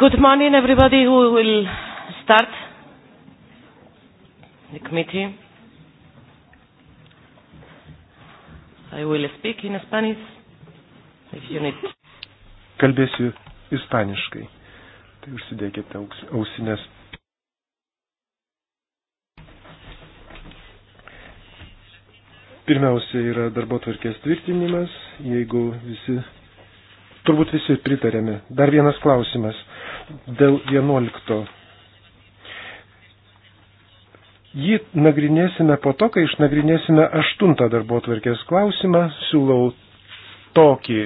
Good morning, everybody who will start the committee. I will speak in Spanish if you need. Kalbėsiu ispaniškai. Tai užsidėkite ausinės. Pirmiausia yra darbo tvarkės tvirtinimas, jeigu visi, turbūt visi pritarėme. Dar vienas klausimas dėl 11. Jį nagrinėsime po to, kai išnagrinėsime aštuntą darbo tvarkės klausimą. Siūlau tokį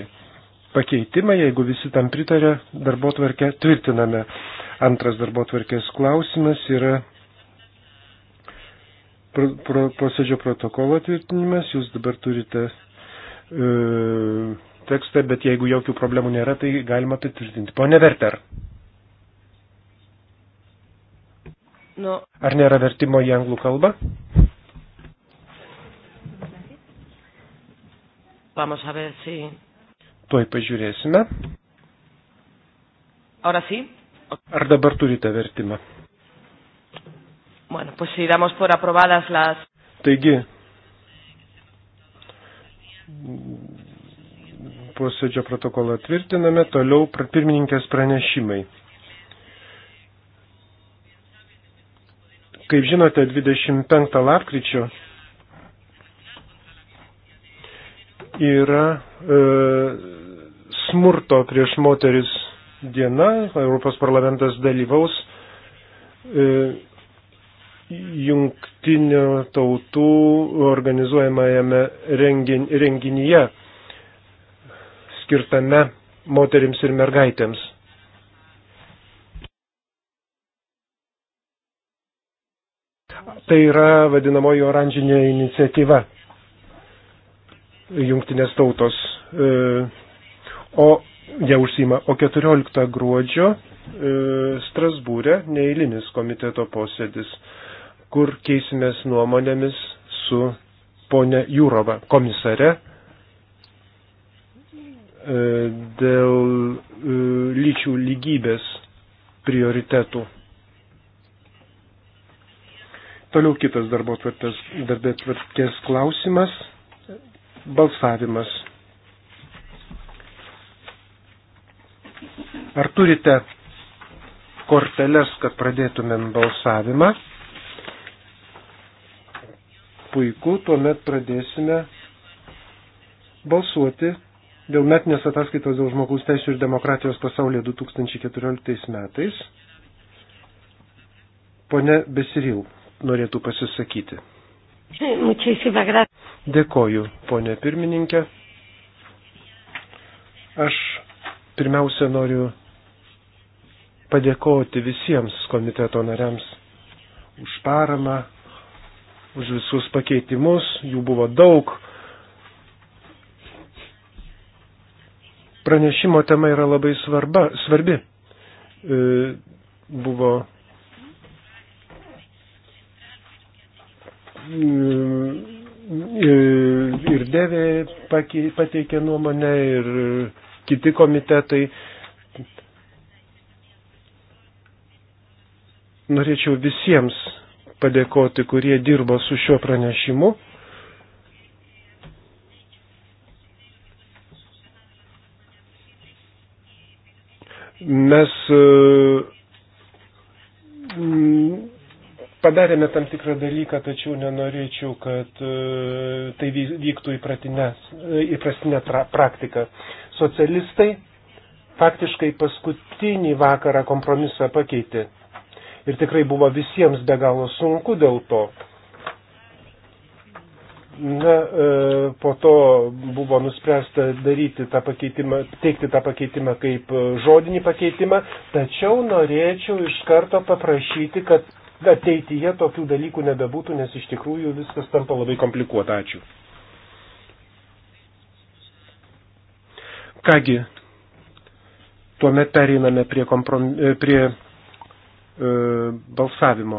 pakeitimą, jeigu visi tam pritarė, darbo tvarkę tvirtiname. Antras darbo tvarkės klausimas yra pro, pro, posėdžio protokolo tvirtinimas. Jūs dabar turite e, tekstą, bet jeigu jokių problemų nėra, tai galima tai tvirtinti. Pone Verter. Nu. Ar nėra vertimo į anglų kalbą? Vamos a ver si. Tuoj pažiūrėsime. Ahora sí. Ar dabar turite vertimą? Bueno, pues si damos por aprobadas las. Taigi, posėdžio protokolą tvirtiname, toliau pirmininkės pranešimai. Kaip žinote, 25 lapkričio yra e, smurto prieš moteris diena, Europos parlamentas dalyvaus e, jungtinių tautų organizuojamajame renginyje skirtame moterims ir mergaitėms. Tai yra vadinamoji oranžinė iniciatyva jungtinės tautos. E, o jie užsima, o 14 gruodžio e, Strasbūrė neįlinis komiteto posėdis, kur keisimės nuomonėmis su ponė Jūrova komisare e, dėl lyčių lygybės prioritetų Toliau kitas darbo tvarkės, darbė tvarkės klausimas - balsavimas. Ar turite korteles, kad pradėtumėm balsavimą? Puiku, tuomet pradėsime balsuoti dėl metinės ataskaitos dėl žmogaus teisų ir demokratijos pasaulyje 2014 metais. Pone Besiril norėtų pasisakyti. Dėkoju, ponė pirmininkė. Aš pirmiausia noriu padėkoti visiems komiteto nariams už paramą, už visus pakeitimus, jų buvo daug. Pranešimo tema yra labai svarba, svarbi. E, buvo Mm, ir Devė pateikė nuomonę ir kiti komitetai. Norėčiau visiems padėkoti, kurie dirbo su šiuo pranešimu. Mes uh, padarėme tam tikrą dalyką, tačiau nenorėčiau, kad e, tai vyktų įpratinę, e, įprastinę pra, praktiką. Socialistai faktiškai paskutinį vakarą kompromisą pakeitė. Ir tikrai buvo visiems be galo sunku dėl to. Na, e, po to buvo nuspręsta daryti tą pakeitimą, teikti tą pakeitimą kaip žodinį pakeitimą, tačiau norėčiau iš karto paprašyti, kad ateityje tokių dalykų nebebūtų, nes iš tikrųjų viskas tampa labai komplikuota. Ačiū. Kągi, tuomet pereiname prie, komprom, e, prie e, balsavimo.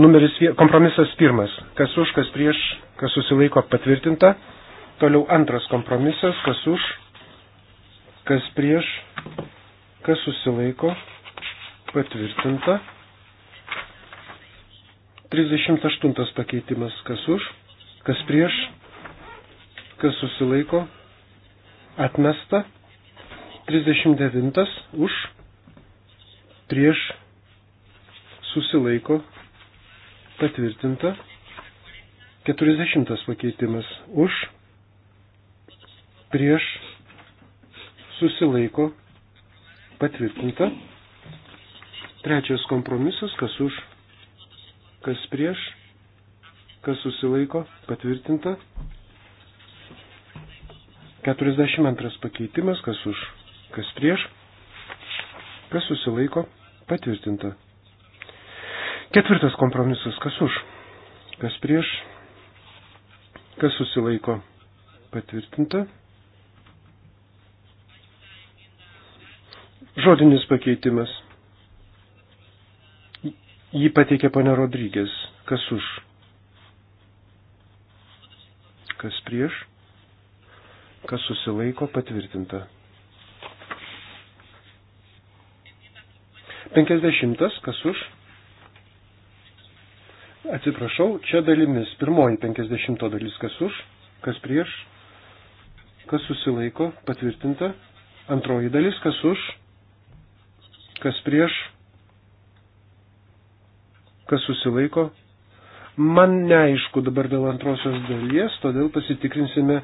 Numeris, kompromisas pirmas. Kas už, kas prieš, kas susilaiko patvirtinta. Toliau antras kompromisas. Kas už, kas prieš, kas susilaiko patvirtinta. 38 pakeitimas. Kas už, kas prieš, kas susilaiko, atmesta. 39 už, prieš, susilaiko, patvirtinta. 40 pakeitimas už, prieš, susilaiko, patvirtinta. Trečias kompromisas, kas už Kas prieš? Kas susilaiko? Patvirtinta. 42 pakeitimas. Kas už? Kas prieš? Kas susilaiko? Patvirtinta. Ketvirtas kompromisas. Kas už? Kas prieš? Kas susilaiko? Patvirtinta. Žodinis pakeitimas. Jį pateikė pane Rodrygės. Kas už? Kas prieš? Kas susilaiko patvirtinta. 50. Kas už? Atsiprašau, čia dalimis. Pirmoji 50 dalis. Kas už? Kas prieš? Kas susilaiko patvirtinta. Antroji dalis. Kas už? Kas prieš? kas susilaiko. Man neaišku dabar dėl antrosios dalies, todėl pasitikrinsime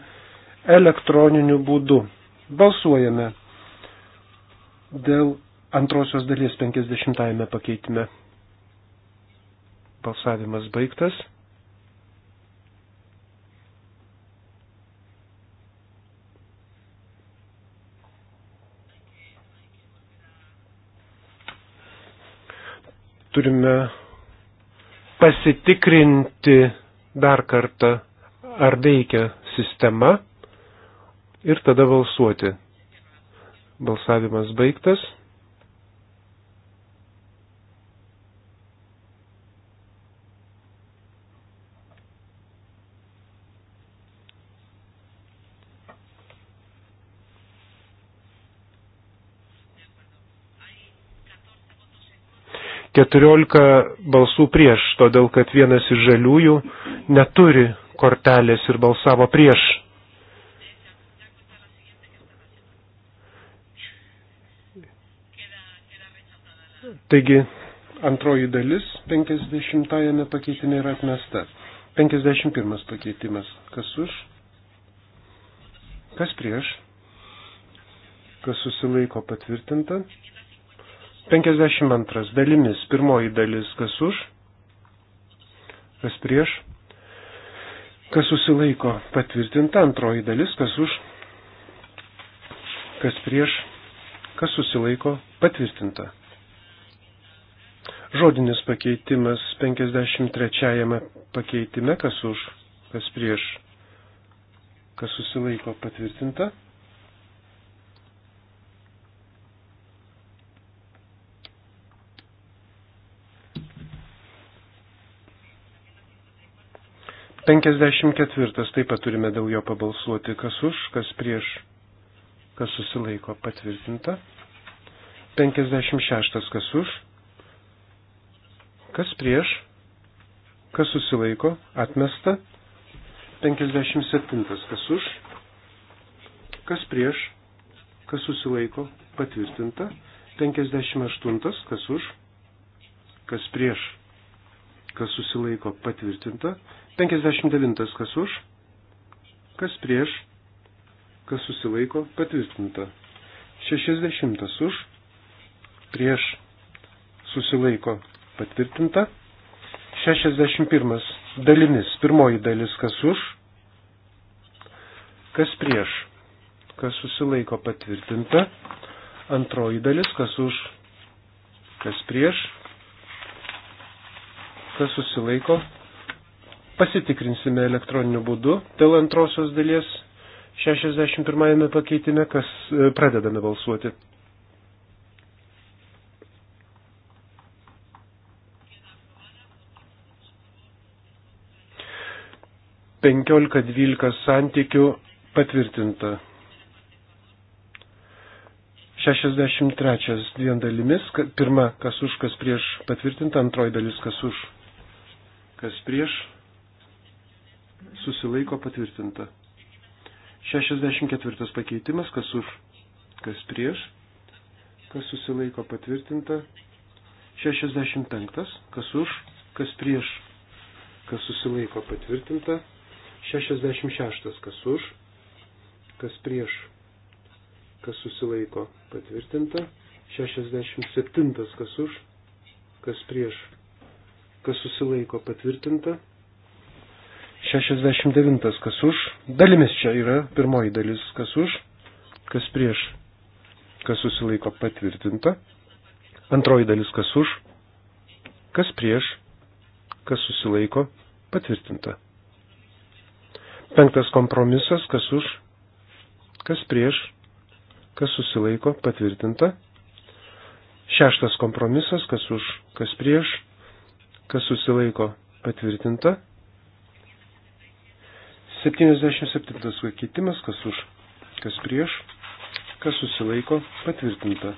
elektroniniu būdu. Balsuojame dėl antrosios dalies 50-ame pakeitime. Balsavimas baigtas. Turime pasitikrinti dar kartą, ar veikia sistema ir tada balsuoti. Balsavimas baigtas. 14 balsų prieš, todėl kad vienas iš žaliųjų neturi kortelės ir balsavo prieš. Taigi antroji dalis 50-ąją pakeitimė yra atmesta. 51 pakeitimas. Kas už? Kas prieš? Kas susilaiko patvirtinta? 52 dalimis. Pirmoji dalis kas už, kas prieš, kas susilaiko patvirtinta. Antroji dalis kas už, kas prieš, kas susilaiko patvirtinta. Žodinis pakeitimas 53 pakeitime kas už, kas prieš, kas susilaiko patvirtinta. 54. Taip pat turime dėl jo pabalsuoti, kas už, kas prieš, kas susilaiko patvirtinta. 56. Kas už, kas prieš, kas susilaiko atmesta. 57. Kas už, kas prieš, kas susilaiko patvirtinta. 58. Kas už, kas prieš, kas susilaiko patvirtinta. 59. Kas už? Kas prieš? Kas susilaiko? Patvirtinta. 60. Už? Prieš? Susilaiko? Patvirtinta. 61. Dalimis. Pirmoji dalis. Kas už? Kas prieš? Kas susilaiko? Patvirtinta. Antroji dalis. Kas už? Kas prieš? Kas susilaiko? Pasitikrinsime elektroniniu būdu dėl antrosios dalies 61 pakeitime, kas e, pradedame balsuoti. Penkiolika dvylika santykių patvirtinta. 63 dviem dalimis. Pirma, kas už, kas prieš patvirtinta. Antroji dalis, kas už, kas prieš susilaiko patvirtinta. 64 pakeitimas, kas už, kas prieš, kas susilaiko patvirtinta. 65, kas už, kas prieš, kas susilaiko patvirtinta. 66, kas už, kas prieš, kas susilaiko patvirtinta. 67, kas už, kas prieš, kas susilaiko patvirtinta. 69 kas už. Dalimis čia yra pirmoji dalis kas už, kas prieš, kas susilaiko patvirtinta. Antroji dalis kas už, kas prieš, kas susilaiko patvirtinta. Penktas kompromisas kas už, kas prieš, kas susilaiko patvirtinta. Šeštas kompromisas kas už, kas prieš, kas susilaiko patvirtinta. 77 pakeitimas, kas už, kas prieš, kas susilaiko, patvirtinta.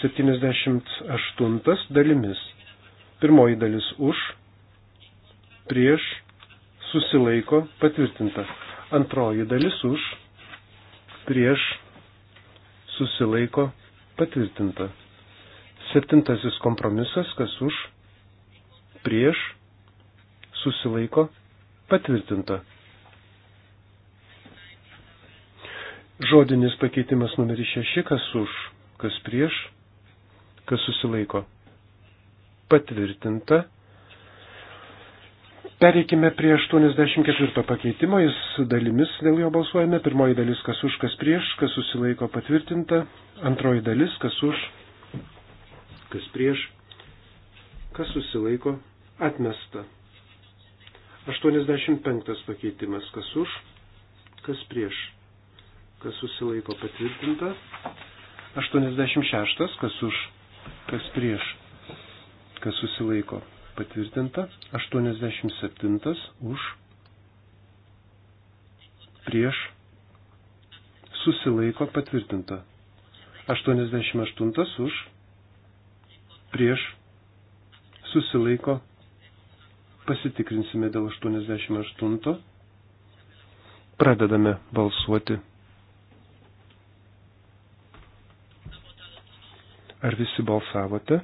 78 dalimis. Pirmoji dalis už, prieš, susilaiko, patvirtinta. Antroji dalis už, prieš, susilaiko, patvirtinta. Septintasis kompromisas, kas už, prieš, susilaiko, patvirtinta. Žodinis pakeitimas numeris 6, kas už, kas prieš, kas susilaiko. Patvirtinta. Pereikime prie 84 pakeitimo, jis dalimis dėl jo balsuojame. Pirmoji dalis, kas už, kas prieš, kas susilaiko patvirtinta. Antroji dalis, kas už, kas prieš, kas susilaiko atmesta. 85 pakeitimas, kas už, kas prieš, kas susilaiko patvirtinta. 86, kas už, kas prieš, kas susilaiko patvirtinta. 87 už, prieš, susilaiko patvirtinta. 88 už, prieš, susilaiko. Pasitikrinsime dėl 88. Pradedame balsuoti. Ar visi balsavote?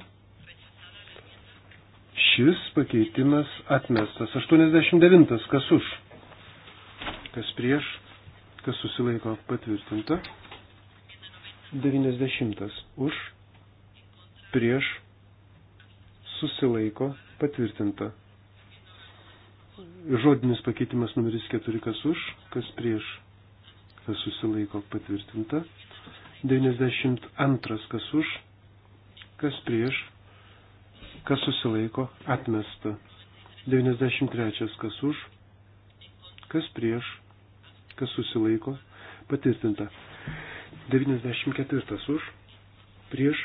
Šis pakeitimas atmestas. 89. Kas už? Kas prieš? Kas susilaiko patvirtinta? 90. Už? Prieš? Susilaiko patvirtinta. Žodinis pakeitimas numeris 4. Kas už? Kas prieš? Kas susilaiko patvirtinta? 92. Kas už? kas prieš, kas susilaiko, atmesta. 93. kas už, kas prieš, kas susilaiko, patvirtinta. 94. už, prieš,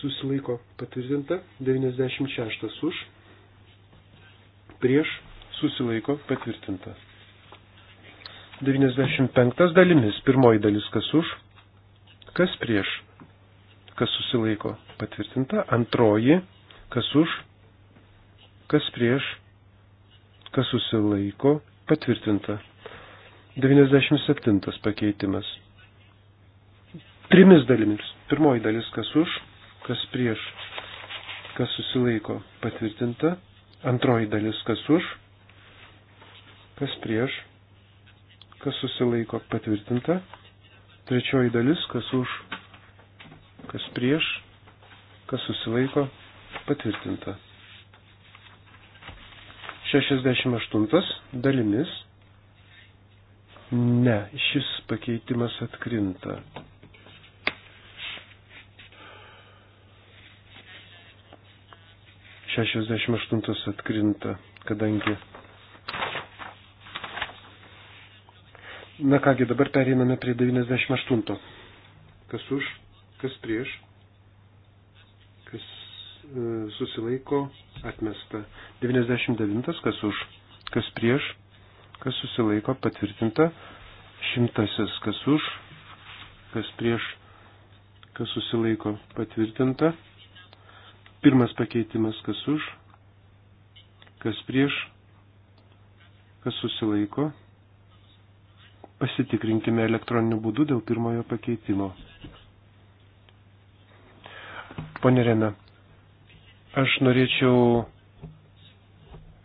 susilaiko, patvirtinta. 96. už, prieš, susilaiko, patvirtinta. 95 dalimis. Pirmoji dalis kas už, kas prieš, kas susilaiko patvirtinta, antroji, kas už, kas prieš, kas susilaiko patvirtinta. 97 pakeitimas. Trimis dalimis. Pirmoji dalis, kas už, kas prieš, kas susilaiko patvirtinta. Antroji dalis, kas už, kas prieš, kas susilaiko patvirtinta. Trečioji dalis, kas už, kas prieš, kas susilaiko, patvirtinta. 68 dalimis. Ne, šis pakeitimas atkrinta. Šešiasdešimt aštuntas atkrinta, kadangi Na kągi, dabar pereiname prie 98. Kas už? kas prieš, kas e, susilaiko atmesta. 99, kas už, kas prieš, kas susilaiko patvirtinta. Šimtasis, kas už, kas prieš, kas susilaiko patvirtinta. Pirmas pakeitimas, kas už, kas prieš, kas susilaiko. Pasitikrinkime elektroniniu būdu dėl pirmojo pakeitimo. Pone Rena, aš norėčiau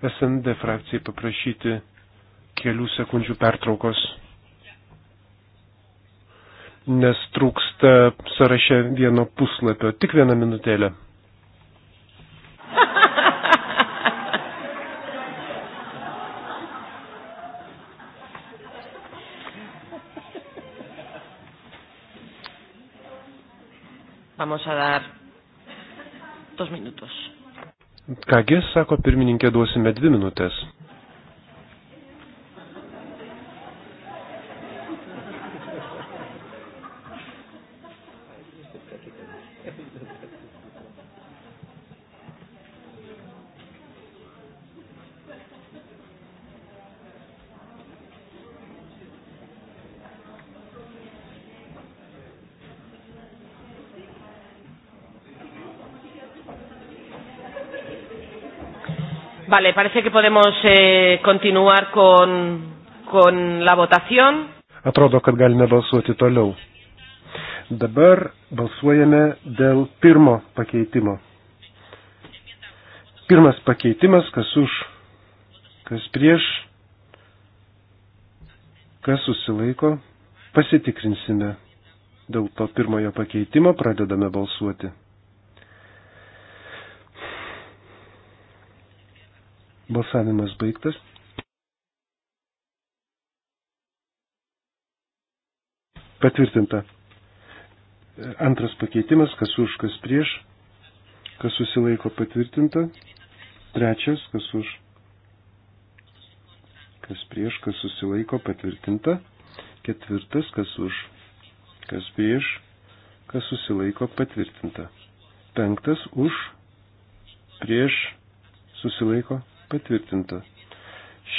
SND frakcijai paprašyti kelių sekundžių pertraukos, nes trūksta sąraše vieno puslapio, tik vieną minutėlę. Vamos a dar dos minutos. Kągi, sako pirmininkė, duosime dvi minutės. Vale, parece que podemos eh, continuar con, con la votación. Atrodo, kad galime balsuoti toliau. Dabar balsuojame dėl pirmo pakeitimo. Pirmas pakeitimas, kas už, kas prieš, kas susilaiko, pasitikrinsime. Dėl to pirmojo pakeitimo pradedame balsuoti. Balsavimas baigtas. Patvirtinta. Antras pakeitimas, kas už, kas prieš, kas susilaiko patvirtinta. Trečias, kas už, kas prieš, kas susilaiko patvirtinta. Ketvirtas, kas už, kas prieš, kas susilaiko patvirtinta. Penktas, už, prieš, susilaiko patvirtinta.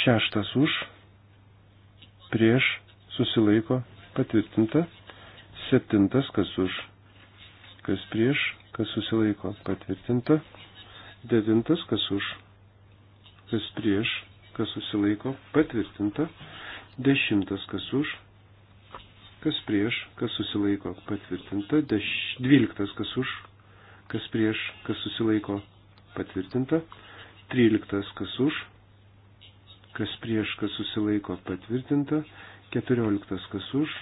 Šeštas už, prieš, susilaiko, patvirtinta. Septintas, kas už, kas prieš, kas susilaiko, patvirtinta. Devintas, kas už, kas prieš, kas susilaiko, patvirtinta. Dešimtas, kas už, kas prieš, kas susilaiko, patvirtinta. Deš... Dvyliktas, kas už, kas prieš, kas susilaiko, patvirtinta. 13 kas už, kas prieš, kas susilaiko patvirtinta, 14 kas už,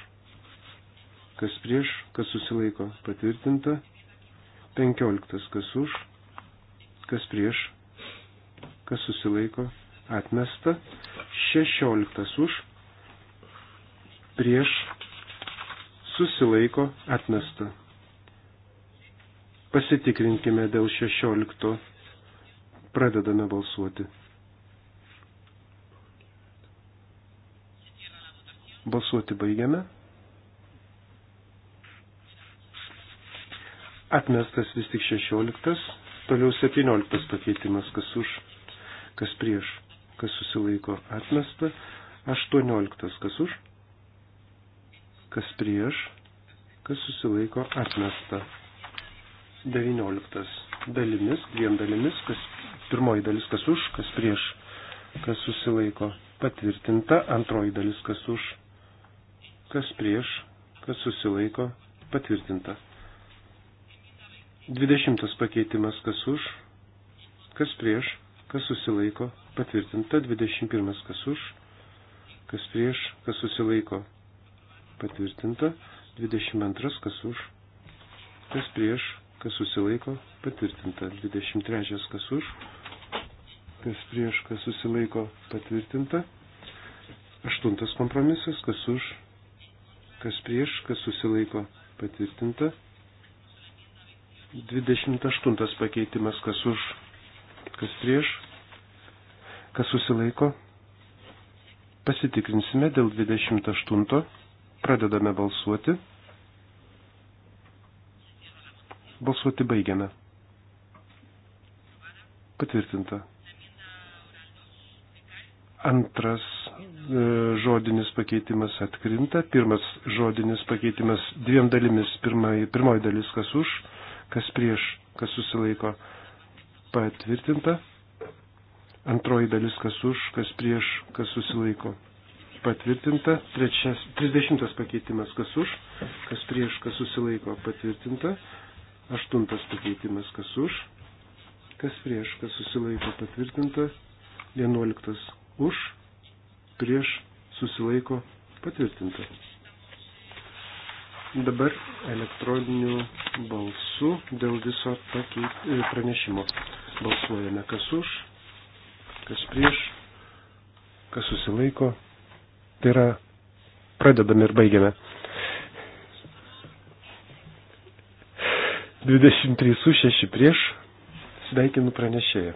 kas prieš, kas susilaiko patvirtinta, 15 kas už, kas prieš, kas susilaiko atmesta, 16 už, prieš, susilaiko atmesta. Pasitikrinkime dėl 16 Pradedame balsuoti. Balsuoti baigiame. Atmestas vis tik 16, toliau 17 pakeitimas, kas už, kas prieš, kas susilaiko atmesta, 18, kas už, kas prieš, kas susilaiko atmesta, 19 dalimis, dviem dalimis, kas pirmoji dalis kas už, kas prieš, kas susilaiko patvirtinta, antroji dalis kas už, kas prieš, kas susilaiko patvirtinta. Dvidešimtas pakeitimas kas už, kas prieš, kas susilaiko patvirtinta, dvidešimt pirmas kas už, kas prieš, kas susilaiko patvirtinta, dvidešimt antras kas už, kas prieš, kas susilaiko, patvirtinta. 23 kas už, kas prieš, kas susilaiko, patvirtinta. 8 kompromisas, kas už, kas prieš, kas susilaiko, patvirtinta. 28 pakeitimas, kas už, kas prieš, kas susilaiko. Pasitikrinsime dėl 28. Pradedame balsuoti. Balsuoti baigiame. Patvirtinta. Antras e, žodinis pakeitimas atkrinta. Pirmas žodinis pakeitimas dviem dalimis. Pirmai, pirmoji dalis kas už, kas prieš, kas susilaiko patvirtinta. Antroji dalis kas už, kas prieš, kas susilaiko patvirtinta. Trečias, 30 pakeitimas kas už, kas prieš, kas susilaiko patvirtinta. Aštuntas pakeitimas kas už, kas prieš, kas susilaiko patvirtinta. Vienuoliktas už, prieš, susilaiko patvirtinta. Dabar elektroniniu balsu dėl viso pakeit, e, pranešimo balsuojame kas už, kas prieš, kas susilaiko. Tai yra pradedame ir baigiame. 23 už 6 prieš. Sveikinu pranešėją.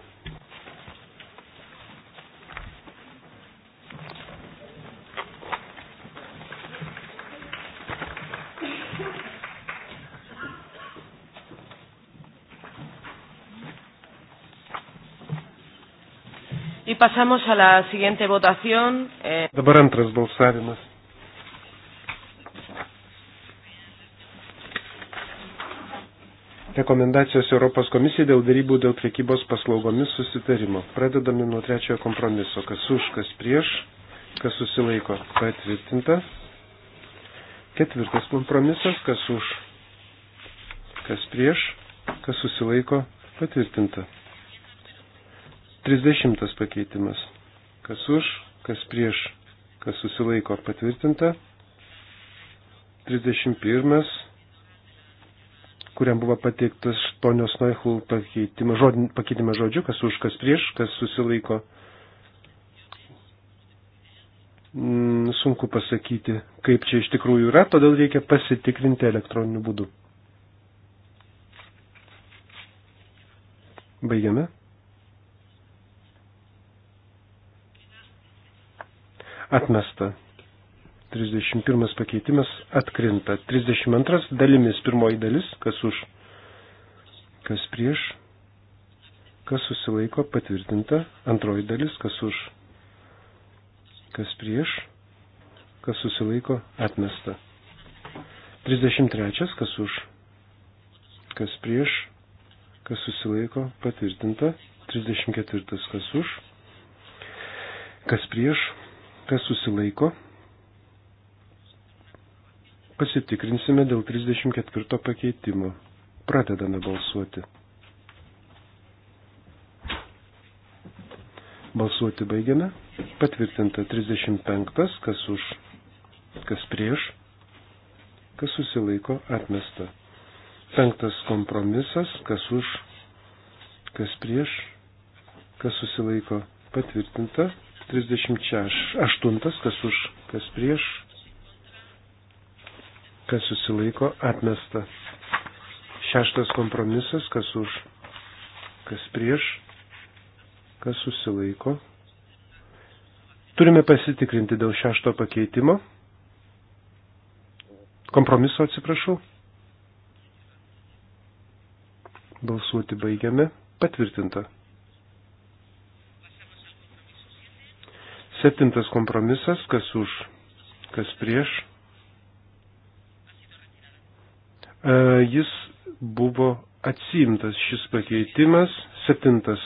Y pasamos a la siguiente votación. Eh... Dabar antras balsavimas. rekomendacijos Europos komisijai dėl darybų dėl priekybos paslaugomis susitarimo. Pradedame nuo trečiojo kompromiso. Kas už, kas prieš, kas susilaiko. Patvirtinta. Ketvirtas kompromisas. Kas už, kas prieš, kas susilaiko. Patvirtinta. Trisdešimtas pakeitimas. Kas už, kas prieš, kas susilaiko. Patvirtinta. Trisdešimt pirmas kuriam buvo pateiktas ponios Noichul pakeitimas žodžiu, pakeitimas žodžiu, kas už, kas prieš, kas susilaiko. Mm, sunku pasakyti, kaip čia iš tikrųjų yra, todėl reikia pasitikrinti elektroniniu būdu. Baigiame. Atmesta. 31 pakeitimas atkrinta. 32 dalimis pirmoji dalis, kas už, kas prieš, kas susilaiko patvirtinta. Antroji dalis, kas už, kas prieš, kas susilaiko atmesta. 33 kas už, kas prieš, kas susilaiko patvirtinta. 34 kas už, kas prieš, kas susilaiko Pasitikrinsime dėl 34 pakeitimo. Pradedame balsuoti. Balsuoti baigiame. Patvirtinta 35, kas už, kas prieš, kas susilaiko atmesta. Penktas kompromisas, kas už, kas prieš, kas susilaiko patvirtinta. 38, kas už, kas prieš, kas susilaiko, atmesta. Šeštas kompromisas, kas už, kas prieš, kas susilaiko. Turime pasitikrinti dėl šešto pakeitimo. Kompromiso atsiprašau. Balsuoti baigiame. Patvirtinta. Septintas kompromisas, kas už, kas prieš, E, jis buvo atsimtas šis pakeitimas, septintas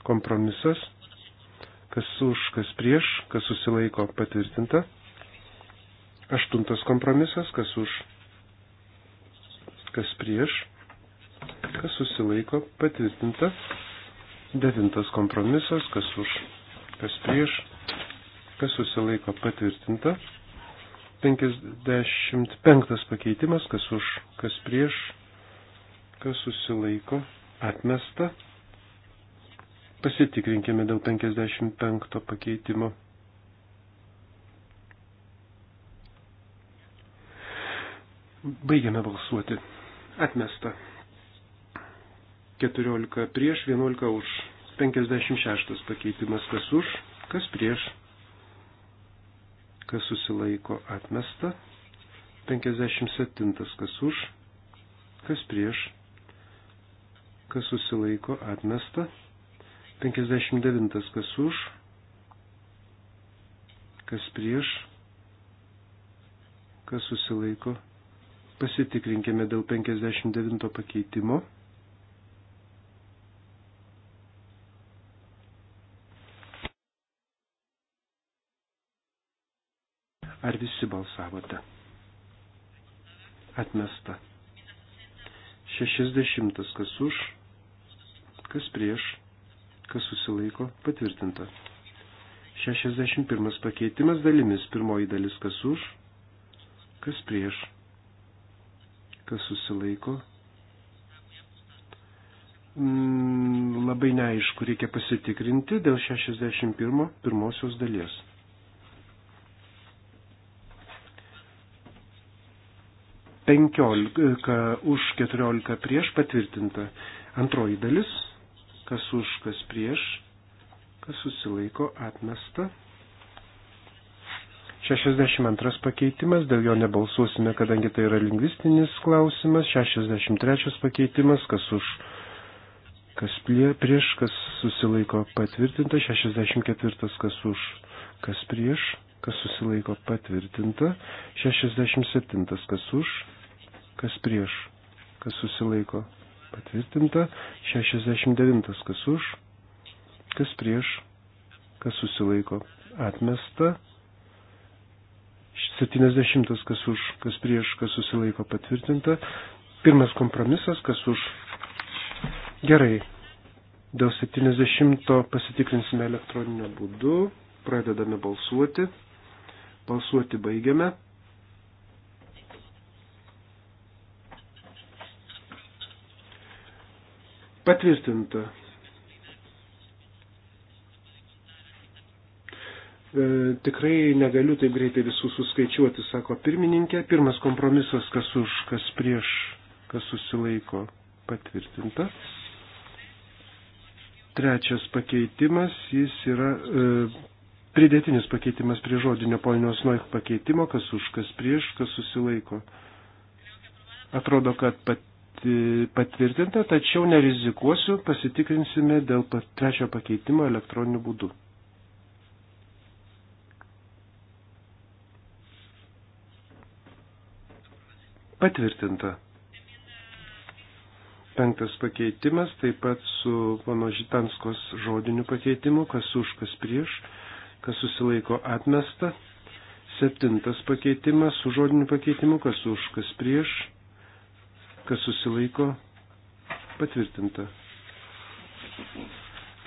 kompromisas, kas už, kas prieš, kas susilaiko patvirtinta, aštuntas kompromisas, kas už, kas prieš, kas susilaiko patvirtinta, devintas kompromisas, kas už, kas prieš, kas susilaiko patvirtinta. 55 pakeitimas, kas už, kas prieš, kas susilaiko, atmesta. Pasitikrinkime dėl 55 pakeitimo. Baigiame balsuoti. Atmesta. 14 prieš, 11 už. 56 pakeitimas kas už, kas prieš, kas susilaiko atmesta, 57 kas už, kas prieš, kas susilaiko atmesta, 59 kas už, kas prieš, kas susilaiko. Pasitikrinkime dėl 59 pakeitimo. visi balsavote. Atmesta. 60. Kas už, kas prieš, kas susilaiko, patvirtinta. 61. Pakeitimas dalimis. Pirmoji dalis kas už, kas prieš, kas susilaiko. Mm, labai neaišku, reikia pasitikrinti dėl 61. pirmosios dalies. 15 už 14 prieš patvirtinta. Antroji dalis, kas už, kas prieš, kas susilaiko atmesta. 62 pakeitimas, dėl jo nebalsuosime, kadangi tai yra lingvistinis klausimas. 63 pakeitimas, kas už, kas prieš, kas susilaiko patvirtinta. 64 kas už, kas prieš, kas susilaiko patvirtinta. 67 kas už, kas prieš, kas susilaiko patvirtinta, 69 kas už, kas prieš, kas susilaiko atmesta, 70 kas už, kas prieš, kas susilaiko patvirtinta, pirmas kompromisas kas už. Gerai, dėl 70 pasitikrinsime elektroniniu būdu, pradedame balsuoti, balsuoti baigiame. Patvirtinta. E, tikrai negaliu taip greitai visų suskaičiuoti, sako pirmininkė. Pirmas kompromisas, kas už, kas prieš, kas susilaiko, patvirtinta. Trečias pakeitimas, jis yra e, pridėtinis pakeitimas prie žodinio polnios noich pakeitimo, kas už, kas prieš, kas susilaiko. Atrodo, kad pat patvirtinta, tačiau nerizikuosiu, pasitikrinsime dėl trečio pakeitimo elektroniniu būdu. Patvirtinta. Penktas pakeitimas, taip pat su pono Žitanskos žodiniu pakeitimu, kas už, kas prieš, kas susilaiko atmesta. Septintas pakeitimas su žodiniu pakeitimu, kas už, kas prieš, kas susilaiko, patvirtinta.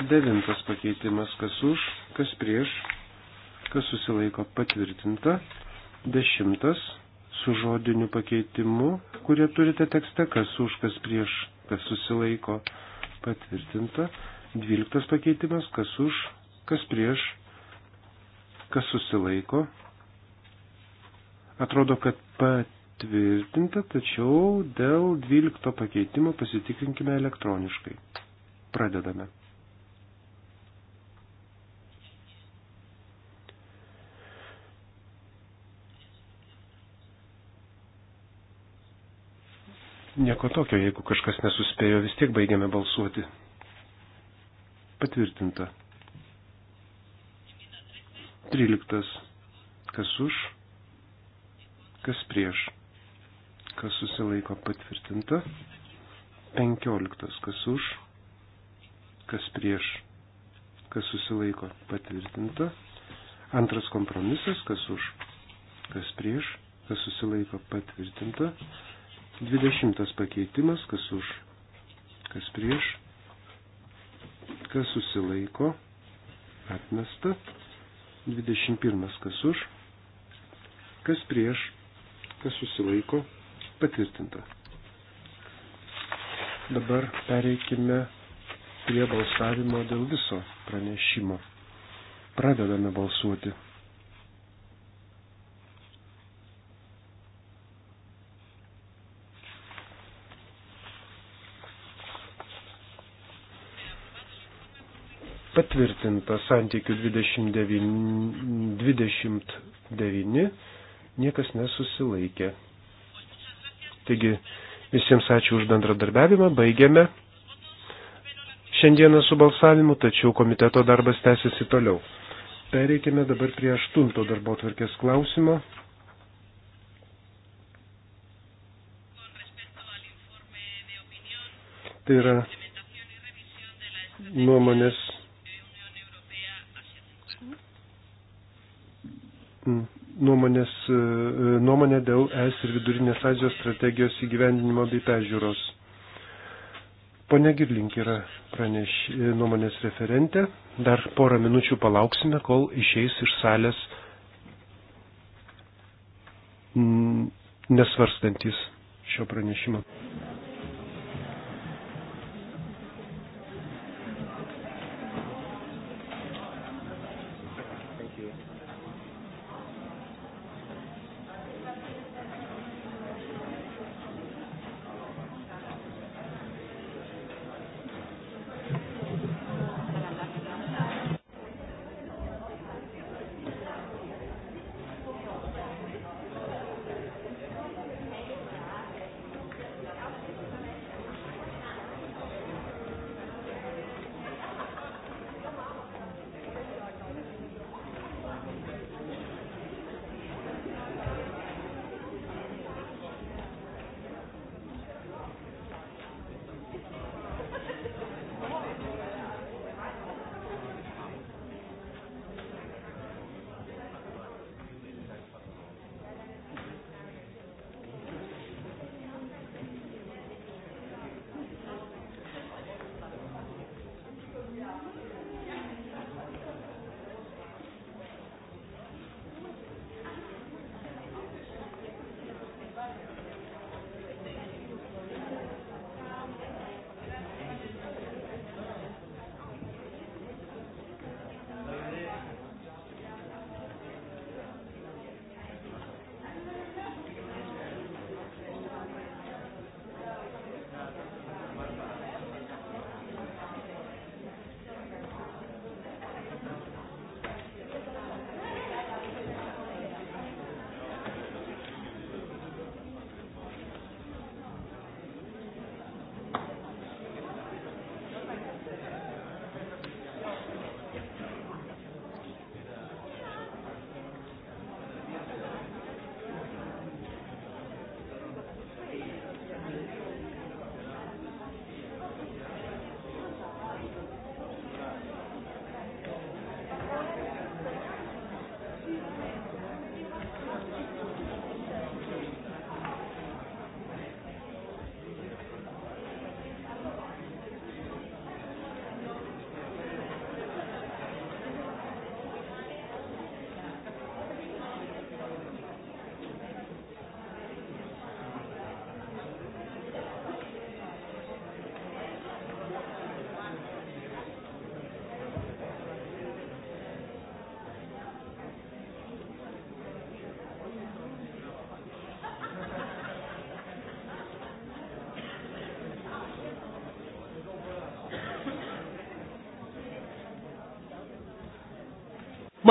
Devintas pakeitimas, kas už, kas prieš, kas susilaiko, patvirtinta. Dešimtas, su žodiniu pakeitimu, kurie turite tekste, kas už, kas prieš, kas susilaiko, patvirtinta. Dvyliktas pakeitimas, kas už, kas prieš, kas susilaiko. Atrodo, kad pat patvirtinta, tačiau dėl 12 pakeitimo pasitikrinkime elektroniškai. Pradedame. Nieko tokio, jeigu kažkas nesuspėjo, vis tiek baigiame balsuoti. Patvirtinta. 13. Kas už, kas prieš kas susilaiko patvirtinta. 15. Kas už, kas prieš, kas susilaiko patvirtinta. Antras kompromisas, kas už, kas prieš, kas susilaiko patvirtinta. 20. Pakeitimas, kas už, kas prieš, kas susilaiko atmesta. 21. Kas už, kas prieš, kas susilaiko patvirtinta. Dabar pereikime prie balsavimo dėl viso pranešimo. Pradedame balsuoti. Patvirtinta santykių 29, 29 niekas nesusilaikė. Taigi visiems ačiū už bendradarbiavimą, baigiame šiandieną su balsavimu, tačiau komiteto darbas tęsiasi toliau. Pereikime dabar prie aštunto darbo tvarkės klausimo. Tai yra nuomonės. Mm nuomonės, e, e, nuomonę dėl ES ir Vidurinės Azijos strategijos įgyvendinimo bei pežiūros. Pone Girlink yra praneš, e, nuomonės referentė. Dar porą minučių palauksime, kol išeis iš salės nesvarstantis šio pranešimo.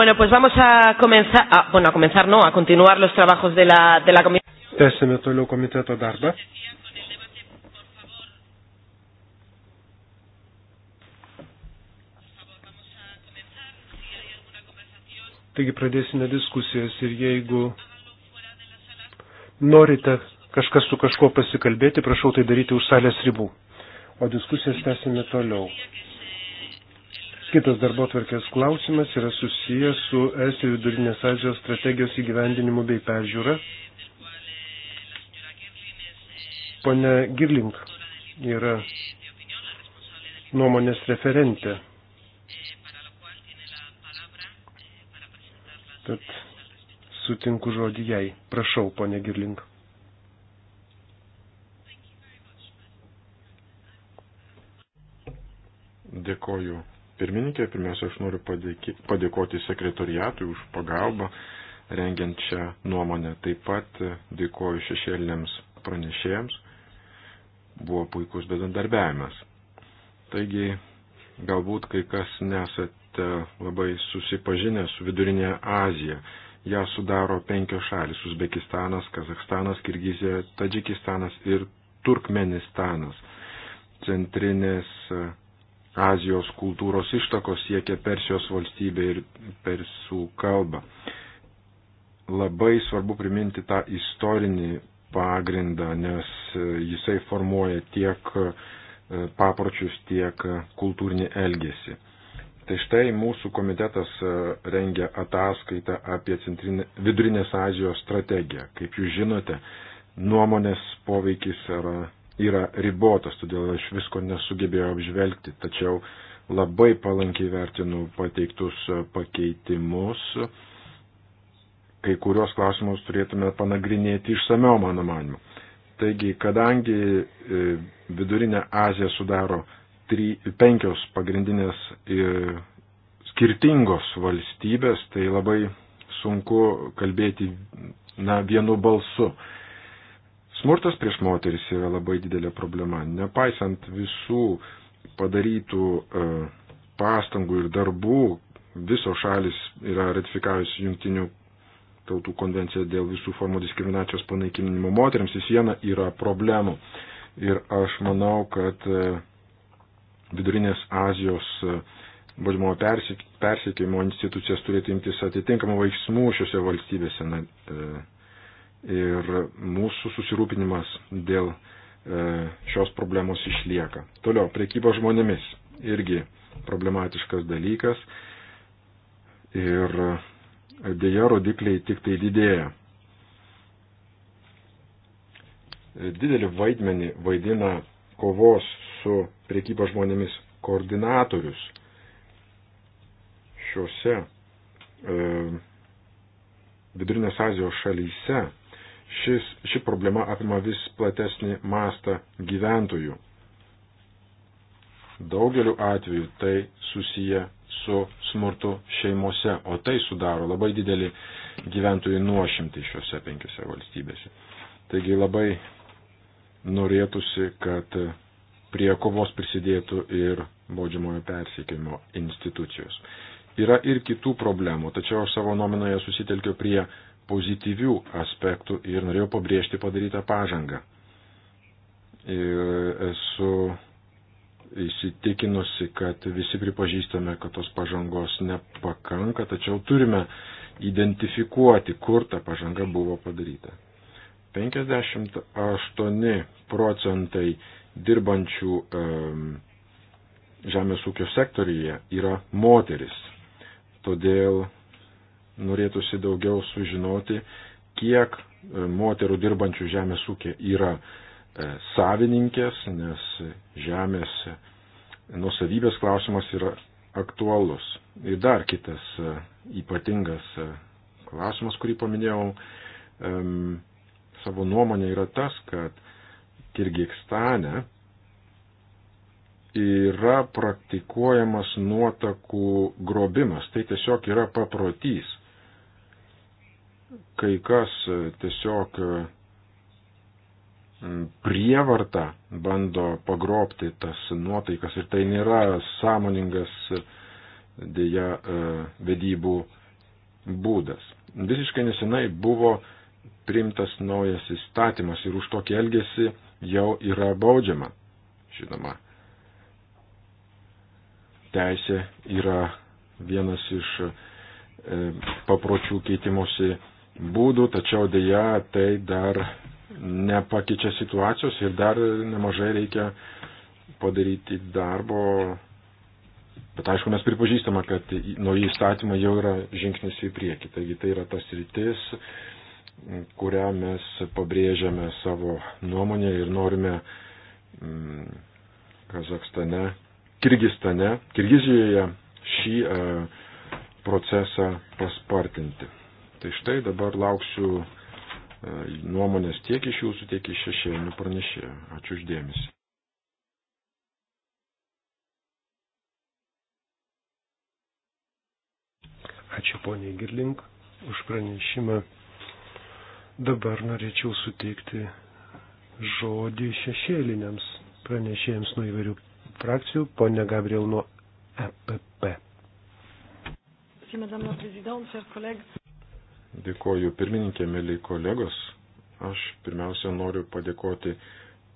Bueno, pues vamos a comenzar, a, ah, bueno, a comenzar no, a continuar los trabajos de la, de la comisión. Tęsime toliau komiteto darbą. Taigi pradėsime diskusijas ir jeigu norite kažkas su kažkuo pasikalbėti, prašau tai daryti už salės ribų. O diskusijas tęsime toliau. Kitas darbo tvarkės klausimas yra susijęs su ES ir Vidurinės Azijos strategijos įgyvendinimu bei peržiūra. Pone Girling yra nuomonės referentė. Tad sutinku žodį jai. Prašau, ponė Girling. Dėkoju pirmininkė. Pirmiausia, aš noriu padėki, padėkoti sekretoriatui už pagalbą rengiant šią nuomonę. Taip pat dėkoju šešėliniams pranešėjams. Buvo puikus bedandarbiavimas. Taigi, galbūt kai kas nesate labai susipažinę su Vidurinė Azija. Ja sudaro penkios šalis - Uzbekistanas, Kazakstanas, Kirgizija, Tadžikistanas ir Turkmenistanas. Centrinės Azijos kultūros ištakos siekia Persijos valstybė ir persų kalba. Labai svarbu priminti tą istorinį pagrindą, nes e, jisai formuoja tiek e, papročius, tiek e, kultūrinį elgesį. Tai štai mūsų komitetas rengia ataskaitą apie centrinę, vidurinės Azijos strategiją. Kaip jūs žinote, nuomonės poveikis yra yra ribotas, todėl aš visko nesugebėjau apžvelgti, tačiau labai palankiai vertinu pateiktus pakeitimus. Kai kurios klausimus turėtume panagrinėti išsameu, mano manimu. Taigi, kadangi e, vidurinę Aziją sudaro tri, penkios pagrindinės e, skirtingos valstybės, tai labai sunku kalbėti na, vienu balsu. Smurtas prieš moteris yra labai didelė problema. Nepaisant visų padarytų e, pastangų ir darbų, visos šalis yra ratifikavusi jungtinių tautų konvenciją dėl visų formų diskriminacijos panaikinimo moteriams, vis viena yra problemų. Ir aš manau, kad e, vidurinės Azijos e, baudžiamo persiekimo institucijas turėtų imtis atitinkamų veiksmų šiuose valstybėse ir mūsų susirūpinimas dėl e, šios problemos išlieka. Toliau, priekyba žmonėmis irgi problematiškas dalykas ir dėja rodikliai tik tai didėja. Didelį vaidmenį vaidina kovos su priekyba žmonėmis koordinatorius šiuose e, Vidurinės Azijos šalyse Šis, ši problema apima vis platesnį mastą gyventojų. Daugeliu atveju tai susiję su smurtu šeimose, o tai sudaro labai didelį gyventojų nuošimtį šiuose penkiose valstybėse. Taigi labai norėtųsi, kad prie kovos prisidėtų ir baudžiamojo persiekimo institucijos. Yra ir kitų problemų, tačiau aš savo nuomenėje susitelkiu prie pozityvių aspektų ir norėjau pabrėžti padarytą pažangą. Ir esu įsitikinusi, kad visi pripažįstame, kad tos pažangos nepakanka, tačiau turime identifikuoti, kur ta pažanga buvo padaryta. 58 procentai dirbančių um, žemės ūkio sektoriuje yra moteris. Todėl norėtųsi daugiau sužinoti, kiek e, moterų dirbančių žemės ūkė yra e, savininkės, nes žemės e, nusavybės klausimas yra aktualus. Ir dar kitas ypatingas klausimas, kurį paminėjau savo nuomonė, yra tas, kad Kirgikstane yra praktikuojamas nuotakų grobimas. Tai tiesiog yra paprotys kai kas e, tiesiog e, prievarta bando pagrobti tas nuotaikas ir tai nėra sąmoningas dėja e, vedybų būdas. Visiškai nesenai buvo priimtas naujas įstatymas ir už tokį elgesį jau yra baudžiama. Žinoma, teisė yra vienas iš papročių keitimosi būdų, tačiau dėja tai dar nepakeičia situacijos ir dar nemažai reikia padaryti darbo. Bet aišku, mes pripažįstame, kad nauji įstatymai jau yra žingsnis į priekį. Taigi tai yra tas rytis, kurią mes pabrėžiame savo nuomonę ir norime mm, Kazakstane, Kirgistane, Kirgizijoje šį e, procesą paspartinti. Tai štai dabar lauksiu e, nuomonės tiek iš jūsų, tiek iš šešėlinių pranešėjų. Ačiū uždėmesi. Ačiū poniai Girlink už pranešimą. Dabar norėčiau suteikti žodį šešėliniams pranešėjams nuo įvairių frakcijų, ponia Gabriel nuo EPP. Madame la Présidente, chers collègues, Dėkoju pirmininkė, mėly kolegos. Aš pirmiausia noriu padėkoti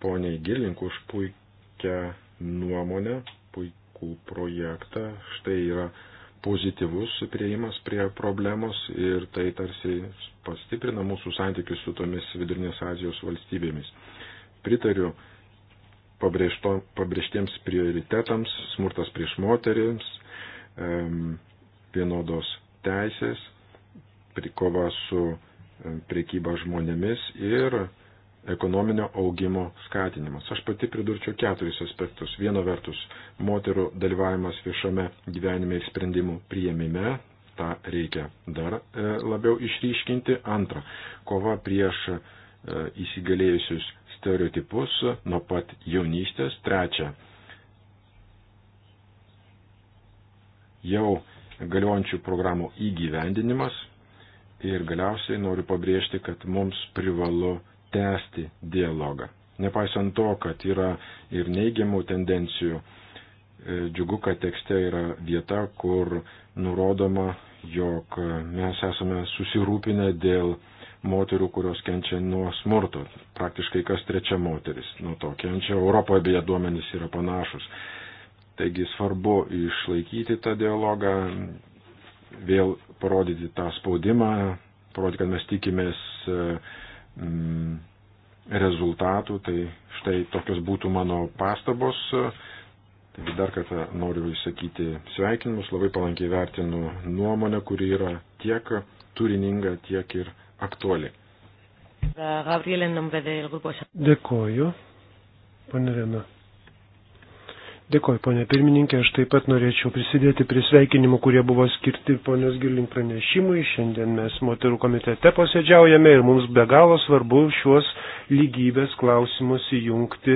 poniai Girlink už puikią nuomonę, puikų projektą. Štai yra pozityvus prieimas prie problemos ir tai tarsi pastiprina mūsų santykius su tomis Vidurinės Azijos valstybėmis. Pritariu pabrėžto, pabrėžtiems prioritetams, smurtas prieš moterims, vienodos teisės, kova su e, priekyba žmonėmis ir ekonominio augimo skatinimas. Aš pati pridurčiau keturis aspektus. Viena vertus, moterų dalyvavimas viešame gyvenime ir sprendimų prieimime, tą reikia dar e, labiau išryškinti. Antra, kova prieš e, įsigalėjusius stereotipus nuo pat jaunystės. Trečia, jau galiojančių programų įgyvendinimas, Ir galiausiai noriu pabrėžti, kad mums privalu tęsti dialogą. Nepaisant to, kad yra ir neigiamų tendencijų, e, džiugu, kad tekste yra vieta, kur nurodoma, jog mes esame susirūpinę dėl moterų, kurios kenčia nuo smurto. Praktiškai kas trečia moteris nuo to kenčia. Europoje beje duomenys yra panašus. Taigi svarbu išlaikyti tą dialogą, vėl parodyti tą spaudimą, parodyti, kad mes tikimės mm, rezultatų. Tai štai tokios būtų mano pastabos. Taigi dar kartą noriu įsakyti sveikinimus, labai palankiai vertinu nuomonę, kuri yra tiek turininga, tiek ir aktuali. Dėkoju, panerina. Dėkoju, ponė pirmininkė, aš taip pat norėčiau prisidėti prie sveikinimų, kurie buvo skirti ponios Girling pranešimui. Šiandien mes moterų komitete posėdžiaujame ir mums be galo svarbu šiuos lygybės klausimus įjungti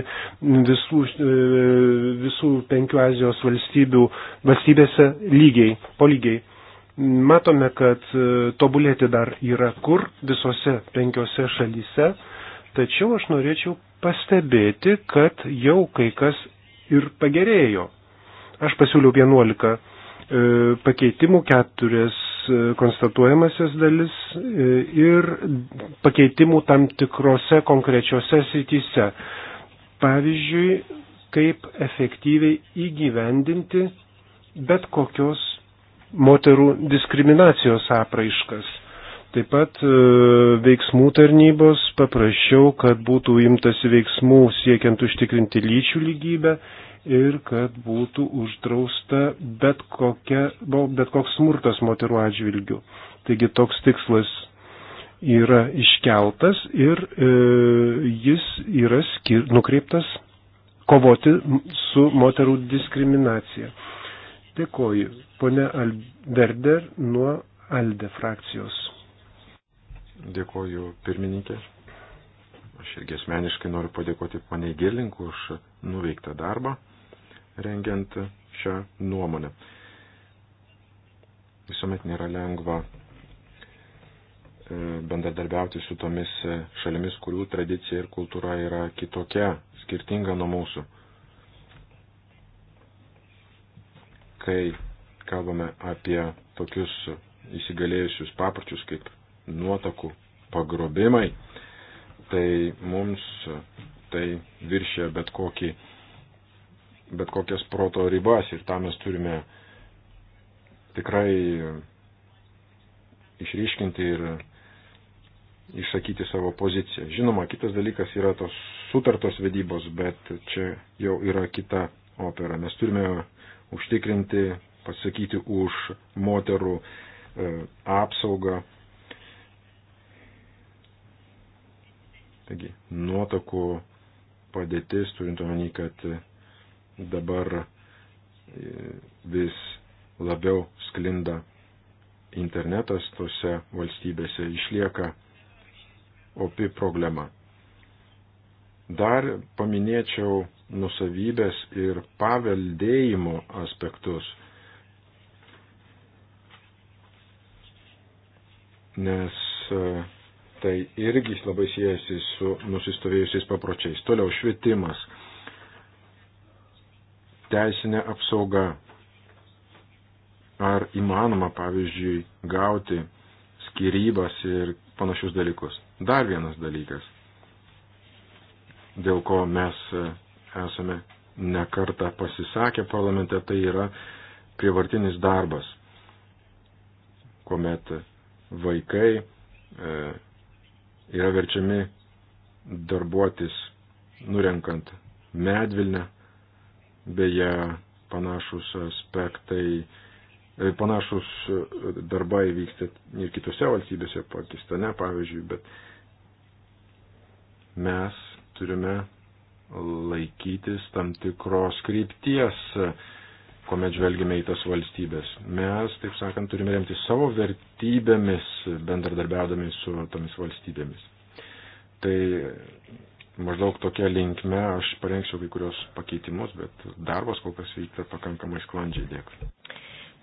visų, e, visų penkių Azijos valstybių, valstybėse lygiai, po lygiai matome, kad e, tobulėti dar yra kur visose penkiose šalyse, tačiau aš norėčiau pastebėti, kad jau kai kas ir pagerėjo. Aš pasiūliau 11 e, pakeitimų, 4 e, konstatuojamasias dalis e, ir pakeitimų tam tikrose konkrečiose srityse. Pavyzdžiui, kaip efektyviai įgyvendinti bet kokios moterų diskriminacijos apraiškas. Taip pat e, veiksmų tarnybos paprašiau, kad būtų imtasi veiksmų siekiant užtikrinti lyčių lygybę ir kad būtų uždrausta bet, kokia, bet koks smurtas moterų atžvilgių. Taigi toks tikslas yra iškeltas ir e, jis yra skir, nukreiptas kovoti su moterų diskriminacija. Dėkoju, ponė Alberder nuo Alde frakcijos. Dėkoju pirmininkė. Aš irgi asmeniškai noriu padėkoti poniai Gerlink už nuveiktą darbą, rengiant šią nuomonę. Visuomet nėra lengva e, bendradarbiauti su tomis e, šalimis, kurių tradicija ir kultūra yra kitokia, skirtinga nuo mūsų. Kai kalbame apie tokius įsigalėjusius papročius kaip nuotokų pagrobimai, tai mums tai viršia bet, kokį, bet kokias proto ribas ir tą mes turime tikrai išryškinti ir išsakyti savo poziciją. Žinoma, kitas dalykas yra tos sutartos vedybos, bet čia jau yra kita opera. Mes turime užtikrinti, pasakyti už moterų e, apsaugą Taigi, nuotokų padėtis, turint omeny, kad e, dabar e, vis labiau sklinda internetas tose valstybėse, išlieka opi problema. Dar paminėčiau nusavybės ir paveldėjimo aspektus, nes e, Tai irgi labai siejasi su nusistovėjusiais papročiais. Toliau švietimas, teisinė apsauga. Ar įmanoma, pavyzdžiui, gauti skirybas ir panašius dalykus. Dar vienas dalykas, dėl ko mes e, esame nekarta pasisakę parlamente, tai yra prievartinis darbas, kuomet vaikai e, yra verčiami darbuotis nurenkant medvilnę, beje, panašus aspektai, e, panašus e, darbai vyksta ir kitose valstybėse, Pakistane pavyzdžiui, bet mes turime laikytis tam tikros krypties, kuomet žvelgime į tas valstybės. Mes, taip sakant, turime remti savo vertybėmis, bendradarbiaudami su tomis valstybėmis. Tai maždaug tokia linkme aš parengsiu kai kurios pakeitimus, bet darbas kol kas vyksta pakankamai sklandžiai. Dėkui.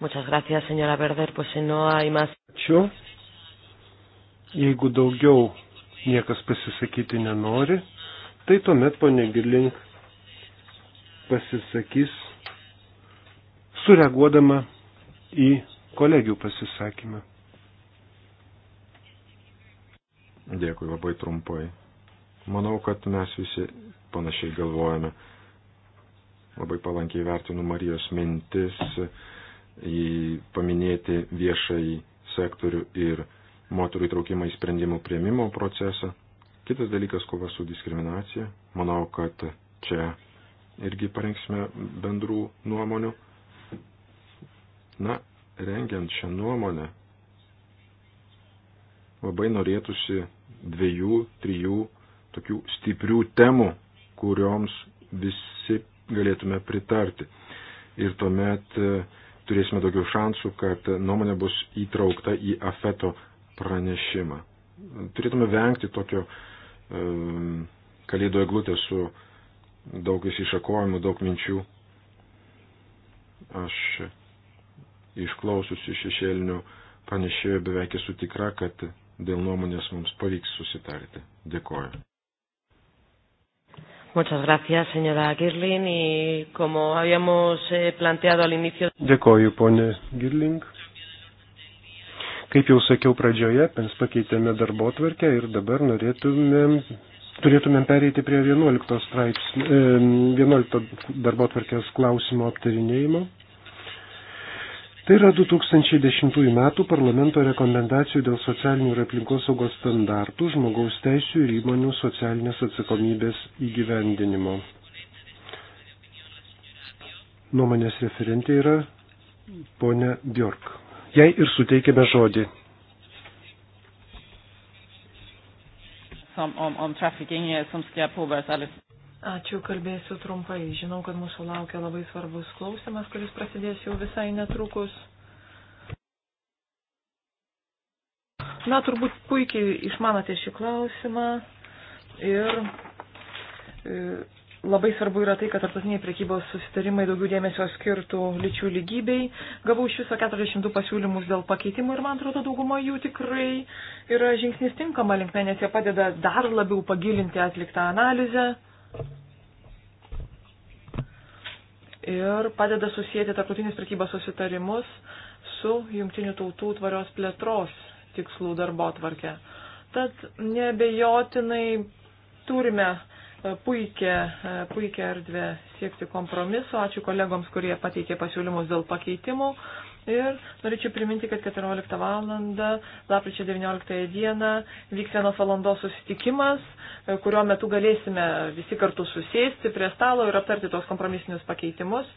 Muchas gracias, señora Berder. Pues si no hay más. Ačiū. Jeigu daugiau niekas pasisakyti nenori, tai tuomet ponė Girlink pasisakys sureaguodama į kolegių pasisakymą. Dėkui labai trumpai. Manau, kad mes visi panašiai galvojame. Labai palankiai vertinu Marijos mintis į paminėti viešai sektorių ir moterų įtraukimą į sprendimų prieimimo procesą. Kitas dalykas - kova su diskriminacija. Manau, kad čia irgi parengsime bendrų nuomonių. Na, rengiant šią nuomonę, labai norėtųsi dviejų, trijų tokių stiprių temų, kurioms visi galėtume pritarti. Ir tuomet e, turėsime daugiau šansų, kad nuomonė bus įtraukta į afeto pranešimą. Turėtume vengti tokio um, e, kalėdo eglutės su daug įsišakojimų, daug minčių. Aš išklausiusi šešėlinio panešėjo beveik esu tikra, kad dėl nuomonės mums pavyks susitarti. Dėkoju. Muchas gracias, señora Girling. Y como habíamos eh, planteado al inicio. Dėkoju, ponė Girling. Kaip jau sakiau pradžioje, mes pakeitėme darbo tvarkę ir dabar norėtumėm, turėtumėm pereiti prie 11, straips, 11 darbo tvarkės klausimo aptarinėjimo. Tai yra 2010 metų parlamento rekomendacijų dėl socialinių ir aplinkosaugos standartų, žmogaus teisų ir įmonių socialinės atsakomybės įgyvendinimo. Nuomonės referentė yra ponia Bjork. Jei ir suteikėme žodį. Om, om, om trafficking eh, som ska påbörjas alldeles Ačiū, kalbėsiu trumpai. Žinau, kad mūsų laukia labai svarbus klausimas, kuris prasidės jau visai netrukus. Na, turbūt puikiai išmanote šį klausimą ir e, labai svarbu yra tai, kad tarptautiniai priekybos susitarimai daugiau dėmesio skirtų lyčių lygybei. Gavau iš viso 42 pasiūlymus dėl pakeitimų ir man atrodo dauguma jų tikrai yra žingsnis tinkama linkme, nes jie padeda dar labiau pagilinti atliktą analizę ir padeda susijęti tarptautinius prekybos susitarimus su jungtinių tautų tvarios plėtros tikslų darbo tvarkė. Tad nebejotinai turime e, puikią, e, puikią erdvę siekti kompromiso. Ačiū kolegoms, kurie pateikė pasiūlymus dėl pakeitimų. Ir norėčiau priminti, kad 14 val. lapkričio 19 dieną vyks vienos valandos susitikimas, kurio metu galėsime visi kartu susėsti prie stalo ir aptarti tos kompromisinius pakeitimus.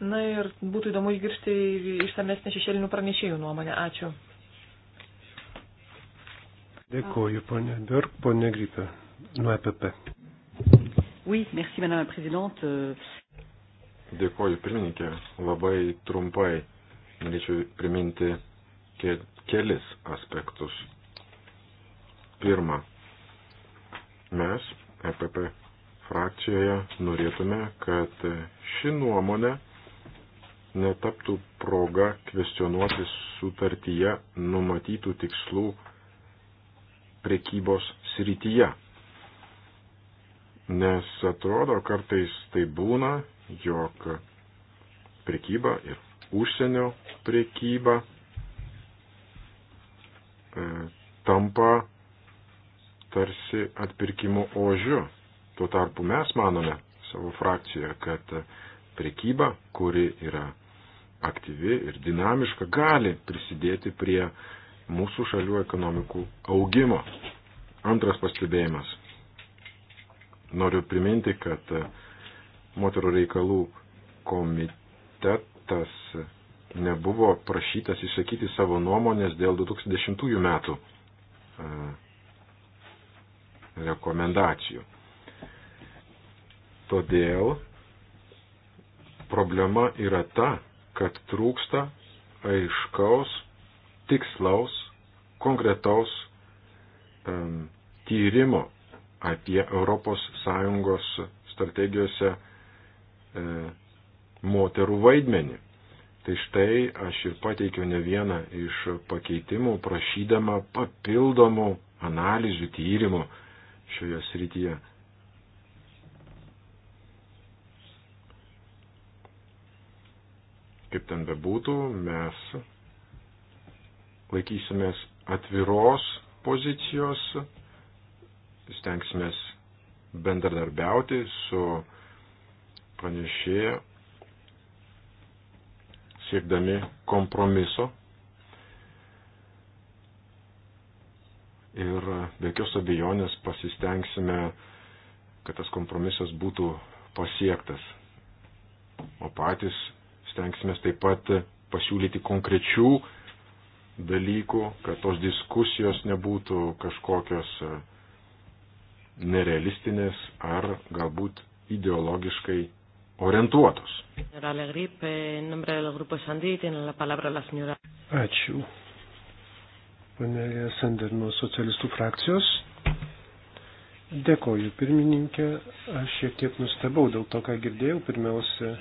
Na ir būtų įdomu išgirsti išsamesnį šešėlinių pranešėjų nuomonę. Ačiū. Dėkuoju, ponė Björk, ponė Gripė, nuo EPP. Oui, merci, madame la présidente. Dėkuoju, pirmininkė, labai trumpai norėčiau priminti ke kelis aspektus. Pirma, mes EPP frakcijoje norėtume, kad ši nuomonė netaptų proga kvestionuoti sutartyje numatytų tikslų prekybos srityje. Nes atrodo kartais tai būna, jog prekyba ir užsienio priekyba e, tampa tarsi atpirkimo ožiu. Tuo tarpu mes manome savo frakcijoje, kad priekyba, kuri yra aktyvi ir dinamiška, gali prisidėti prie mūsų šalių ekonomikų augimo. Antras pastebėjimas. Noriu priminti, kad moterų reikalų komitet, parlamentas nebuvo prašytas išsakyti savo nuomonės dėl 2010 metų e, rekomendacijų. Todėl problema yra ta, kad trūksta aiškaus, tikslaus, konkretaus um, tyrimo apie ES strategijose e, moterų vaidmenį. Tai štai aš ir pateikiau ne vieną iš pakeitimų, prašydama papildomų analizių, tyrimų šioje srityje. Kaip ten bebūtų, mes laikysimės atviros pozicijos, stengsimės bendradarbiauti su pranešėja siekdami kompromiso. Ir be jokios abejonės pasistengsime, kad tas kompromisas būtų pasiektas. O patys stengsime taip pat pasiūlyti konkrečių dalykų, kad tos diskusijos nebūtų kažkokios e, nerealistinės ar galbūt ideologiškai orientuotos. Ačiū. Pane Sander nuo socialistų frakcijos. Dėkoju, pirmininkė. Aš šiek tiek nustebau dėl to, ką girdėjau. Pirmiausia,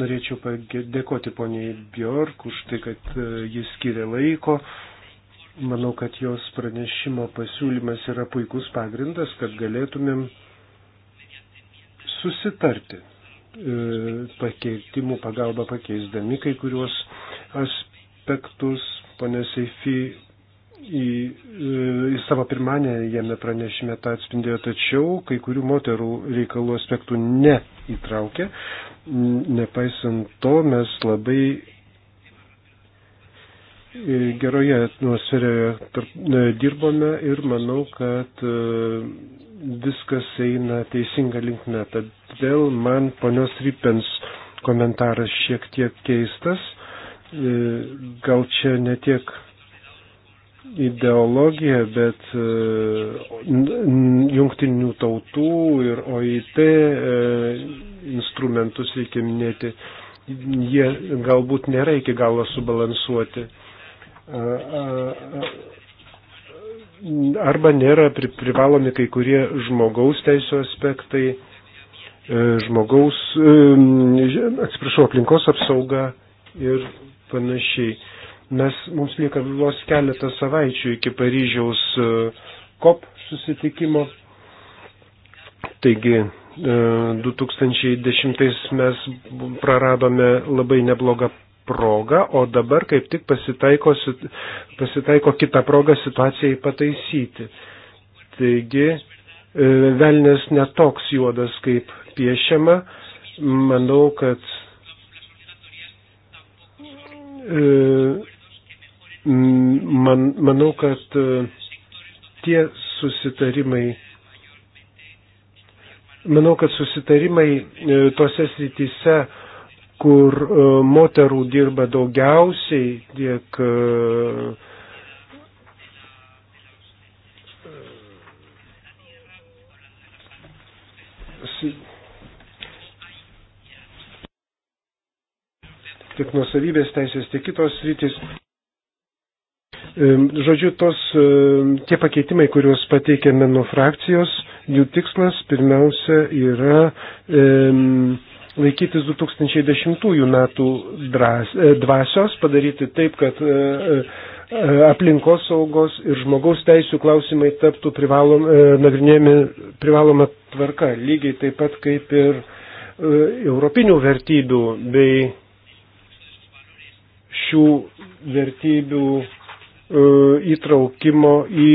norėčiau padėkoti poniai Bjork už tai, kad e, jis skiria laiko. Manau, kad jos pranešimo pasiūlymas yra puikus pagrindas, kad galėtumėm susitarti E, pakeitimų pagalba pakeisdami kai kuriuos aspektus. Pone Seifi į, e, į savo pirmanę jame pranešime tą atspindėjo, tačiau kai kurių moterų reikalų aspektų neįtraukė. Nepaisant to, mes labai geroje atmosferoje e, dirbome ir manau, kad e, viskas eina teisinga linkme. Todėl man ponios Rypens komentaras šiek tiek keistas. E, gal čia ne tiek ideologija, bet jungtinių tautų ir OIT instrumentus reikia minėti. Jie galbūt nėra iki galo subalansuoti arba nėra privalomi kai kurie žmogaus teisų aspektai, e, žmogaus, e, atsiprašau, aplinkos apsauga ir panašiai. Mes, mums lieka vos keletą savaičių iki Paryžiaus COP e, susitikimo. Taigi 2010 mes praradome labai neblogą proga, o dabar kaip tik pasitaiko, pasitaiko kita proga situacijai pataisyti. Taigi, e, velnės netoks juodas kaip piešiama. Manau, kad e, man, manau, kad e, tie susitarimai Manau, kad susitarimai tose srityse kur e, moterų dirba daugiausiai tiek e, tiek nuosavybės teisės, tiek kitos rytis. E, žodžiu, tos, tie pakeitimai, kuriuos pateikėme nuo frakcijos, jų tikslas pirmiausia yra e, laikytis 2010 metų e, dvasios, padaryti taip, kad e, e, aplinkos saugos ir žmogaus teisų klausimai taptų privalom, nagrinėjami privaloma tvarka, lygiai taip pat kaip ir europinių vertybių bei šių vertybių įtraukimo į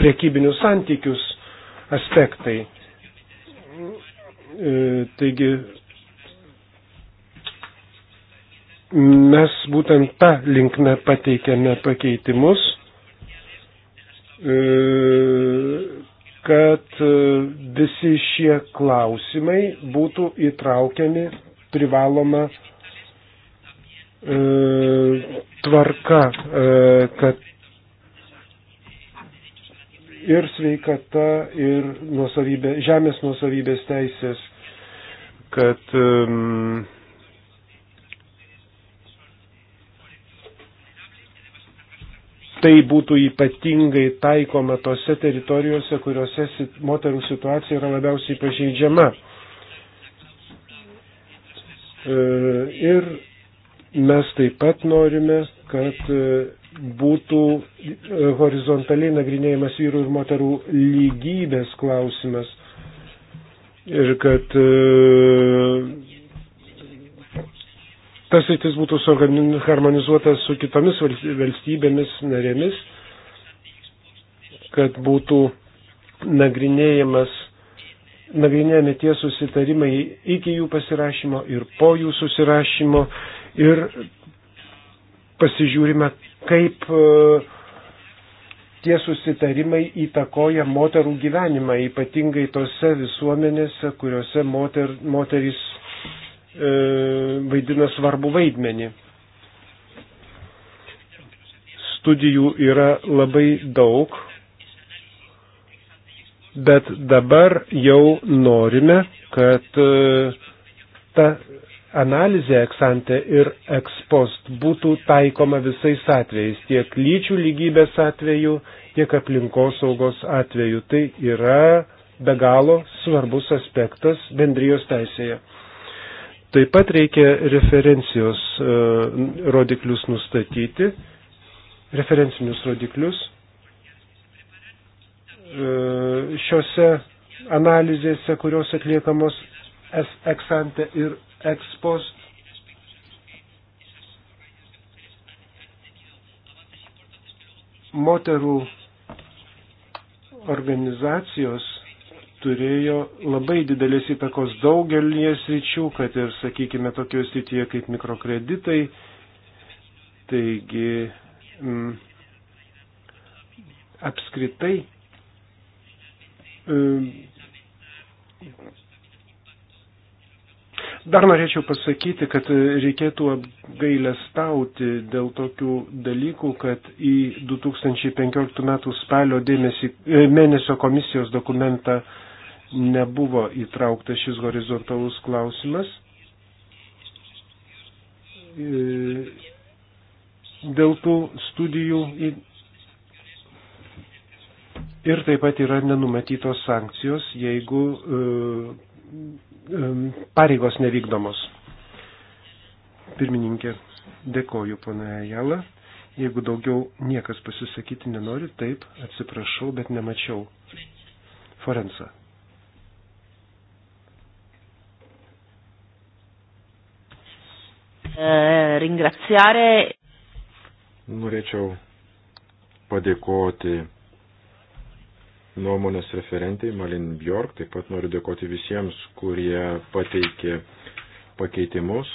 priekybinius santykius aspektai E, taigi mes būtent tą linkmę pateikėme pakeitimus, e, kad e, visi šie klausimai būtų įtraukiami privaloma tvarka, kad ir sveikata, ir nuosavybė, žemės nuosavybės teisės, kad um, tai būtų ypatingai taikoma tose teritorijose, kuriuose moterų situacija yra labiausiai pažeidžiama. E, ir mes taip pat norime, kad būtų e, horizontaliai nagrinėjimas vyrų ir moterų lygybės klausimas. Ir kad e, tas rytis būtų harmonizuota su kitomis valstybėmis narėmis, kad būtų nagrinėjimas, nagrinėjami tie susitarimai iki jų pasirašymo ir po jų susirašymo ir pasižiūrime, kaip e, tie susitarimai įtakoja moterų gyvenimą, ypatingai tose visuomenėse, kuriuose moter, moteris e, vaidina svarbu vaidmenį. Studijų yra labai daug, bet dabar jau norime, kad e, ta analizė eksante ir ekspost būtų taikoma visais atvejais, tiek lyčių lygybės atveju, tiek aplinkosaugos atveju. Tai yra be galo svarbus aspektas bendrijos teisėje. Taip pat reikia referencijos e, rodiklius nustatyti, referencinius rodiklius. E, Šiuose analizėse, kurios atliekamos ex ante ir ekspos. Moterų organizacijos turėjo labai didelės įtakos daugelie sričių, kad ir, sakykime, tokioje srityje kaip mikrokreditai. Taigi, m, mm, apskritai, m, mm, Dar norėčiau pasakyti, kad reikėtų apgailestauti dėl tokių dalykų, kad į 2015 m. spalio dėmesį, e, mėnesio komisijos dokumentą nebuvo įtraukta šis horizontalus klausimas. E, dėl tų studijų ir taip pat yra nenumatytos sankcijos, jeigu e, pareigos nevykdomos. Pirmininkė, dėkoju pana Jala. Jeigu daugiau niekas pasisakyti nenori, taip, atsiprašau, bet nemačiau. Forensa. E, ringraziare. Norėčiau padėkoti nuomonės referentai Malin Bjork. Taip pat noriu dėkoti visiems, kurie pateikė pakeitimus,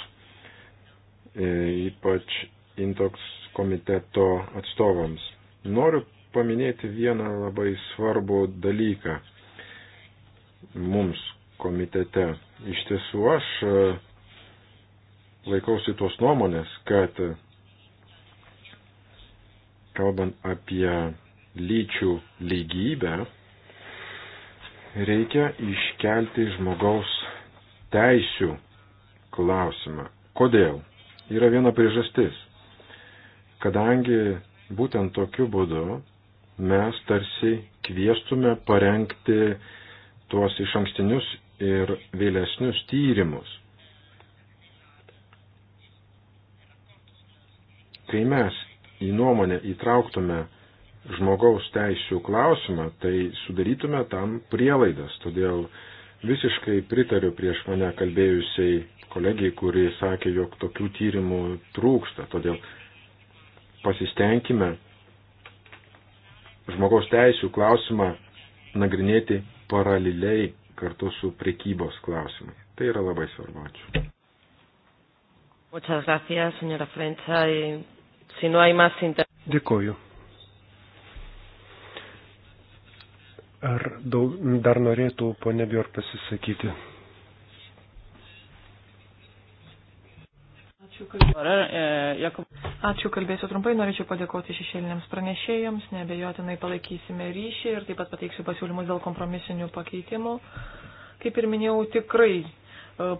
e, ypač Intox komiteto atstovams. Noriu paminėti vieną labai svarbų dalyką mums komitete. Iš tiesų aš e, laikausi tos nuomonės, kad kalbant apie lyčių lygybę, reikia iškelti žmogaus teisių klausimą. Kodėl? Yra viena priežastis. Kadangi būtent tokiu būdu mes tarsi kviestume parengti tuos iš ankstinius ir vėlesnius tyrimus. Kai mes į nuomonę įtrauktume žmogaus teisų klausimą, tai sudarytume tam prielaidas. Todėl visiškai pritariu prieš mane kalbėjusiai kolegijai, kuri sakė, jog tokių tyrimų trūksta. Todėl pasistengime žmogaus teisų klausimą nagrinėti paraleliai kartu su prekybos klausimai. Tai yra labai svarbu. Ačiū. Muchas gracias, señora Frencha. Y si no hay más inter... Dėkoju. Ar daug, dar norėtų ponė Bjork pasisakyti? Ačiū, kalbėsiu trumpai, norėčiau padėkoti šešėliniams pranešėjams, nebejotinai palaikysime ryšį ir taip pat pateiksiu pasiūlymus dėl kompromisinių pakeitimų. Kaip ir minėjau, tikrai e,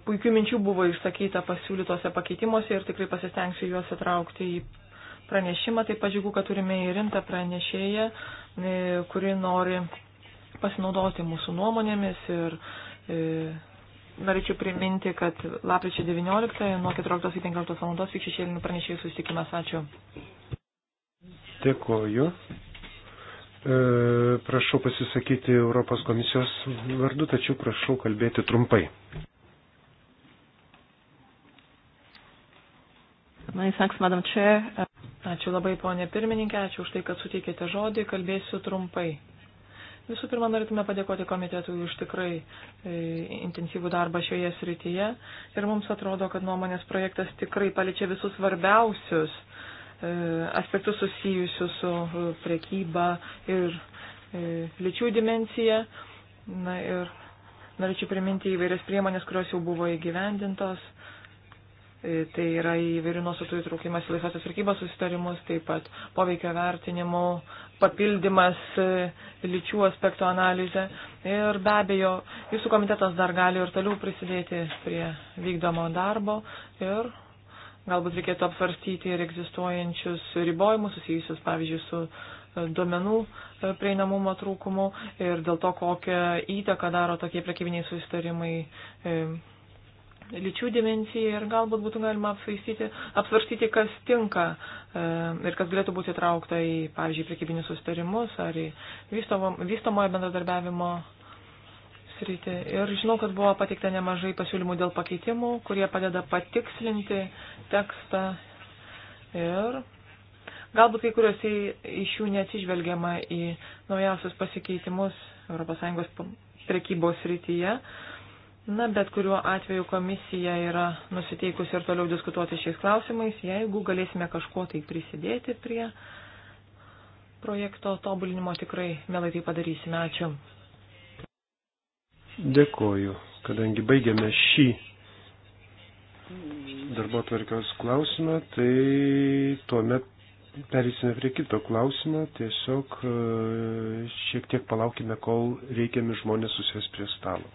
puikių minčių buvo išsakyta pasiūlytose pakeitimuose ir tikrai pasistengsiu juos atraukti į pranešimą. Taip pat džiugu, kad turime ir rimtą pranešėją, e, kuri nori pasinaudoti mūsų nuomonėmis ir e, norėčiau priminti, kad lapkričio 19 nuo 14 iki 15 valandos vyks šešėlinių pranešėjų susitikimas. Ačiū. Dėkoju. E, prašau pasisakyti Europos komisijos vardu, tačiau prašau kalbėti trumpai. Many thanks, Madam Chair. Ačiū labai, ponė pirmininkė, ačiū už tai, kad suteikėte žodį, kalbėsiu trumpai. Visų pirma, norėtume padėkoti komitetui už tikrai e, intensyvų darbą šioje srityje ir mums atrodo, kad nuomonės projektas tikrai paliečia visus svarbiausius e, aspektus susijusius su e, prekyba ir e, lyčių dimencija. Na ir norėčiau priminti įvairias priemonės, kurios jau buvo įgyvendintos. E, E, tai yra įvairių nuostatų įtraukimas į laisvasios prekybos susitarimus, taip pat poveikio vertinimų, papildymas e, lyčių aspektų analizė. Ir be abejo, jūsų komitetas dar gali ir toliau prisidėti prie vykdomo darbo ir galbūt reikėtų apsvarstyti ir egzistuojančius ribojimus susijusius, pavyzdžiui, su e, duomenų prieinamumo trūkumu ir dėl to, kokią įtaką daro tokie prekybiniai susitarimai lyčių dimenciją ir galbūt būtų galima apsvarstyti, kas tinka e, ir kas galėtų būti traukta į, pavyzdžiui, prekybinius sustarimus ar į vystomojo bendradarbiavimo sritį. Ir žinau, kad buvo pateikta nemažai pasiūlymų dėl pakeitimų, kurie padeda patikslinti tekstą ir galbūt kai kuriuose iš jų neatsižvelgiama į naujausius pasikeitimus ES prekybos srityje. Na, bet kuriuo atveju komisija yra nusiteikusi ir toliau diskutuoti šiais klausimais, jeigu galėsime kažkuo tai prisidėti prie projekto tobulinimo, tikrai mielai tai padarysime. Ačiū. Dėkoju, kadangi baigiame šį darbo tvarkios klausimą, tai tuomet perėsime prie kito klausimo, tiesiog e, šiek tiek palaukime, kol reikiami žmonės susės prie stalo.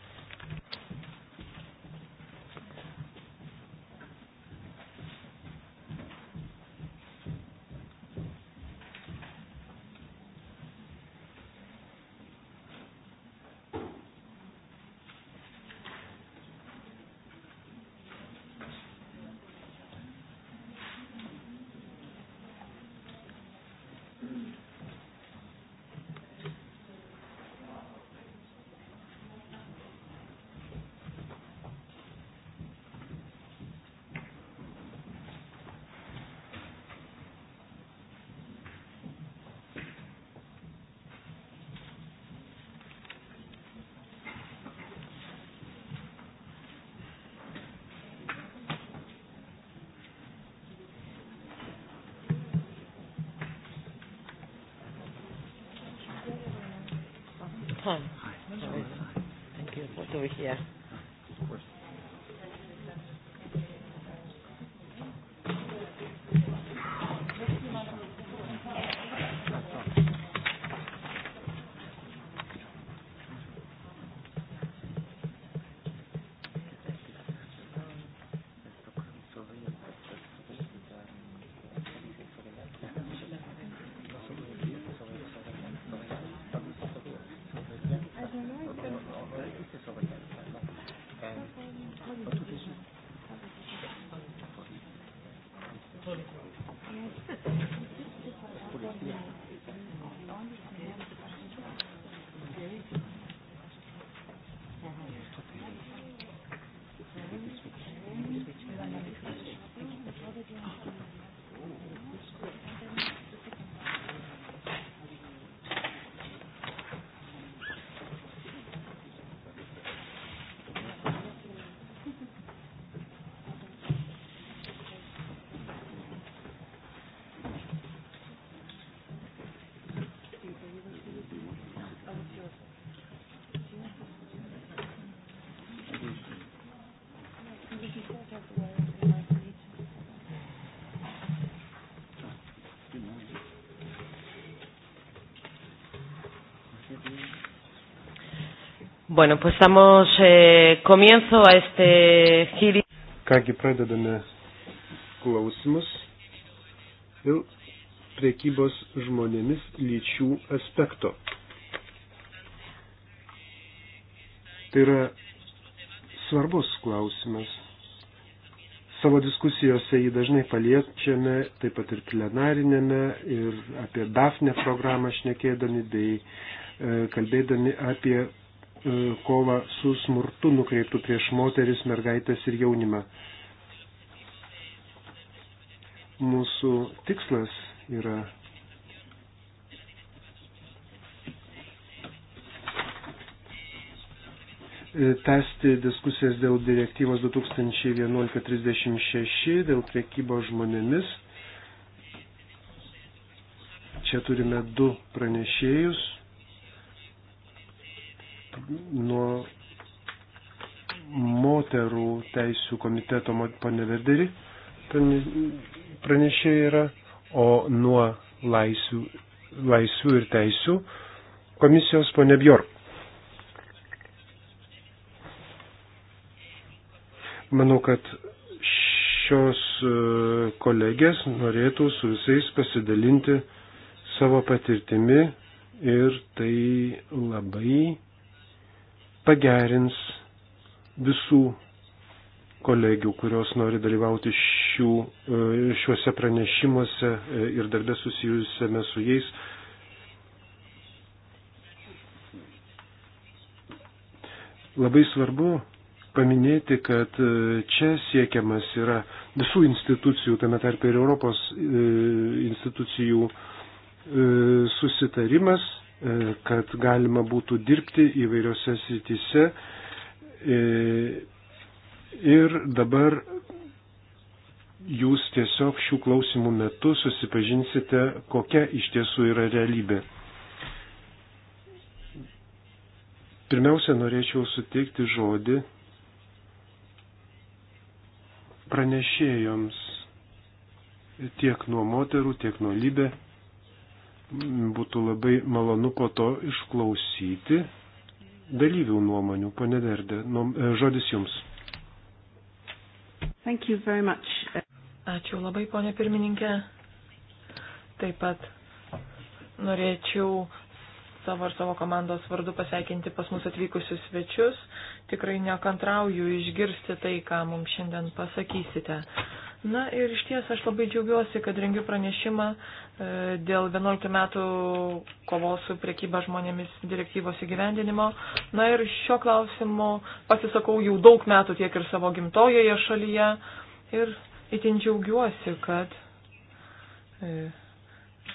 Hi. Hi. Hi. Thank you. What do we hear? Bueno, pues damos eh, comienzo a este hearing. Kągi pradedame klausimus dėl priekybos žmonėmis lyčių aspekto. Tai yra svarbus klausimas. Savo diskusijose jį dažnai paliečiame, taip pat ir plenarinėme, ir apie DAFNE programą šnekėdami bei e, kalbėdami apie E, kovą su smurtu nukreiptų prieš moteris, mergaitės ir jaunimą. Mūsų tikslas yra e, tęsti diskusijas dėl direktyvos 2011-36 dėl priekybos žmonėmis. Čia turime du pranešėjus. teisų komiteto ponė Verderi pranešė yra, o nuo laisvių, laisvių ir teisų komisijos ponė Bjork. Manau, kad šios e, kolegės norėtų su visais pasidalinti savo patirtimi ir tai labai pagerins visų kolegių, kurios nori dalyvauti šių, e, šiuose pranešimuose e, ir darbė susijusiame su jais. Labai svarbu paminėti, kad e, čia siekiamas yra visų institucijų, tame tarp ir Europos institucijų susitarimas, kad galima būtų dirbti įvairiose srityse Ir dabar jūs tiesiog šių klausimų metu susipažinsite, kokia iš tiesų yra realybė. Pirmiausia, norėčiau suteikti žodį pranešėjoms tiek nuo moterų, tiek nuo lybė. Būtų labai malonu po to išklausyti dalyvių nuomonių. Pane Derdė, e, žodis jums. Thank you very much. Ačiū labai, ponė pirmininkė. Taip pat norėčiau savo ir savo komandos vardu pasveikinti pas mus atvykusius svečius. Tikrai nekantrauju išgirsti tai, ką mums šiandien pasakysite. Na ir iš ties aš labai džiaugiuosi, kad rengiu pranešimą e, dėl 11 metų kovos su priekyba žmonėmis direktyvos įgyvendinimo. Na ir šio klausimu pasisakau jau daug metų tiek ir savo gimtojoje šalyje. Ir itin džiaugiuosi, kad e,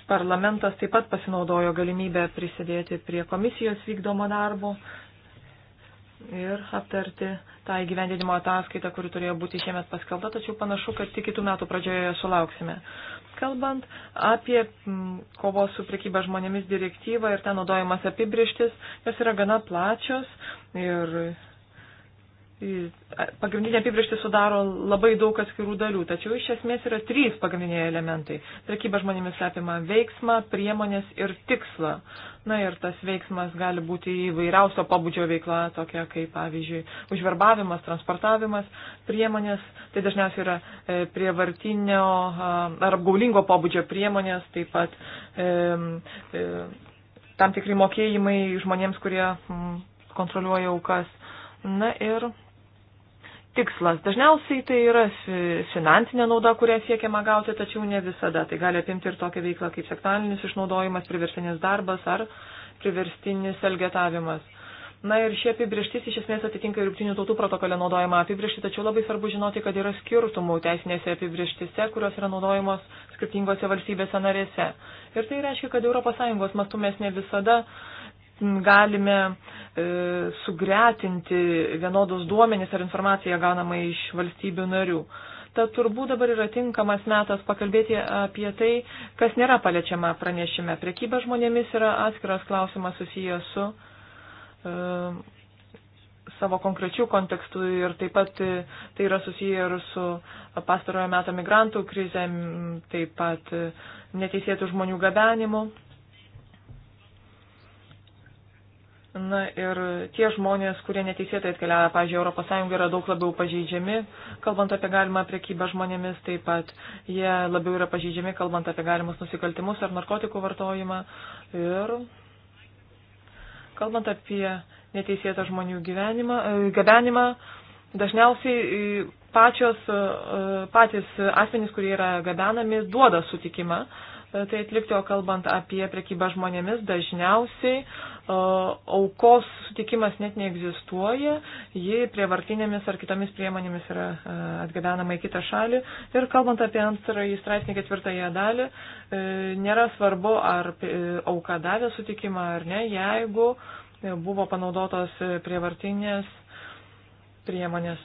parlamentas taip pat pasinaudojo galimybę prisidėti prie komisijos vykdomo darbo ir aptarti tą įgyvendinimo ataskaitą, kuri turėjo būti šiemet paskelbta, tačiau panašu, kad tik kitų metų pradžioje sulauksime. Kalbant apie kovos su priekyba žmonėmis direktyvą ir ten naudojamas apibrieštis, jos yra gana plačios ir Pagrindinė apibriešti sudaro labai daug atskirų dalių, tačiau iš esmės yra trys pagrindiniai elementai. Prekyba žmonėmis apima veiksmą, priemonės ir tikslą. Na ir tas veiksmas gali būti įvairiausio pabudžio veikla, tokia kaip pavyzdžiui užverbavimas, transportavimas, priemonės, tai dažniausiai yra e, prievartinio ar apgaulingo pabudžio priemonės, taip pat e, e, tam tikri mokėjimai žmonėms, kurie kontroliuoja aukas. Na ir tikslas. Dažniausiai tai yra finansinė nauda, kurią siekiama gauti, tačiau ne visada. Tai gali apimti ir tokią veiklą kaip seksualinis išnaudojimas, priverstinis darbas ar priverstinis elgetavimas. Na ir šie apibrieštis iš esmės atitinka ir jungtinių tautų protokole naudojama apibriešti, tačiau labai svarbu žinoti, kad yra skirtumų teisinėse apibrieštise, kurios yra naudojamos skirtingose valstybėse narėse. Ir tai reiškia, kad ES mastu mes ne visada uh, galime e, sugretinti vienodus duomenys ar informaciją gaunamą iš valstybių narių. Tad turbūt dabar yra tinkamas metas pakalbėti apie tai, kas nėra paliečiama pranešime. Prekyba žmonėmis yra atskiras klausimas susijęs su e, savo konkrečių kontekstų ir taip pat e, tai yra susiję ir su pastarojo meto migrantų krizėm, taip pat e, neteisėtų žmonių gabenimu. Na ir tie žmonės, kurie neteisėtai atkeliavę, pažiūrėjau, ES yra daug labiau pažeidžiami, kalbant apie galimą priekybą žmonėmis, taip pat jie labiau yra pažeidžiami, kalbant apie galimus nusikaltimus ar narkotikų vartojimą. Ir kalbant apie neteisėtą žmonių gyvenimą, e, gabenimą, dažniausiai e, pačios, e, patys asmenys, kurie yra gabenami, duoda sutikimą tai atlikti, o kalbant apie prekybą žmonėmis, dažniausiai aukos sutikimas net neegzistuoja, ji prievartinėmis ar kitomis priemonėmis yra atgabenama į kitą šalį. Ir kalbant apie antrąjį straipsnį ketvirtąją dalį, e, nėra svarbu, ar e, auka davė sutikimą ar ne, jeigu buvo panaudotos e, prievartinės priemonės.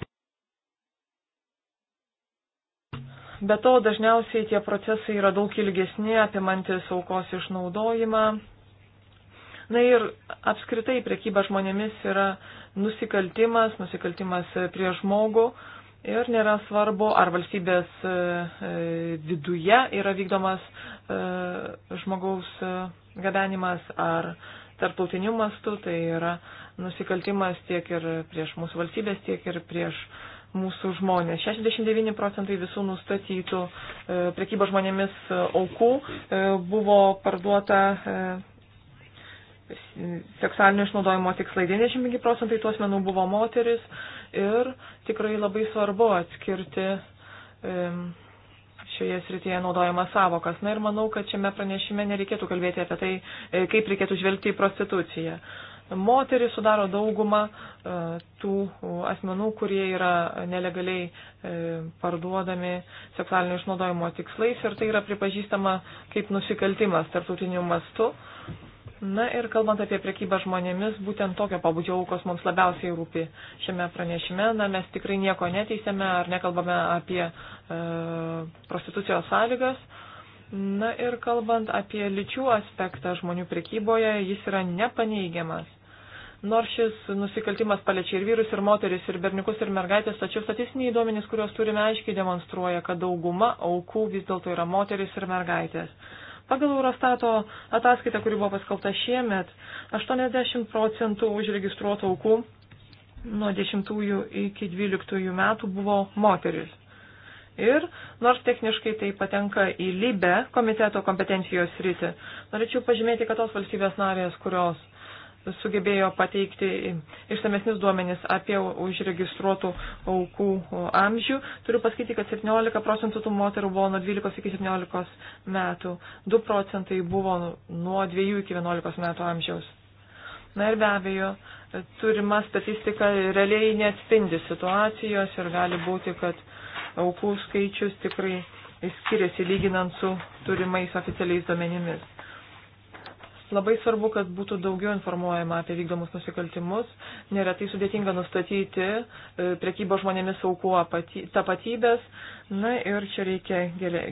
Be to, dažniausiai tie procesai yra daug ilgesni, apimantis aukos išnaudojimą, Na ir apskritai priekyba žmonėmis yra nusikaltimas, nusikaltimas e, prie žmogų ir nėra svarbu, ar valstybės e, e, viduje yra vykdomas žmogaus gabenimas ar tarptautiniu mastu, tai yra nusikaltimas tiek ir prieš mūsų valstybės, tiek ir prieš mūsų žmonės. 69 procentai visų nustatytų e, prekybos žmonėmis aukų e, buvo parduota e, seksualinio išnaudojimo tikslai 95 procentai tuos menų buvo moteris ir tikrai labai svarbu atskirti šioje srityje naudojamas savokas. Na ir manau, kad šiame pranešime nereikėtų kalbėti apie tai, e, kaip reikėtų žvelgti į prostituciją. Moteris sudaro daugumą e, tų asmenų, kurie yra nelegaliai e, parduodami seksualinio išnaudojimo tikslais ir tai yra pripažįstama kaip nusikaltimas tarptautiniu mastu. Na ir kalbant apie priekybą žmonėmis, būtent tokio pabudžio aukos mums labiausiai rūpi šiame pranešime. Na, mes tikrai nieko neteisėme ar nekalbame apie e, prostitucijos sąlygas. Na ir kalbant apie lyčių aspektą žmonių priekyboje, jis yra nepaneigiamas. Nors šis nusikaltimas paliečia ir vyrus, ir moteris, ir berniukus, ir mergaitės, tačiau statistiniai duomenys, kuriuos turime, aiškiai demonstruoja, kad dauguma aukų vis dėlto yra moteris ir mergaitės. Pagal Eurostato ataskaitą, kuri buvo paskelbta šiemet, 80 procentų užregistruotų aukų nuo 10 iki 12 metų buvo moteris. Ir nors techniškai tai patenka į Libe komiteto kompetencijos rytį, norėčiau pažymėti, kad tos valstybės narės, kurios sugebėjo pateikti išsamesnius duomenis apie užregistruotų aukų amžių. Turiu pasakyti, kad 17 procentų tų moterų buvo nuo 12 iki 17 metų, 2 procentai buvo nuo 2 iki 11 metų amžiaus. Na ir be abejo, turima statistika realiai neatspindi situacijos ir gali būti, kad aukų skaičius tikrai skiriasi lyginant su turimais oficialiais duomenimis. Labai svarbu, kad būtų daugiau informuojama apie vykdomus nusikaltimus. Neretai sudėtinga nustatyti e, prekybo žmonėmis aukų tapatybės. Na ir čia reikia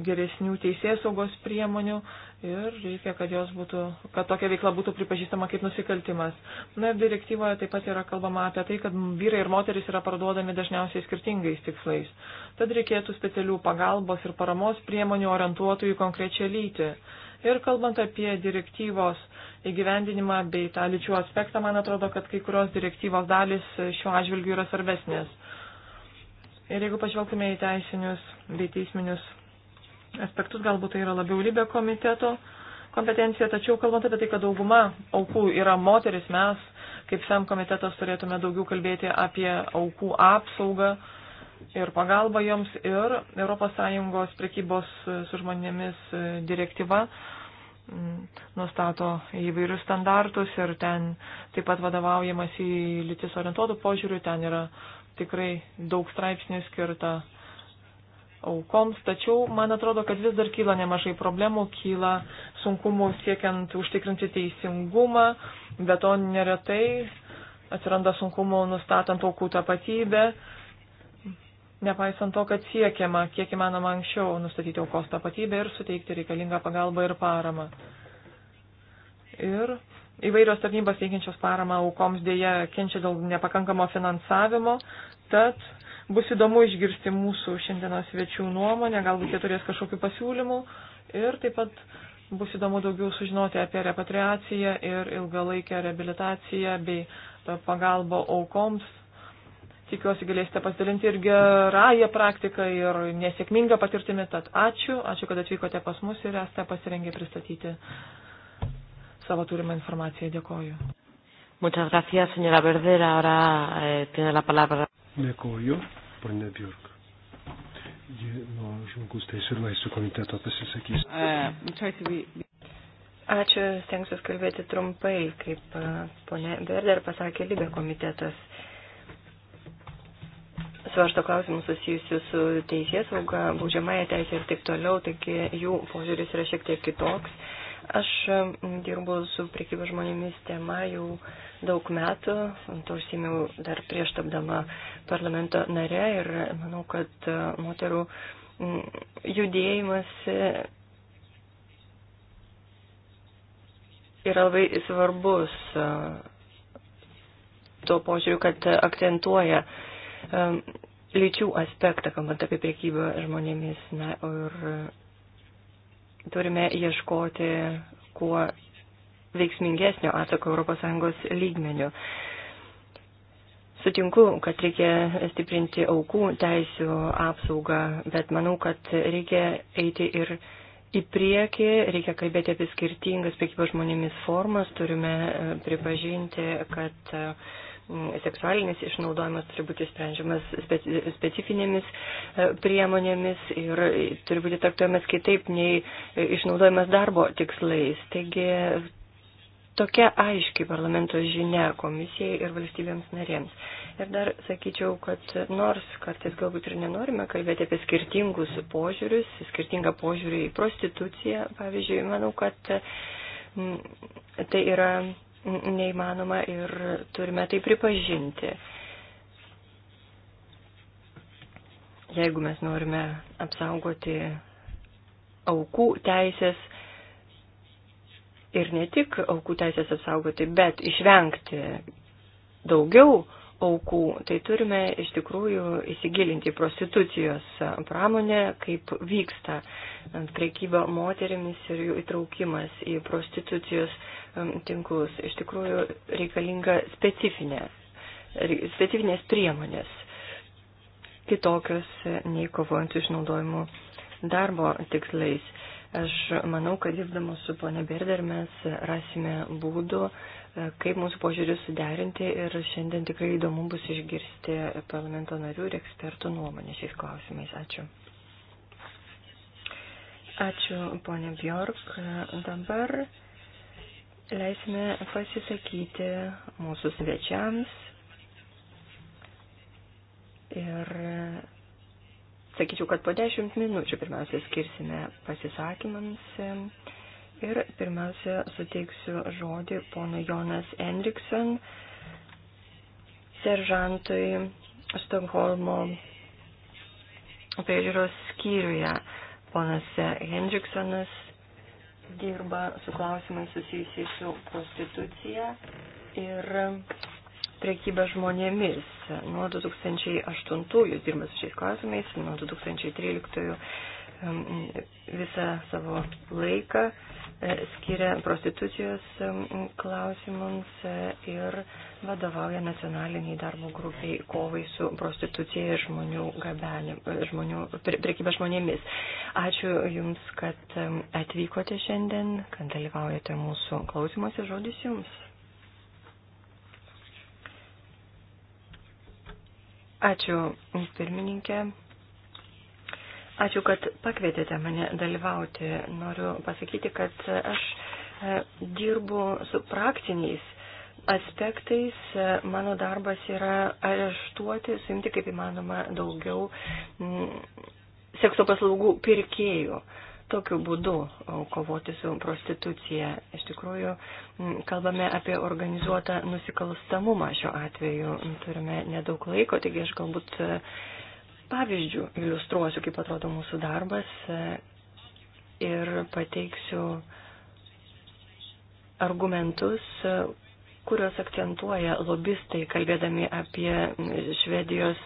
geresnių teisės saugos priemonių ir reikia, kad, būtų, kad tokia veikla būtų pripažįstama kaip nusikaltimas. Na ir direktyvoje taip pat yra kalbama apie tai, kad vyrai ir moteris yra parduodami dažniausiai skirtingais tikslais. Tad reikėtų specialių pagalbos ir paramos priemonių orientuotų į konkrečią lytį. Ir kalbant apie direktyvos įgyvendinimą bei tą lyčių aspektą, man atrodo, kad kai kurios direktyvos dalis šiuo atžvilgiu yra svarbesnės. Ir jeigu pažvelgtume į teisinius bei teisminius aspektus, galbūt tai yra labiau lybė komiteto kompetencija, tačiau kalbant apie tai, kad dauguma aukų yra moteris, mes kaip FEM komitetas turėtume daugiau kalbėti apie aukų apsaugą ir pagalba joms ir ES prekybos su žmonėmis direktyva mm, nustato įvairius standartus ir ten taip pat vadovaujamas į lytis orientuotų požiūrių, ten yra tikrai daug straipsnių skirta aukoms, tačiau man atrodo, kad vis dar kyla nemažai problemų, kyla sunkumų siekiant užtikrinti teisingumą, bet to neretai atsiranda sunkumų nustatant aukų tapatybę, nepaisant to, kad siekiama kiek įmanoma anksčiau nustatyti aukos tapatybę ir suteikti reikalingą pagalbą ir paramą. Ir įvairios tarnybos teikiančios paramą aukoms dėja kenčia dėl nepakankamo finansavimo, tad bus įdomu išgirsti mūsų šiandienos svečių nuomonę, galbūt jie turės kažkokių pasiūlymų ir taip pat bus įdomu daugiau sužinoti apie repatriaciją ir ilgalaikę rehabilitaciją bei pagalbą aukoms Tikiuosi galėsite pasidalinti ir gerąją praktiką, ir nesėkmingą patirtimį. Tad ačiū, ačiū, kad atvykote pas mus ir esate pasirengę pristatyti savo turimą informaciją. Dėkoju. Muchas gracias, señora Verder. Ahora eh, tiene la palabra. Dėkoju, ponia Björk. Ji nuo žmogus teisų ir laisvų komiteto pasisakys. Uh, Ačiū, stengsiu kalbėti trumpai, kaip uh, ponė Verder pasakė Libė komitetas svarsto klausimus susijusius su teisės sauga, baudžiamąją teisę ir taip toliau, taigi jų požiūris yra šiek tiek kitoks. Aš mm, dirbu su priekybos žmonėmis tema jau daug metų, to užsimiau dar prieš tapdama parlamento nare ir manau, kad mm, moterų mm, judėjimas yra labai svarbus tuo požiūriu, kad akcentuoja uh, lyčių aspektą, kalbant apie priekybą žmonėmis. Na, ir turime ieškoti kuo veiksmingesnio atsako ES lygmenių. Sutinku, kad reikia stiprinti aukų teisų apsaugą, bet manau, kad reikia eiti ir į priekį, reikia kalbėti apie skirtingas priekybos žmonėmis formas, turime e, pripažinti, kad uh, Mm, seksualinis išnaudojimas turi būti sprendžiamas specifinėmis e, priemonėmis ir turi būti traktuojamas kitaip nei e, išnaudojimas darbo tikslais. Taigi tokia aiški parlamento žinia komisijai ir valstybėms narėms. Ir dar sakyčiau, kad nors kartais galbūt ir nenorime kalbėti apie skirtingus požiūrius, skirtingą požiūrį į prostituciją, pavyzdžiui, manau, kad mm, tai yra neįmanoma ir turime tai pripažinti. Jeigu mes norime apsaugoti aukų teisės ir ne tik aukų teisės apsaugoti, bet išvengti daugiau aukų. Tai turime iš tikrųjų įsigilinti prostitucijos pramonę, kaip vyksta priekyba moterimis ir jų įtraukimas į prostitucijos tinklus. Iš tikrųjų reikalinga specifinė, specifinės priemonės, kitokios nei kovojant su išnaudojimu darbo tikslais. Aš manau, kad dirbdamas su pone Berder mes rasime būdų, uh, E, kaip mūsų požiūrį suderinti ir šiandien tikrai įdomu bus išgirsti parlamento narių ir ekspertų nuomonę šiais klausimais. Ačiū. Ačiū, ponė Bjork. E, dabar leisime pasisakyti mūsų svečiams ir sakyčiau, kad po dešimt minučių pirmiausia skirsime pasisakymams Ir pirmiausia, suteiksiu žodį pono Jonas Enriksen, seržantui Stokholmo priežiūros skyriuje. Ponas Hendriksonas dirba su klausimais susijusiais su prostitucija ir priekyba žmonėmis. Nuo 2008 dirba su šiais klausimais, nuo 2013 visą savo laiką e, skiria prostitucijos klausimams e, ir vadovauja nacionaliniai darbo grupiai kovai su prostitucija ir žmonių gabenim, e, žmonių, priekyba žmonėmis. Ačiū Jums, kad atvykote šiandien, kad dalyvaujate mūsų klausimuose. Žodis Jums. Ačiū pirmininkė. Ačiū, kad pakvietėte mane dalyvauti. Noriu pasakyti, kad aš e, dirbu su praktiniais aspektais. E, mano darbas yra areštuoti, suimti kaip įmanoma daugiau sekso paslaugų pirkėjų. Tokiu būdu kovoti su prostitucija. Iš tikrųjų, kalbame apie organizuotą nusikalstamumą šiuo atveju. Turime nedaug laiko, taigi aš galbūt e, pavyzdžių iliustruosiu, kaip atrodo mūsų darbas e, ir pateiksiu argumentus, e, kuriuos akcentuoja lobistai, kalbėdami apie Švedijos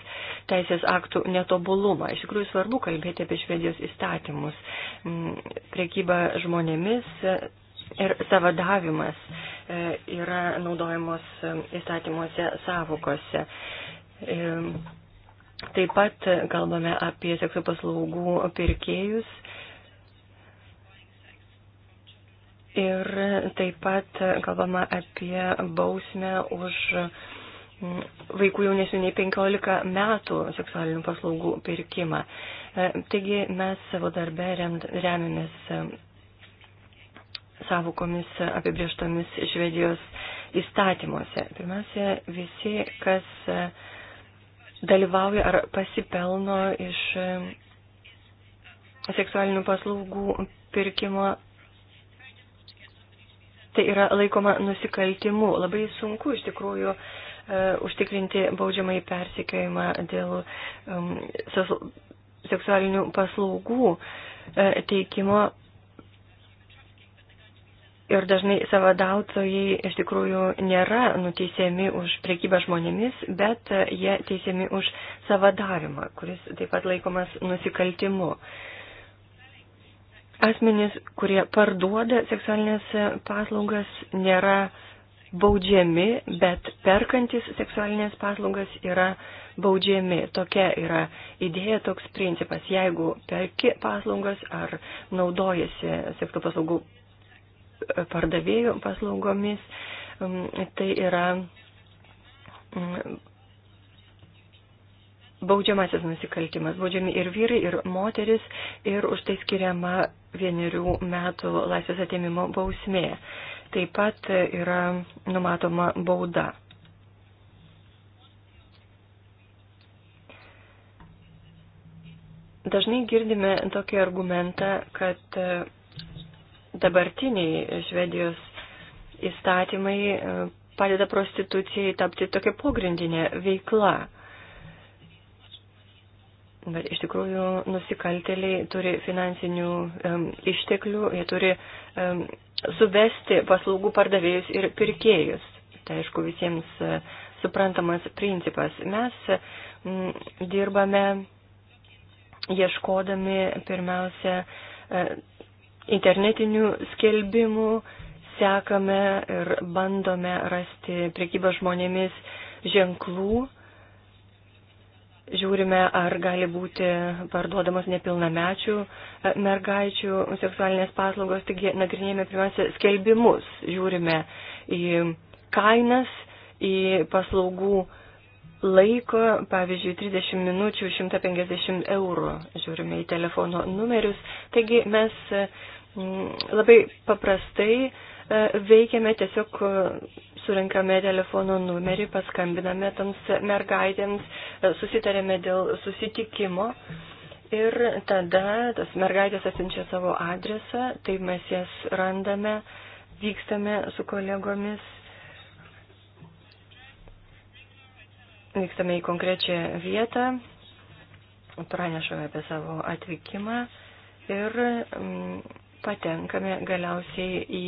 teisės aktų netobulumą. Iš tikrųjų svarbu kalbėti apie Švedijos įstatymus. Prekyba žmonėmis e, ir savadavimas yra naudojamos įstatymuose savokose. Taip pat kalbame apie sekso paslaugų pirkėjus. Ir taip pat kalbama apie bausmę už mm, vaikų jaunesnių nei 15 metų seksualinių paslaugų pirkimą. E, taigi mes savo darbe remiamės e, savokomis apibrieštomis Švedijos įstatymuose. Pirmiausia, visi, kas e, dalyvauja ar pasipelno iš e, seksualinių paslaugų pirkimo. Tai yra laikoma nusikaltimu. Labai sunku iš tikrųjų uh, užtikrinti baudžiamai persikiojimą dėl um, seksualinių paslaugų uh, teikimo Ir dažnai savadautojai iš tikrųjų nėra nuteisiami už priekybę žmonėmis, bet jie teisiami už savadavimą, kuris taip pat laikomas nusikaltimu. Asmenys, kurie parduoda seksualinės paslaugas, nėra baudžiami, bet perkantis seksualinės paslaugas yra baudžiami. Tokia yra idėja, toks principas. Jeigu perki paslaugas ar naudojasi sekso paslaugų pardavėjų paslaugomis. Mm, tai yra mm, baudžiamasis nusikaltimas. Baudžiami ir vyrai, ir moteris, ir už tai skiriama vienerių metų laisvės atėmimo bausmė. Taip pat yra numatoma bauda. Dažnai girdime tokį argumentą, kad dabartiniai Švedijos įstatymai e, padeda prostitucijai tapti tokia pogrindinė veikla. Bet iš tikrųjų nusikalteliai turi finansinių um, išteklių, jie turi um, suvesti paslaugų pardavėjus ir pirkėjus. Tai aišku visiems uh, suprantamas principas. Mes mm, dirbame ieškodami pirmiausia uh, internetinių skelbimų, sekame ir bandome rasti priekybą žmonėmis ženklų, žiūrime, ar gali būti parduodamos nepilnamečių e, mergaičių seksualinės paslaugos, taigi nagrinėjame pirmiausia skelbimus, žiūrime į kainas, į paslaugų laiko, pavyzdžiui, 30 minučių 150 eurų, žiūrime į telefono numerius. Taigi mes mm, labai paprastai e, veikiame, tiesiog e, surinkame telefono numerį, paskambiname toms mergaitėms, e, susitarėme dėl susitikimo. Ir tada tas mergaitės atsiunčia savo adresą, taip mes jas randame, vykstame su kolegomis Vykstame į konkrečią vietą, pranešame apie savo atvykimą ir mm, patenkame galiausiai į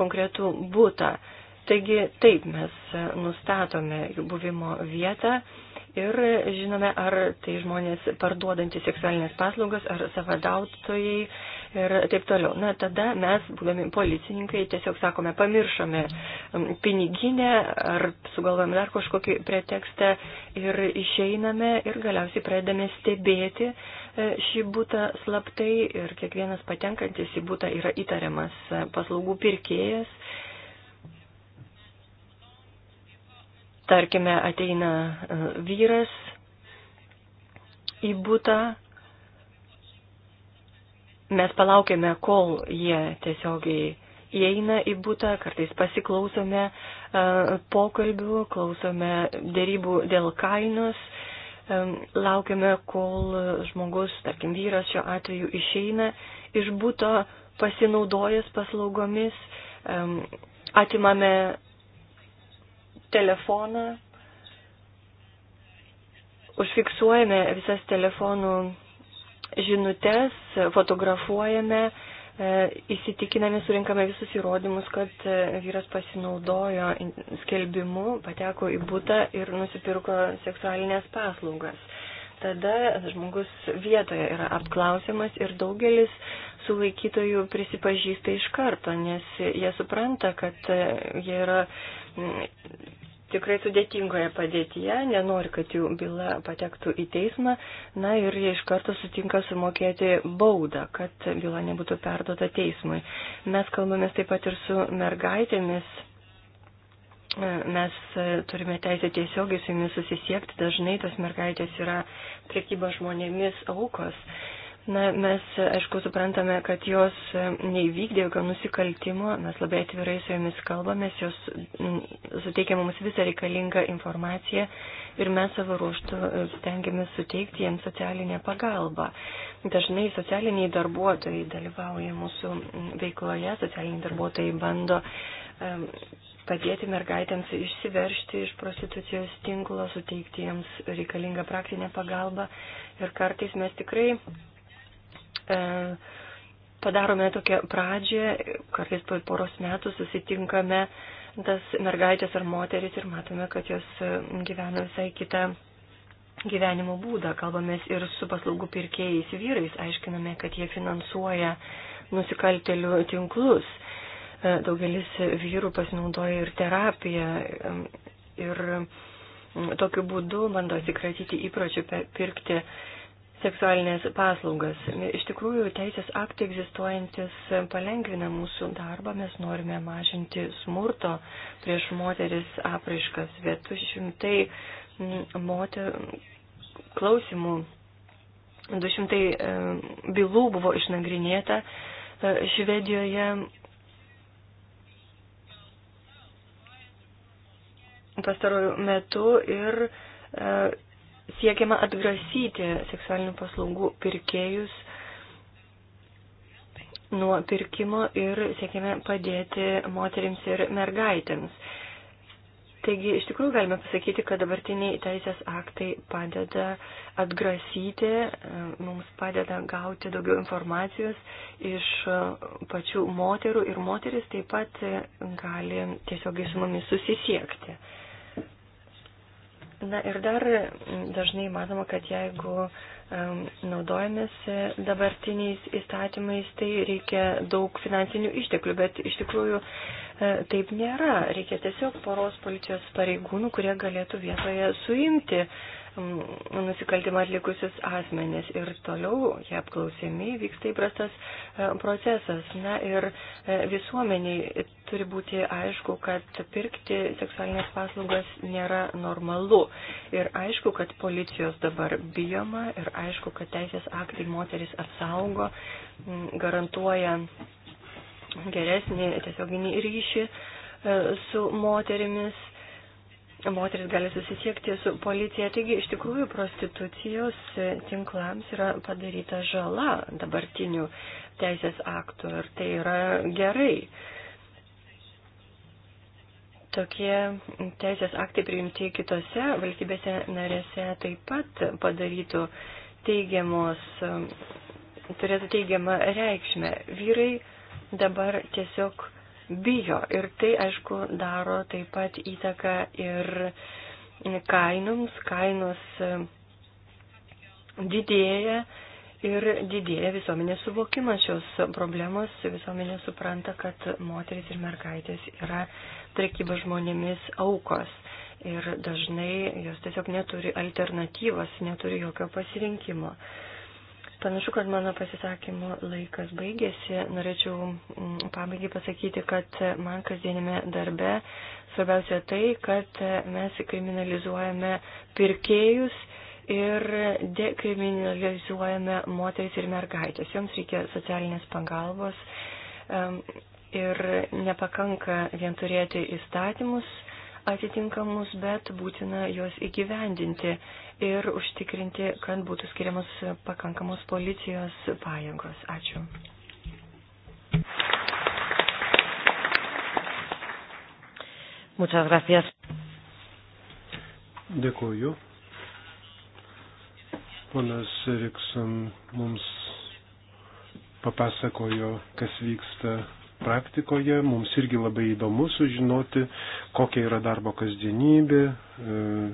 konkretų būtą. Taigi taip mes nustatome jų buvimo vietą ir žinome, ar tai žmonės parduodantys seksualinės paslaugas, ar savadautojai, ir taip toliau. Na, tada mes, būdami policininkai, tiesiog sakome, pamiršome piniginę ar sugalvojame dar kažkokį pretekstą ir išeiname ir galiausiai pradedame stebėti e, šį būtą slaptai ir kiekvienas patenkantis į būtą yra įtariamas e, paslaugų pirkėjas. Tarkime, ateina e, vyras į būtą mes palaukėme, kol jie tiesiogiai įeina į būtą, kartais pasiklausome e, pokalbių, klausome dėrybų dėl kainos, e, laukiame, kol žmogus, tarkim vyras šiuo atveju išeina iš būto, pasinaudojęs paslaugomis, e, atimame telefoną, užfiksuojame visas telefonų žinutės, fotografuojame, e, įsitikiname, surinkame visus įrodymus, kad e, vyras pasinaudojo skelbimu, pateko į būtą ir nusipirko seksualinės paslaugas. Tada žmogus vietoje yra apklausiamas ir daugelis sulaikytojų prisipažįsta iš karto, nes jie supranta, kad e, jie yra tikrai sudėtingoje padėtyje, nenori, kad jų byla patektų į teismą, na ir jie iš karto sutinka sumokėti baudą, kad byla nebūtų perduota teismui. Mes kalbamės taip pat ir su mergaitėmis. Mes e, turime teisę tiesiogiai su jumis susisiekti, dažnai tos mergaitės yra prekyba žmonėmis aukos. Na, mes, aišku, suprantame, kad jos e, neįvykdė jokio nusikaltimo, mes labai atvirai su jomis kalbamės, jos suteikia mums visą reikalingą informaciją ir mes savo ruoštų e, stengiamės suteikti jiems socialinę pagalbą. Dažnai socialiniai darbuotojai dalyvauja mūsų veikloje, socialiniai darbuotojai bando e, padėti mergaitėms išsiveršti iš prostitucijos tinklo, suteikti jiems reikalingą praktinę pagalbą. Ir kartais mes tikrai E, padarome tokią pradžią, kartais po poros metų susitinkame tas mergaitės ar moteris ir matome, kad jos e, gyvena visai kitą gyvenimo būdą. Kalbamės ir su paslaugų pirkėjais vyrais, aiškiname, kad jie finansuoja nusikaltelių tinklus. E, daugelis vyrų pasinaudoja ir terapiją. Ir tokiu būdu bando atsikratyti įpročių pirkti seksualinės paslaugas. Iš tikrųjų, teisės aktai egzistuojantis palengvina mūsų darbą. Mes norime mažinti smurto prieš moteris apraiškas. Vietų šimtai moterų klausimų, 200 e, bylų buvo išnagrinėta e, Švedijoje. Pastarojų metų ir e, siekiama atgrasyti seksualinių paslaugų pirkėjus nuo pirkimo ir siekiame padėti moterims ir mergaitėms. Taigi iš tikrųjų galime pasakyti, kad dabartiniai teisės aktai padeda atgrasyti, mums padeda gauti daugiau informacijos iš pačių moterų ir moteris taip pat gali tiesiogiai su mumis susisiekti. Na ir dar mm, dažnai matoma, kad jeigu um, naudojamės e, dabartiniais įstatymais, tai reikia daug finansinių išteklių, bet iš tikrųjų e, taip nėra. Reikia tiesiog poros policijos pareigūnų, kurie galėtų vietoje suimti e, nusikaltimą atlikusius asmenis ir toliau jie apklausiami, vyksta įprastas e, procesas. Na ir e, visuomeniai turi būti aišku, kad pirkti seksualinės paslaugas nėra normalu. Ir aišku, kad policijos dabar bijoma ir aišku, kad teisės aktai moteris apsaugo, garantuoja geresnį tiesioginį ryšį e, su moterimis moteris gali susisiekti su policija. Taigi, iš tikrųjų, prostitucijos tinklams yra padaryta žala dabartinių teisės aktų ir tai yra gerai. Tokie teisės aktai priimti kitose valstybėse narėse taip pat padarytų teigiamos, turėtų teigiamą reikšmę. Vyrai dabar tiesiog bijo. Ir tai, aišku, daro taip pat įtaką ir kainoms. Kainos e, didėja ir didėja visuomenės suvokimas šios problemos. Visuomenė supranta, kad moteris ir mergaitės yra prekyba žmonėmis aukos. Ir dažnai jos tiesiog neturi alternatyvos, neturi jokio pasirinkimo. Uh, Panašu, kad mano pasisakymo laikas baigėsi. Norėčiau mm, pabaigai pasakyti, kad man kasdienime darbe svarbiausia tai, kad mes kriminalizuojame pirkėjus ir dekriminalizuojame moteris ir mergaitės. Joms reikia socialinės pagalbos ir nepakanka vien turėti įstatymus atitinkamus, bet būtina juos įgyvendinti ir užtikrinti, kad būtų skiriamas pakankamos policijos pajėgos. Ačiū. Muchas gracias. Dėkuoju. Ponas Erikson mums papasakojo, kas vyksta praktikoje. Mums irgi labai įdomu sužinoti, kokia yra darbo kasdienybė, e,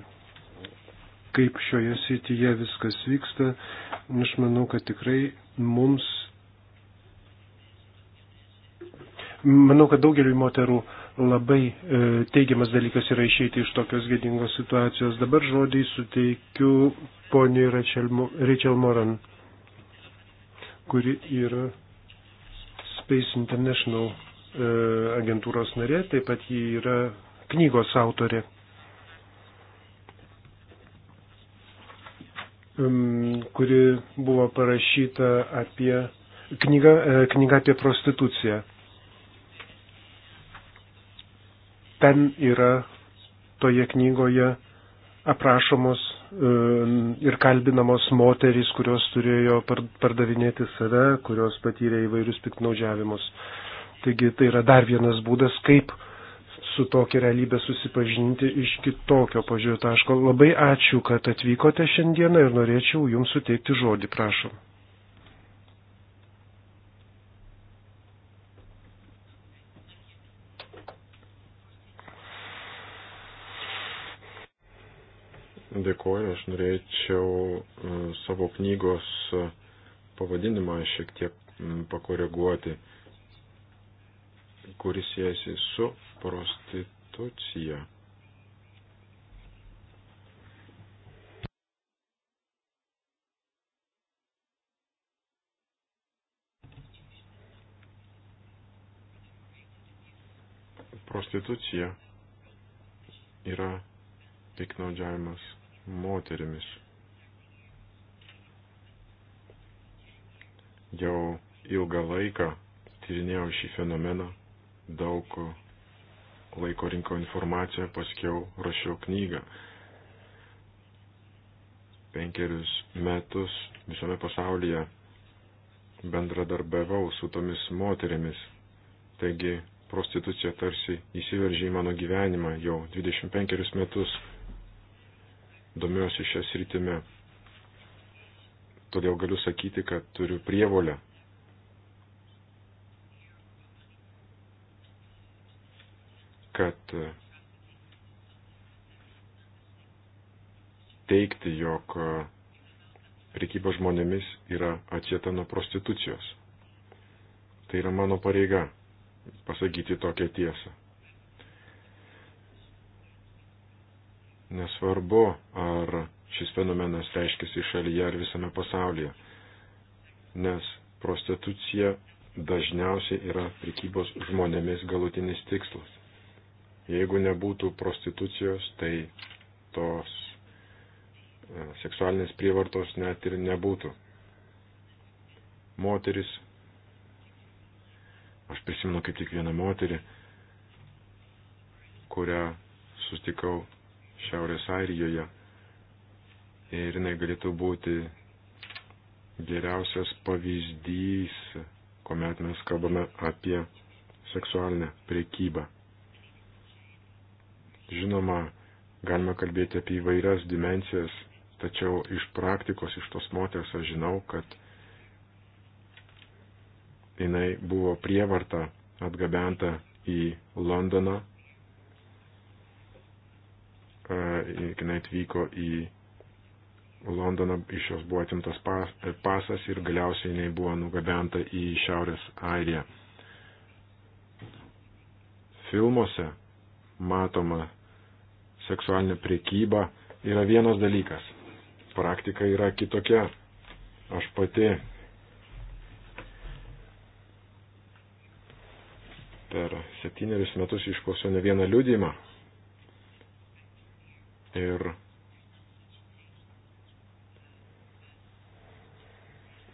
kaip šioje srityje viskas vyksta. Nu, aš manau, kad tikrai mums. Manau, kad daugeliu moterų labai e, teigiamas dalykas yra išeiti iš tokios gėdingos situacijos. Dabar žodį suteikiu poniai Rachel Moran, kuri yra Space International e, agentūros narė, taip pat ji yra knygos autorė. kuri buvo parašyta apie knygą, e, knygą apie prostituciją. Ten yra toje knygoje aprašomos Ehm, ir kalbinamos moterys, kurios turėjo pardavinėti save, kurios patyrė įvairius piknaudžiavimus. Taigi tai yra dar vienas būdas, kaip su tokia realybė susipažinti iš kitokio požiūrio taško. Labai ačiū, kad atvykote šiandieną ir norėčiau Jums suteikti žodį, prašom. Dėkuoju, aš norėčiau savo knygos e, pavadinimą šiek tiek pakoreguoti, kuris siejasi su prostitucija. Prostitucija yra piknaudžiavimas moterimis. Jau ilgą laiką tyrinėjau šį fenomeną, daug laiko rinkau informaciją, paskiau rašiau knygą. Penkerius metus visame pasaulyje bendradarbiavau su tomis moterimis. Taigi prostitucija tarsi įsiveržė į mano gyvenimą jau 25 metus domiuosi šią sritimę, todėl galiu sakyti, kad turiu prievolę. kad e, teikti, jog e, prekyba žmonėmis yra atsieta nuo prostitucijos. Tai yra mano pareiga pasakyti tokią tiesą. nesvarbu, ar šis fenomenas reiškiasi šalyje ar visame pasaulyje, nes prostitucija dažniausiai yra prikybos žmonėmis galutinis tikslas. Jeigu nebūtų prostitucijos, tai tos e, seksualinės prievartos net ir nebūtų. Moteris, aš prisimenu kaip tik vieną moterį, kurią sustikau Šiaurės Airijoje ir jinai galėtų būti geriausias pavyzdys, kuomet mes kalbame apie seksualinę priekybą. Žinoma, galima kalbėti apie įvairias dimencijas, tačiau iš praktikos, iš tos moters aš žinau, kad jinai buvo prievarta atgabenta į Londoną E, jinai atvyko į Londoną, iš jos buvo atimtas e, pasas ir galiausiai jinai buvo nugabenta į Šiaurės Airiją. Filmuose matoma seksualinė priekyba yra vienas dalykas, praktika yra kitokia. Aš pati per septynerius metus išklausiau ne vieną liūdimą ir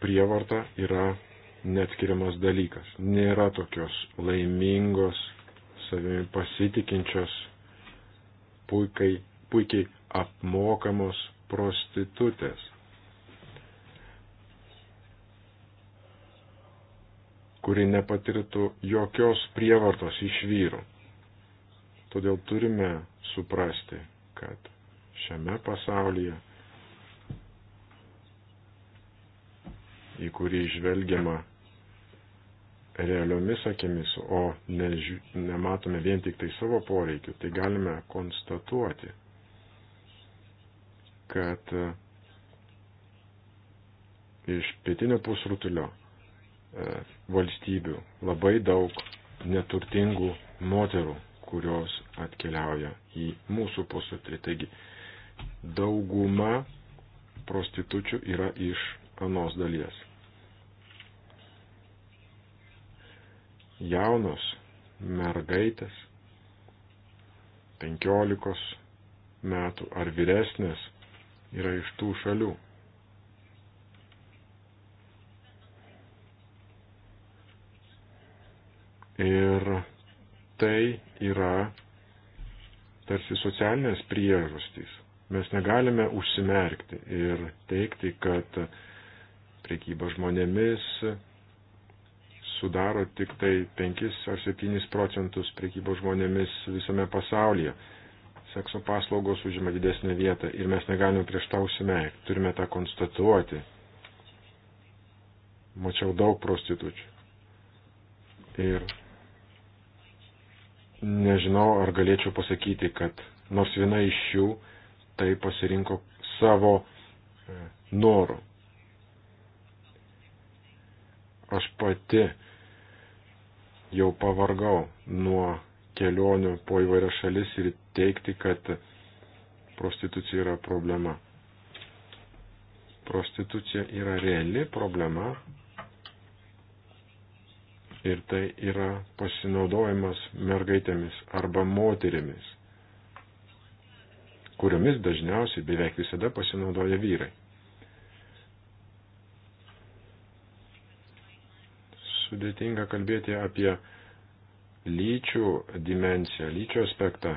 prievarta yra neatskiriamas dalykas. Nėra tokios laimingos, savimi pasitikinčios, puikiai, puikiai apmokamos prostitutės. kuri nepatirtų jokios prievartos iš vyrų. Todėl turime suprasti, kad šiame pasaulyje, į kurį žvelgiama realiomis akimis, o neži, nematome vien tik tai savo poreikių, tai galime konstatuoti, kad e, iš pietinio pusrutulio e, valstybių labai daug neturtingų moterų kurios atkeliauja į mūsų posutrį. Taigi, dauguma prostitučių yra iš anos dalies. Jaunos mergaitės, 15 metų ar vyresnės, yra iš tų šalių. Ir tai yra tarsi socialinės priežastys. Mes negalime užsimerkti ir teikti, kad priekyba žmonėmis sudaro tik tai 5 ar 7 procentus priekybos žmonėmis visame pasaulyje. Sekso paslaugos užima didesnę vietą ir mes negalime prieš tą užsimerkti, turime tą konstatuoti. Mačiau daug prostitučių. Ir nežinau, ar galėčiau pasakyti, kad nors viena iš jų tai pasirinko savo e, norų. Aš pati jau pavargau nuo kelionių po įvairias šalis ir teikti, kad prostitucija yra problema. Prostitucija yra reali problema, ir tai yra pasinaudojimas mergaitėmis arba moterimis, kuriomis dažniausiai beveik visada pasinaudoja vyrai. Sudėtinga kalbėti apie lyčių dimenciją, lyčių aspektą,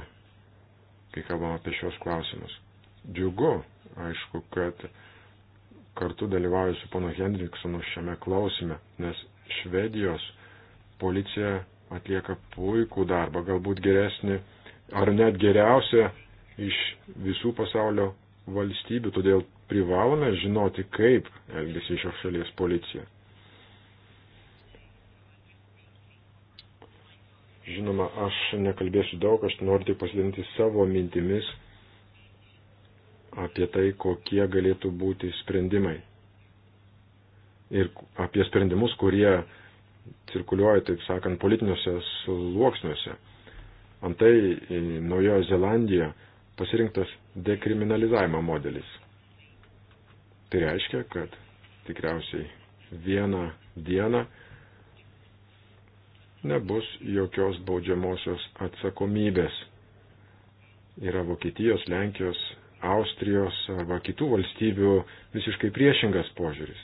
kai kalbam apie šios klausimus. Džiugu, aišku, kad kartu dalyvauju su pono Hendriksonu šiame klausime, nes Švedijos policija atlieka puikų darbą, galbūt geresnį ar net geriausią iš visų pasaulio valstybių, todėl privalome žinoti, kaip elgesi šios šalies policija. Žinoma, aš nekalbėsiu daug, aš noriu tik pasidalinti savo mintimis apie tai, kokie galėtų būti sprendimai. Ir apie sprendimus, kurie cirkuliuoja, taip sakant, politiniuose sluoksniuose. Antai Naujojo Zelandija pasirinktas dekriminalizavimo modelis. Tai reiškia, kad tikriausiai vieną dieną nebus jokios baudžiamosios atsakomybės. Yra Vokietijos, Lenkijos, Austrijos arba kitų valstybių visiškai priešingas požiūris.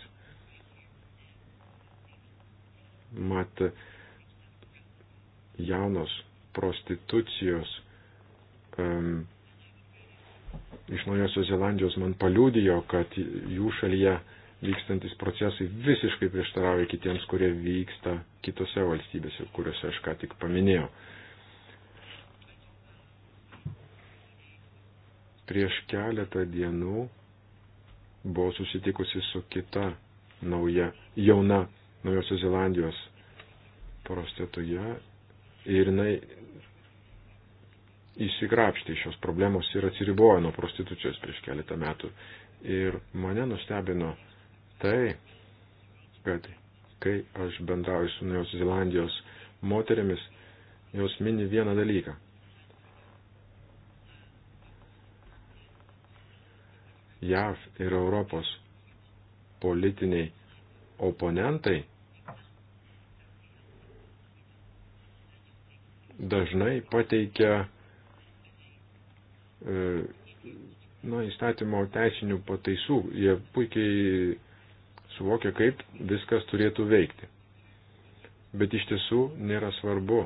Mat, jaunos prostitucijos um, iš Naujosios Zelandijos man paliūdijo, kad jų šalyje vykstantis procesai visiškai prieštarauja kitiems, kurie vyksta kitose valstybėse, kuriuose aš ką tik paminėjau. Prieš keletą dienų buvo susitikusi su kita nauja jauna Naujosios Zelandijos prostatoje ir jinai įsikrapštė iš šios problemos ir atsiribojo nuo prostitucijos prieš keletą metų. Ir mane nustebino tai, kad kai aš bendrauju su Naujosios Zelandijos moterimis, jos mini vieną dalyką. JAV ir Europos politiniai oponentai dažnai pateikia e, na, įstatymo teisinių pataisų. Jie puikiai suvokia, kaip viskas turėtų veikti. Bet iš tiesų nėra svarbu,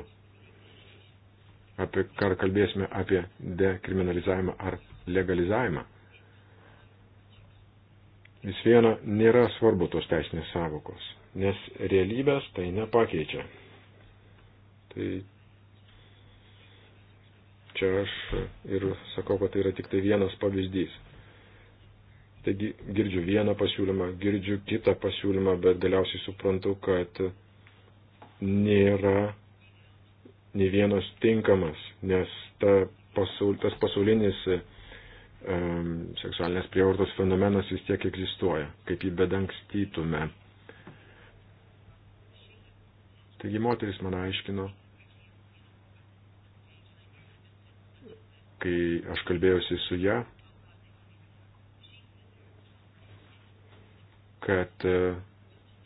apie, ar kalbėsime apie dekriminalizavimą ar legalizavimą. Vis viena nėra svarbu tos teisinės savokos, nes realybės tai nepakeičia. Tai Čia aš ir sakau, kad tai yra tik tai vienas pavyzdys. Taigi girdžiu vieną pasiūlymą, girdžiu kitą pasiūlymą, bet galiausiai suprantu, kad nėra ne vienas tinkamas, nes ta pasaul, tas pasaulinis um, seksualinės prievartos fenomenas vis tiek egzistuoja, kaip jį bedangstytume. Taigi moteris man aiškino, kai aš kalbėjausi su ją, kad e,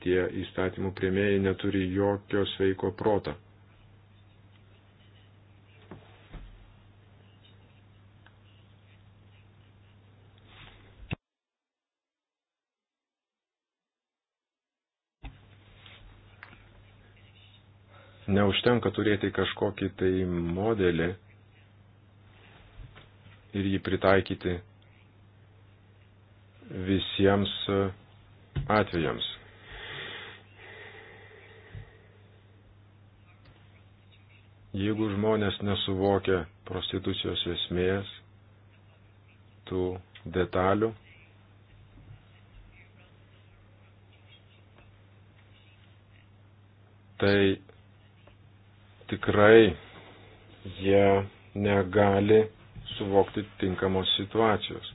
tie įstatymų prieimėjai neturi jokio sveiko protą. Neužtenka turėti kažkokį tai modelį, ir jį pritaikyti visiems e, atvejams. Jeigu žmonės nesuvokia prostitucijos esmės, tų detalių, tai tikrai jie negali suvokti tinkamos situacijos.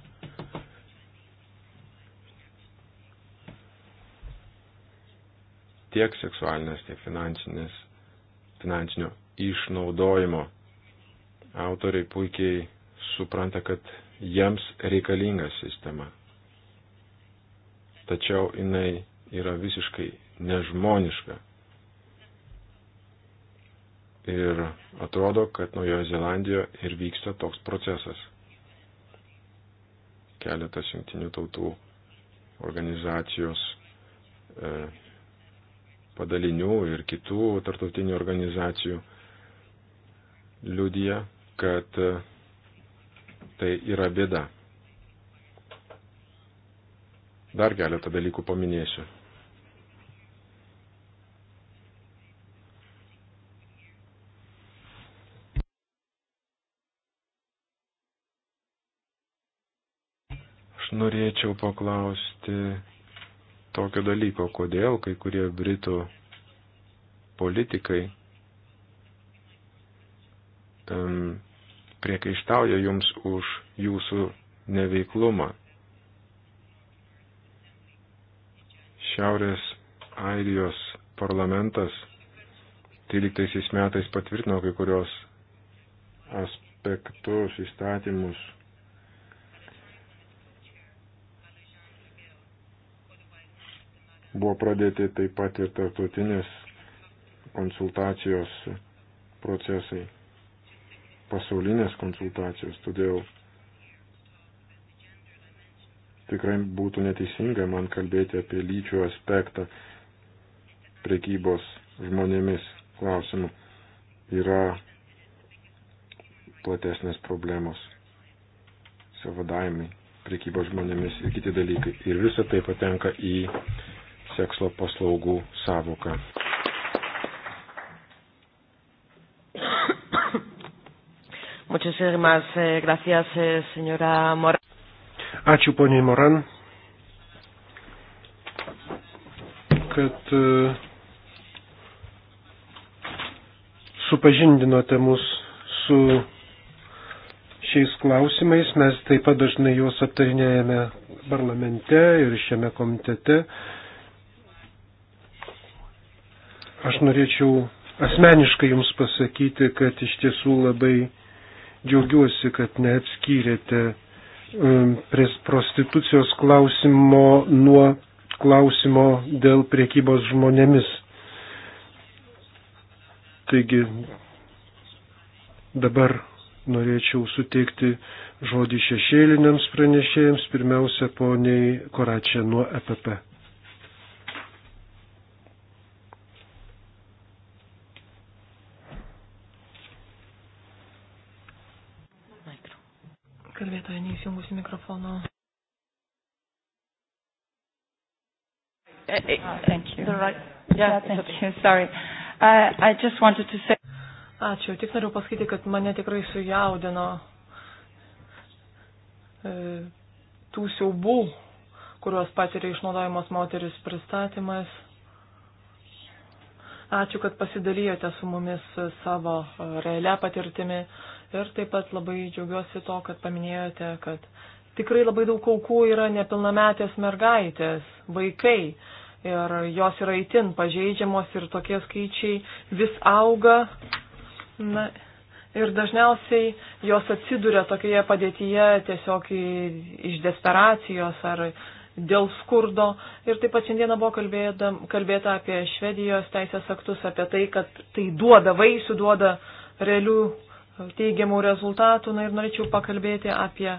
Tiek seksualinės, tiek finansinės, finansinio išnaudojimo autoriai puikiai supranta, kad jiems reikalinga sistema. Tačiau jinai yra visiškai nežmoniška Ir atrodo, kad Naujojo Zelandijoje ir vyksta toks procesas. Keletas jungtinių tautų organizacijos e, padalinių ir kitų tartautinių organizacijų liudija, kad e, tai yra bėda. Dar keletą dalykų paminėsiu. norėčiau paklausti tokio dalyko, kodėl kai kurie Britų politikai um, priekaištauja jums už jūsų neveiklumą. Šiaurės Airijos parlamentas 13 metais patvirtino kai kurios aspektus įstatymus Buvo pradėti taip pat ir tartutinės konsultacijos procesai, pasaulinės konsultacijos, todėl tikrai būtų neteisinga man kalbėti apie lyčių aspektą prekybos žmonėmis klausimų. Yra platesnės problemos, savadavimai, prekybos žmonėmis ir kiti dalykai. Ir visa tai patenka į sekslo paslaugų savoką. Muchísimas eh, gracias, eh, señora Morán. Ačiū, poniai Moran, kad eh, supažindinote mus su šiais klausimais. Mes taip pat dažnai juos aptarinėjame parlamente ir šiame komitete. Eh, Aš norėčiau asmeniškai Jums pasakyti, kad iš tiesų labai džiaugiuosi, kad neatskyrėte um, prostitucijos klausimo nuo klausimo dėl priekybos žmonėmis. Taigi dabar norėčiau suteikti žodį šešėliniams pranešėjams, pirmiausia poniai Koračia nuo EPP. Kalbėtoja neįsijungusi mikrofono. Eh, eh, thank you. Right. Yeah, thank you. Sorry. I, uh, I just wanted to say. Ačiū. Tik noriu pasakyti, kad mane tikrai sujaudino e, tų siaubų, kuriuos patiria išnaudojamos moteris pristatymas. Ačiū, kad pasidalijote su mumis savo realią patirtimi. Ir taip pat labai džiaugiuosi to, kad paminėjote, kad tikrai labai daug aukų yra nepilnametės mergaitės, vaikai. Ir jos yra įtin pažeidžiamos ir tokie skaičiai vis auga. Na, ir dažniausiai jos atsiduria tokioje padėtyje tiesiog iš desperacijos ar dėl skurdo. Ir taip pat šiandieną buvo kalbėta, kalbėta apie Švedijos teisės aktus, apie tai, kad tai duoda vaisių, duoda realių teigiamų rezultatų. Na ir norėčiau pakalbėti apie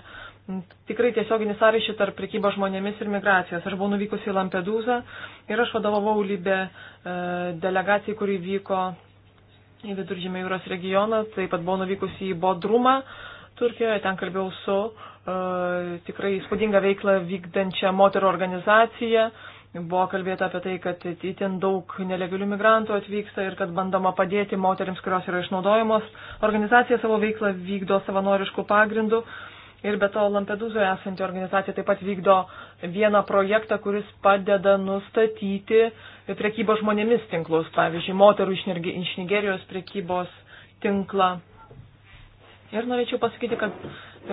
tikrai tiesioginį sąryšį tarp prekybos žmonėmis ir migracijos. Aš buvau nuvykusi į Lampedūzą ir aš vadovavau Libė e, delegacijai, kuri vyko į Viduržymę jūros regioną. Taip pat buvau nuvykusi į Bodrumą Turkijoje, ten kalbėjau su uh, tikrai įspūdingą veiklą vykdančią moterų organizaciją. Uh, Buvo kalbėta apie tai, kad itin daug nelegalių migrantų atvyksta ir kad bandoma padėti moteriams, kurios yra išnaudojamos. Organizacija savo veiklą vykdo savanoriškų pagrindų. Ir be to Lampedūzoje esanti organizacija taip pat vykdo vieną projektą, kuris padeda nustatyti prekybos žmonėmis tinklus, pavyzdžiui, moterų iš Nigerijos prekybos tinklą. Ir norėčiau pasakyti, kad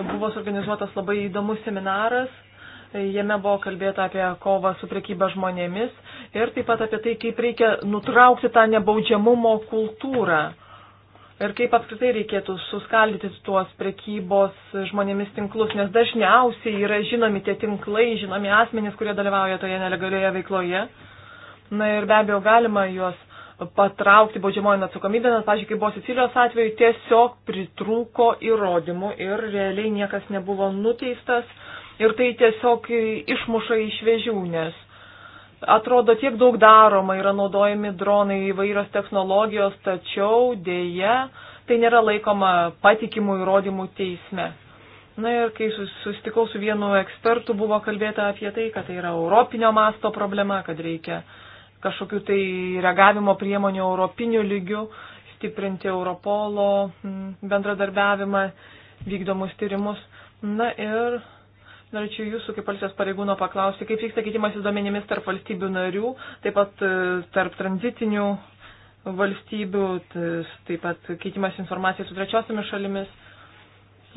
buvo suorganizuotas labai įdomus seminaras Jame buvo kalbėta apie kovą su priekyba žmonėmis ir taip pat apie tai, kaip reikia nutraukti tą nebaudžiamumo kultūrą. Ir kaip apskritai reikėtų suskaldyti tuos prekybos žmonėmis tinklus, nes dažniausiai yra žinomi tie tinklai, žinomi asmenys, kurie dalyvauja toje nelegalioje veikloje. Na ir be abejo galima juos patraukti baudžiamojo atsakomybę, nes, pažiūrėk, kaip buvo Sicilijos atveju, tiesiog pritrūko įrodymų ir realiai niekas nebuvo nuteistas ir tai tiesiog išmuša iš vėžių, nes atrodo tiek daug daroma, yra naudojami dronai įvairios technologijos, tačiau dėje tai nėra laikoma patikimų įrodymų teisme. Na ir kai susitikau su vienu ekspertu, buvo kalbėta apie tai, kad tai yra europinio masto problema, kad reikia kažkokių tai reagavimo priemonių europinių lygių, stiprinti Europolo mm, bendradarbiavimą, vykdomus tyrimus. Na ir Norėčiau jūsų kaip policijos pareigūno paklausti, kaip vyksta keitimasis duomenimis tarp valstybių narių, taip pat e, tarp tranzitinių valstybių, taip pat keitimas informacija su trečiosiomis šalimis.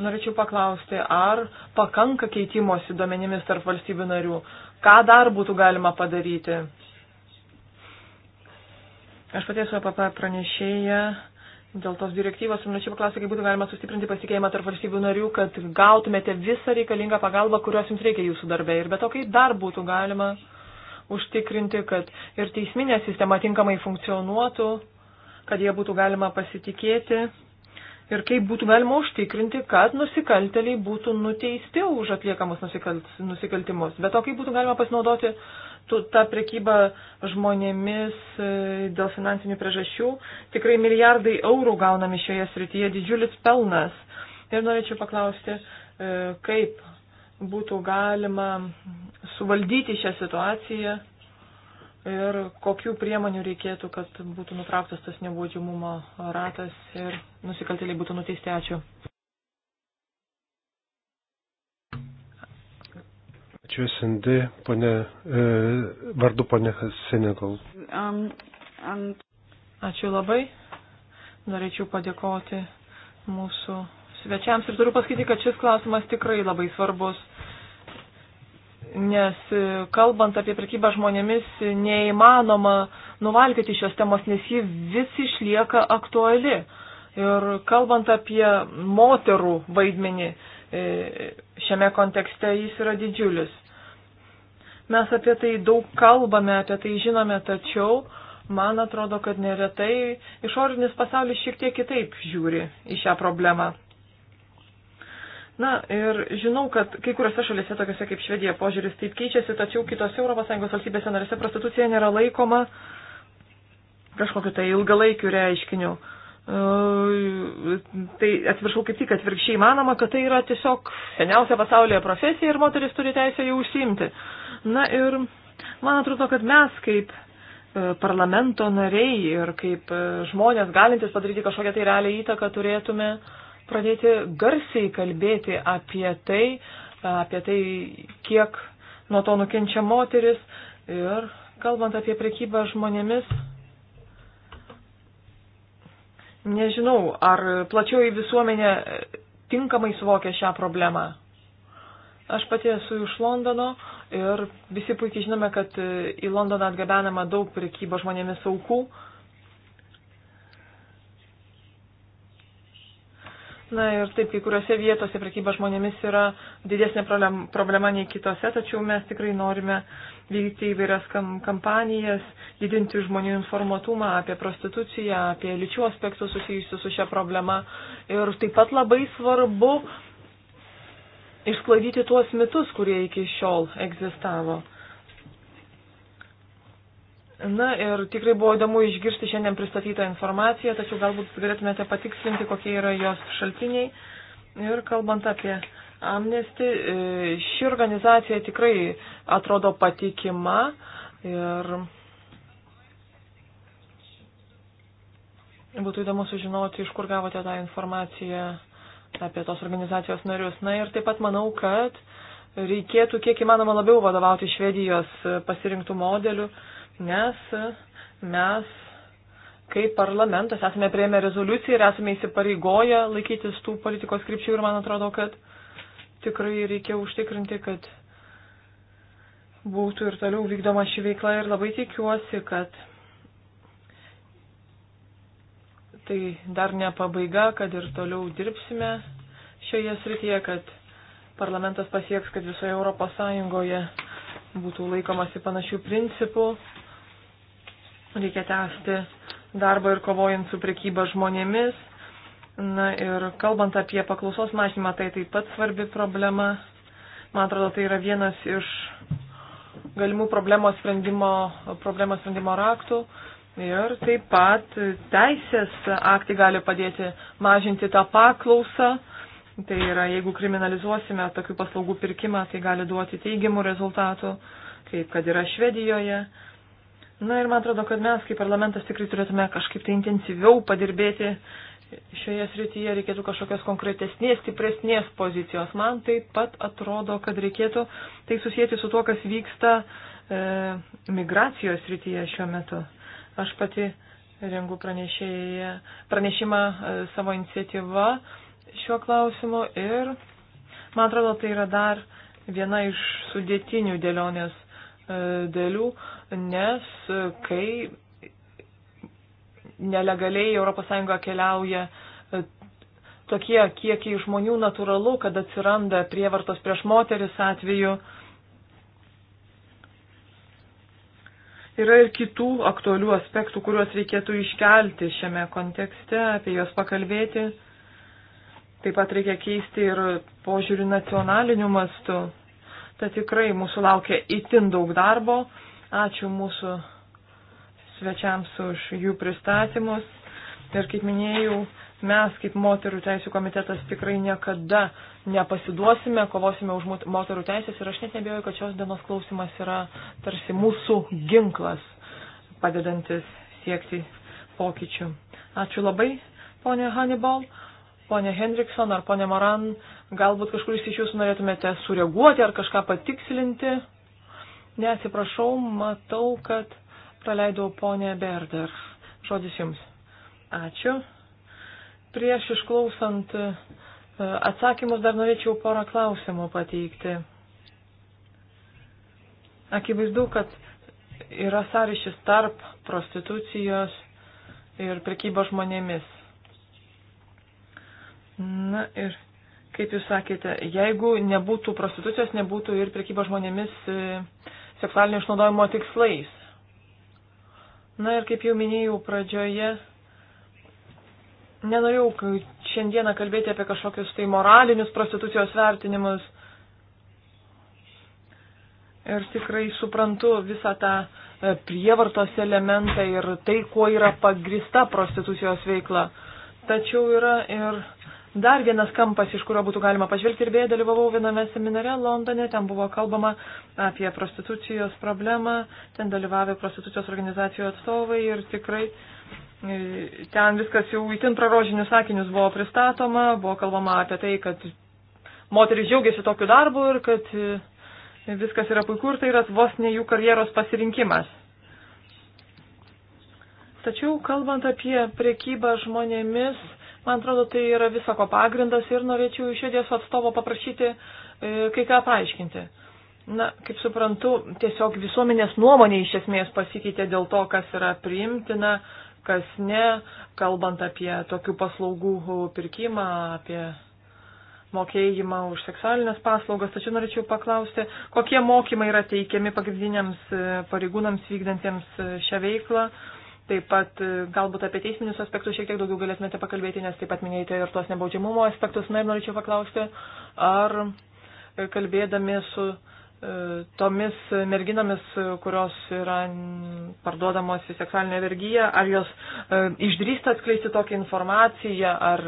Norėčiau paklausti, ar pakanka keitimosi duomenimis tarp valstybių narių, ką dar būtų galima padaryti. Aš pati esu APP pranešėja dėl tos direktyvos ir norėčiau paklausti, kaip būtų galima sustiprinti pasitikėjimą tarp valstybių narių, kad gautumėte visą reikalingą pagalbą, kurios jums reikia jūsų darbė. Ir be to, kaip dar būtų galima užtikrinti, kad ir teisminė sistema tinkamai funkcionuotų, kad jie būtų galima pasitikėti. Ir kaip būtų galima užtikrinti, kad nusikalteliai būtų nuteisti už atliekamus nusikalt, nusikaltimus. Bet to, kaip būtų galima pasinaudoti ta prekyba žmonėmis e, dėl finansinių priežasčių. Tikrai milijardai eurų gaunami šioje srityje, didžiulis pelnas. Ir norėčiau paklausti, e, kaip būtų galima suvaldyti šią situaciją ir kokių priemonių reikėtų, kad būtų nutrauktas tas nebaudžiamumo ratas ir nusikaltėliai būtų nuteisti. Ačiū. Čia SND ponė, e, vardu ponė Senegal. Um, ant... Ačiū labai. Norėčiau padėkoti mūsų svečiams ir turiu pasakyti, kad šis klausimas tikrai labai svarbus, nes e, kalbant apie prekybą žmonėmis neįmanoma nuvalkyti šios temos, nes ji vis išlieka aktuali. Ir kalbant apie moterų vaidmenį, E, šiame kontekste jis yra didžiulis. Mes apie tai daug kalbame, apie tai žinome, tačiau man atrodo, kad neretai išorinis pasaulis šiek tiek kitaip žiūri į šią problemą. Na ir žinau, kad kai kuriuose šalise, tokiuose kaip Švedija, požiūris taip keičiasi, tačiau kitose ES valstybėse narėse prostitucija nėra laikoma kažkokiu tai ilgalaikiu reiškiniu. Tai atsiprašau kaip tik atvirkščiai manoma, kad tai yra tiesiog seniausia pasaulyje profesija ir moteris turi teisę jau užsiimti. Na ir man atrodo, kad mes kaip e, parlamento nariai ir kaip e, žmonės galintis padaryti kažkokią tai realią įtaką turėtume pradėti garsiai kalbėti apie tai, apie tai, kiek nuo to nukenčia moteris ir kalbant apie prekybą žmonėmis Nežinau, ar plačioji visuomenė tinkamai suvokia šią problemą. Aš pati esu iš Londono ir visi puikiai žinome, kad į Londoną atgabenama daug prekybo žmonėmis aukų. Uh, Na ir taip, kai kuriuose vietose prekyba žmonėmis yra didesnė problema nei kitose, tačiau mes tikrai norime vykti įvairias kam, kampanijas, didinti žmonių informatumą apie prostituciją, apie lyčių aspektus susijusius su šia problema. Ir taip pat labai svarbu išsklaidyti tuos mitus, kurie iki šiol egzistavo. Na ir tikrai buvo įdomu išgirsti šiandien pristatytą informaciją, tačiau galbūt galėtumėte patikslinti, kokie yra jos šaltiniai. Ir kalbant apie amnesti, e, ši organizacija tikrai atrodo patikima ir būtų įdomu sužinoti, iš kur gavote tą informaciją apie tos organizacijos narius. Na ir taip pat manau, kad reikėtų kiek įmanoma labiau vadovauti Švedijos pasirinktų modelių nes mes kaip parlamentas esame prieėmę rezoliuciją ir esame įsipareigoję laikytis tų politikos krypčių ir man atrodo, kad tikrai reikia užtikrinti, kad būtų ir toliau vykdoma ši veikla ir labai tikiuosi, kad tai dar ne pabaiga, kad ir toliau dirbsime šioje srityje, kad parlamentas pasieks, kad visoje Europos Sąjungoje būtų laikomasi panašių principų Reikia tęsti darbą ir kovojant su priekyba žmonėmis. Na ir kalbant apie paklausos mažymą, tai taip pat svarbi problema. Man atrodo, tai yra vienas iš galimų problemos sprendimo, problemos sprendimo raktų. Ir taip pat teisės aktai gali padėti mažinti tą paklausą. Tai yra, jeigu kriminalizuosime tokių paslaugų pirkimą, tai gali duoti teigiamų rezultatų, kaip kad yra Švedijoje. Na ir man atrodo, kad mes kaip parlamentas tikrai turėtume kažkaip tai intensyviau padirbėti šioje srityje, reikėtų kažkokios konkretesnės, stipresnės pozicijos. Man taip pat atrodo, kad reikėtų tai susijęti su tuo, kas vyksta e, migracijos srityje šiuo metu. Aš pati rengu pranešimą e, savo iniciatyvą šiuo klausimu ir man atrodo, tai yra dar viena iš sudėtinių dėlionės e, dėlių. E, nes kai nelegaliai ES keliauja tokie kiekiai žmonių natūralu, kad atsiranda prievartos prieš moteris atveju. Yra ir kitų aktualių aspektų, kuriuos reikėtų iškelti šiame kontekste, apie juos pakalbėti. Taip pat reikia keisti ir požiūrį nacionaliniu mastu. Tad tikrai mūsų laukia itin daug darbo Ačiū mūsų svečiams už jų pristatymus. Ir kaip minėjau, mes kaip moterų teisų komitetas tikrai niekada nepasiduosime, kovosime už moterų teisės ir aš net nebijoju, kad šios dienos klausimas yra tarsi mūsų ginklas, padedantis siekti pokyčių. Ačiū labai, ponė Hannibal, ponė Hendrikson ar ponė Moran, galbūt kažkuris iš jūsų norėtumėte sureaguoti ar kažką patikslinti. Nesiprašau, matau, kad praleidau ponę Berder. Žodis jums. Ačiū. Prieš išklausant e, atsakymus dar norėčiau porą klausimų pateikti. Akivaizdu, kad yra sąryšis tarp prostitucijos ir prekybos žmonėmis. Na ir kaip jūs sakėte, jeigu nebūtų prostitucijos, nebūtų ir prekybos žmonėmis e, seksualinio išnaudojimo tikslais. Na ir kaip jau minėjau pradžioje, nenorėjau šiandieną kalbėti apie kažkokius tai moralinius prostitucijos vertinimus. Ir tikrai suprantu visą tą e, prievartos elementą ir tai, kuo yra pagrista prostitucijos veikla. Tačiau yra ir dar vienas kampas, iš kurio būtų galima pažvelgti. Ir beje, dalyvavau viename seminare Londone, ten buvo kalbama apie prostitucijos problemą, ten dalyvavę prostitucijos organizacijų atstovai ir tikrai e, ten viskas jau įtin prarožinius sakinius buvo pristatoma, buvo kalbama apie tai, kad moteris džiaugiasi tokiu darbu ir kad e, viskas yra puiku ir tai yra vos ne jų karjeros pasirinkimas. Tačiau kalbant apie priekybą žmonėmis, Man atrodo, tai yra visako pagrindas ir norėčiau iš švedijos atstovo paprašyti e, kai ką paaiškinti. Na, kaip suprantu, tiesiog visuomenės nuomonė iš esmės pasikeitė dėl to, kas yra priimtina, kas ne, kalbant apie tokių paslaugų pirkimą, apie mokėjimą už seksualinės paslaugas. Tačiau norėčiau paklausti, kokie mokymai yra teikiami pagrindiniams e, pareigūnams vykdantiems e, šią veiklą Taip pat e, galbūt apie teisminius aspektus šiek tiek daugiau galėtumėte pakalbėti, nes taip pat minėjote ir tos nebaudžiamumo aspektus. Na ir norėčiau paklausti, ar e, kalbėdami su e, tomis merginomis, kurios yra parduodamos į seksualinę vergyją, ar jos išdrįsta atskleisti tokią informaciją, ar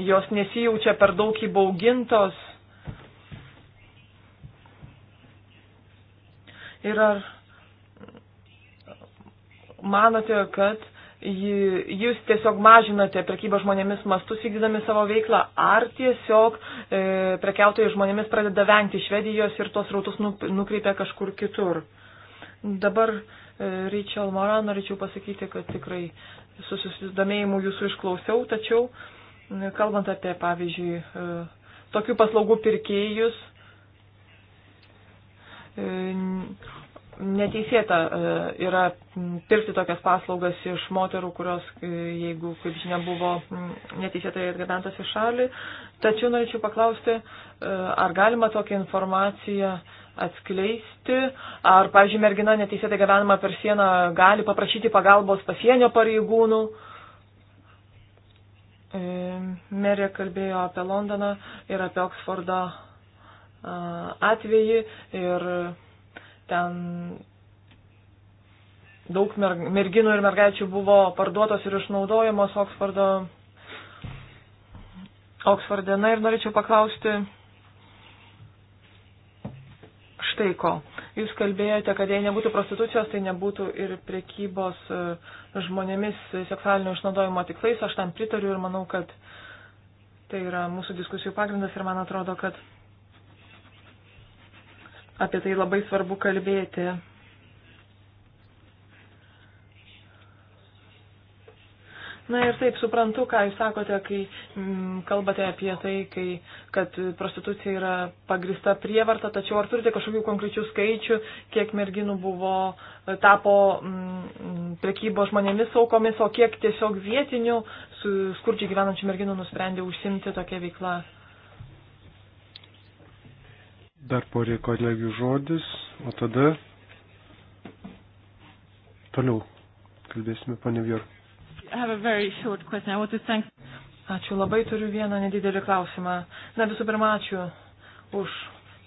jos nesijaučia per daug įbaugintos. Ir ar manote, kad jūs tiesiog mažinate prekybą žmonėmis mastus vykdydami savo veiklą, ar tiesiog e, prekiautojai žmonėmis pradeda vengti Švedijos ir tos rautus nu, nukreipia kažkur kitur. Dabar e, Rachel Mara norėčiau pasakyti, kad tikrai su susidomėjimu jūsų išklausiau, tačiau e, kalbant apie, pavyzdžiui, e, tokių paslaugų pirkėjus, e, neteisėta e, yra pirkti tokias paslaugas iš moterų, kurios, e, jeigu, kaip žinia, buvo neteisėtai atgabentos į šalį. Tačiau norėčiau paklausti, e, ar galima tokią informaciją atskleisti, ar, pavyzdžiui, mergina neteisėtai gabenama per sieną gali paprašyti pagalbos pasienio pareigūnų. Merė kalbėjo apie Londoną ir apie Oksfordą atvejį ir Ten daug merginų ir mergaičių buvo parduotos ir išnaudojamos Oksfordo, Oksforde. Na ir norėčiau paklausti štai ko. Jūs kalbėjote, kad jei nebūtų prostitucijos, tai nebūtų ir prekybos e, žmonėmis seksualinio išnaudojimo tiklais. Aš tam pritariu ir manau, kad tai yra mūsų diskusijų pagrindas ir man atrodo, kad apie tai labai svarbu kalbėti. Na ir taip, suprantu, ką jūs sakote, kai mm, kalbate apie tai, kai, kad prostitucija yra pagrista prievarta, tačiau ar turite kažkokių konkrečių skaičių, kiek merginų buvo, tapo mm, prekybo žmonėmis aukomis, o kiek tiesiog vietinių skurdžiai gyvenančių merginų nusprendė užsimti tokią veiklą? Dar porė kolegių žodis, o tada toliau kalbėsime, pane Vjor. Ačiū labai, turiu vieną nedidelį klausimą. Na visų pirma, ačiū už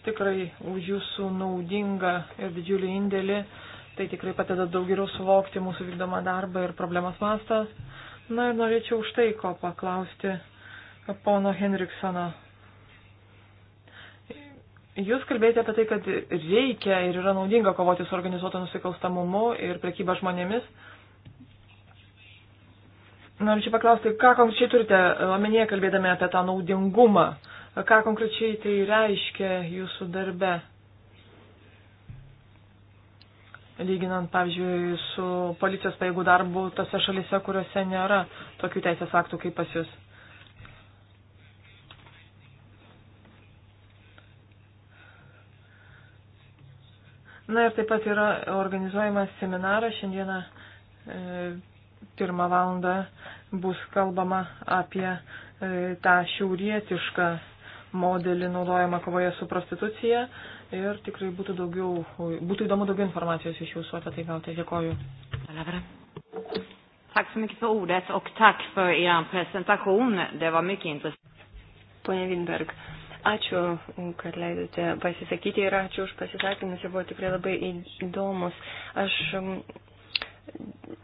tikrai už jūsų naudingą ir didžiulį indėlį. Tai tikrai padeda daug geriau suvokti mūsų vykdomą darbą ir problemas mastas. Na ir norėčiau už tai ko paklausti pono Henriksono. Jūs kalbėjote apie tai, kad reikia ir yra naudinga kovoti su organizuoto nusikalstamumu ir prekyba žmonėmis. Norėčiau paklausti, ką konkrečiai turite omenyje kalbėdami apie tą naudingumą, ką konkrečiai tai reiškia jūsų darbe, lyginant, pavyzdžiui, su policijos paėgų darbu tose šalise, kuriuose nėra tokių teisės aktų kaip pas jūs. Na ir taip pat yra organizuojamas seminaras. Šiandieną e, pirmą valandą bus kalbama apie e, tą šiaurietišką modelį naudojamą kovoje su prostitucija. Ir tikrai būtų, daugiau, būtų įdomu daugiau informacijos iš jūsų apie tai gauti. Dėkoju. Tack så mycket för ordet och tack för er presentation. Det var mycket intressant. Poje Winberg. Ačiū, kad leidote pasisakyti ir ačiū už pasisakymus, jie buvo tikrai labai įdomus. Aš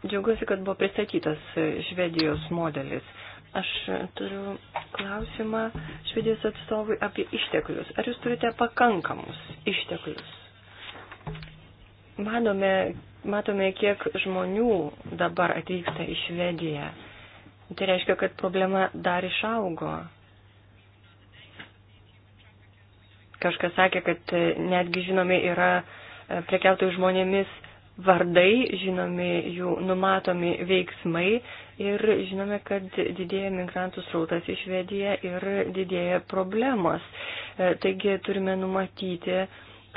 džiaugiuosi, kad buvo pristatytas Švedijos modelis. Aš turiu klausimą Švedijos atstovui apie išteklius. Ar jūs turite pakankamus išteklius? Manome, matome, kiek žmonių dabar atvyksta į Švediją. Tai reiškia, kad problema dar išaugo. Kažkas sakė, kad e, netgi žinomi yra e, prekiautojų žmonėmis vardai, žinomi jų numatomi veiksmai ir žinome, kad didėja migrantų srautas į Švediją ir didėja problemos. E, taigi turime numatyti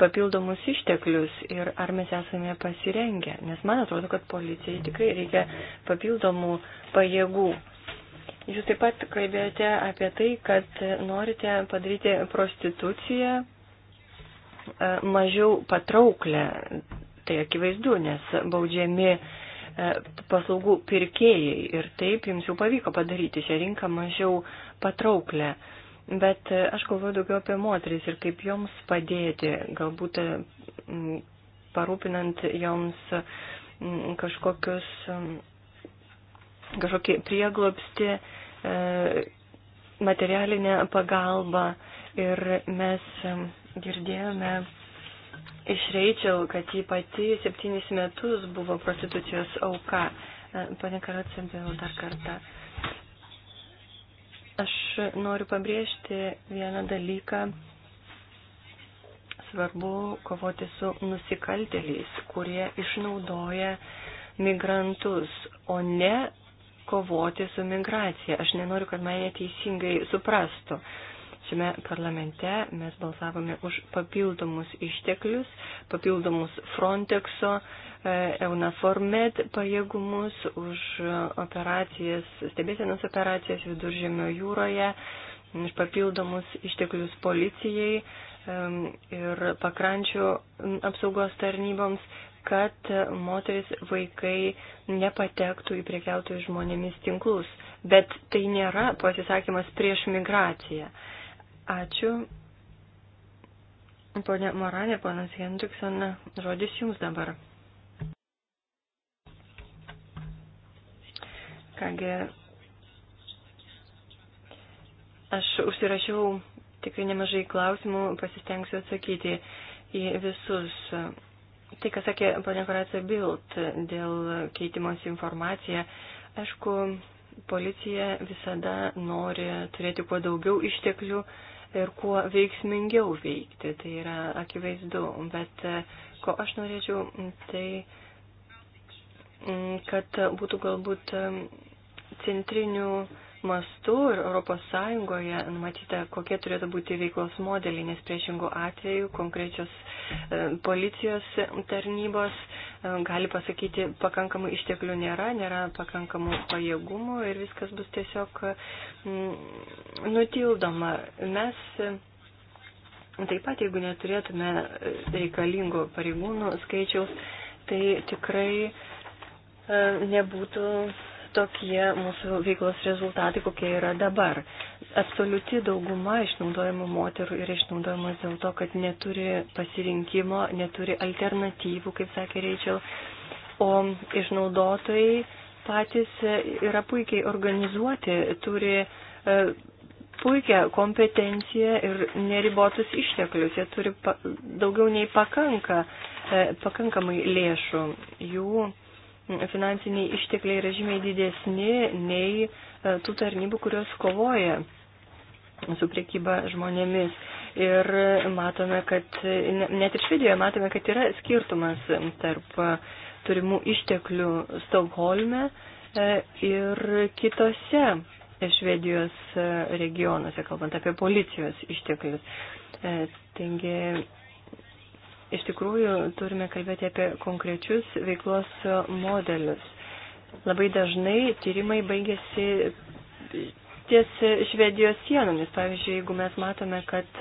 papildomus išteklius ir ar mes esame pasirengę, nes man atrodo, kad policijai tikrai reikia papildomų pajėgų Jūs taip pat kalbėjote apie tai, kad norite padaryti prostituciją e, mažiau patrauklę. Tai akivaizdu, nes baudžiami e, paslaugų pirkėjai ir taip jums jau pavyko padaryti šią rinką mažiau patrauklę. Bet e, aš galvoju daugiau apie moteris ir kaip joms padėti, galbūt parūpinant joms kažkokius kažkokį prieglobstį, e, materialinę pagalbą. Ir mes e, girdėjome iš Reičiau, kad ji pati septynis metus buvo prostitucijos auka. E, pane Karatsambėl dar kartą. Aš noriu pabrėžti vieną dalyką. Svarbu kovoti su nusikaltėliais, kurie išnaudoja migrantus, o ne kovoti su migracija. Aš nenoriu, kad mane teisingai suprastų. Šiame parlamente mes balsavome už papildomus išteklius, papildomus Frontexo, e, Eunaformed pajėgumus, už operacijas, stebėsienos operacijas viduržėmio jūroje, už papildomus išteklius policijai ir pakrančių apsaugos tarnyboms kad moteris vaikai nepatektų į priekiautojų žmonėmis tinklus. Bet tai nėra pasisakymas prieš migraciją. Ačiū. Pone Moranė, ponas Hendrikson, žodis jums dabar. Kągi, aš užsirašiau tikrai nemažai klausimų, pasistengsiu atsakyti į visus. Tai, ką sakė ponia Koracija Bild dėl keitimos informacija, aišku, policija visada nori turėti kuo daugiau išteklių ir kuo veiksmingiau veikti. Tai yra akivaizdu. Bet e, ko aš norėčiau, tai kad būtų galbūt centrinių mastu ir ES numatyta, kokie turėtų būti veiklos modeliai, nes priešingų atveju konkrečios e, policijos tarnybos e, gali pasakyti, pakankamų išteklių nėra, nėra pakankamų pajėgumų ir viskas bus tiesiog mm, nutildoma. Mes e, taip pat, jeigu neturėtume reikalingų pareigūnų skaičiaus, tai tikrai nebūtų tokie mūsų veiklos rezultatai, kokie yra dabar. Absoliuti dauguma išnaudojimų moterų yra išnaudojamas dėl to, kad neturi pasirinkimo, neturi alternatyvų, kaip sakė Reičiau, o išnaudotojai patys yra puikiai organizuoti, turi e, puikią kompetenciją ir neribotus išteklius. Jie turi daugiau nei pakanka, e, pakankamai lėšų. Jų finansiniai ištekliai yra žymiai didesni nei e, tų tarnybų, kurios kovoja su priekyba žmonėmis. Ir matome, kad net ir Švedijoje matome, kad yra skirtumas tarp e, turimų išteklių Stokholme e, ir kitose Švedijos regionuose, kalbant apie policijos išteklius. Taigi Iš tikrųjų, turime kalbėti apie konkrečius veiklos modelius. Labai dažnai tyrimai baigėsi ties Švedijos sienomis. Pavyzdžiui, jeigu mes matome, kad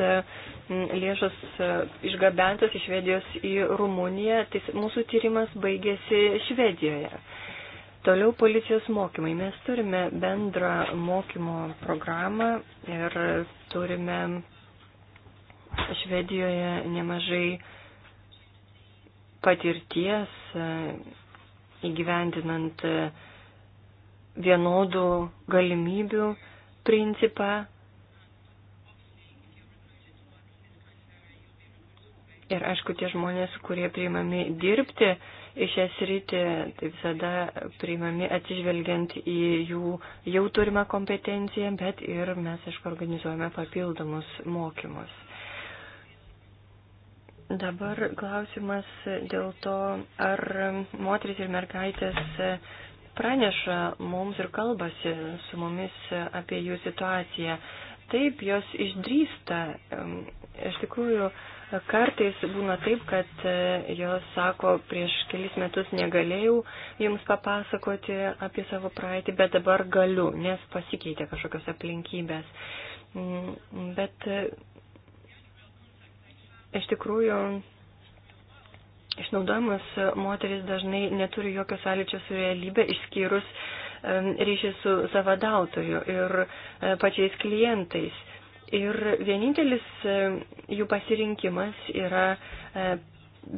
lėšos e, išgabentos iš Švedijos į Rumuniją, tai mūsų tyrimas baigėsi Švedijoje. Toliau policijos mokymai. Mes turime bendrą mokymo programą ir turime Švedijoje nemažai patirties e, įgyvendinant e, vienodų galimybių principą. Ir aišku, tie žmonės, kurie priimami dirbti į šią sritį, tai visada priimami atsižvelgiant į jų jau turimą kompetenciją, bet ir mes, aišku, organizuojame papildomus mokymus. Dabar klausimas dėl to, ar moteris ir mergaitės praneša mums ir kalbasi su mumis apie jų situaciją. Taip, jos išdrįsta. Iš tikrųjų, kartais būna taip, kad e, jos sako, prieš kelis metus negalėjau jums papasakoti apie savo praeitį, bet dabar galiu, nes pasikeitė kažkokios aplinkybės. Mm, bet Iš tikrųjų, išnaudojimas moteris dažnai neturi jokio sąlyčio su realybė, išskyrus ryšį su savadautoju ir e, pačiais klientais. Ir vienintelis e, jų pasirinkimas yra e,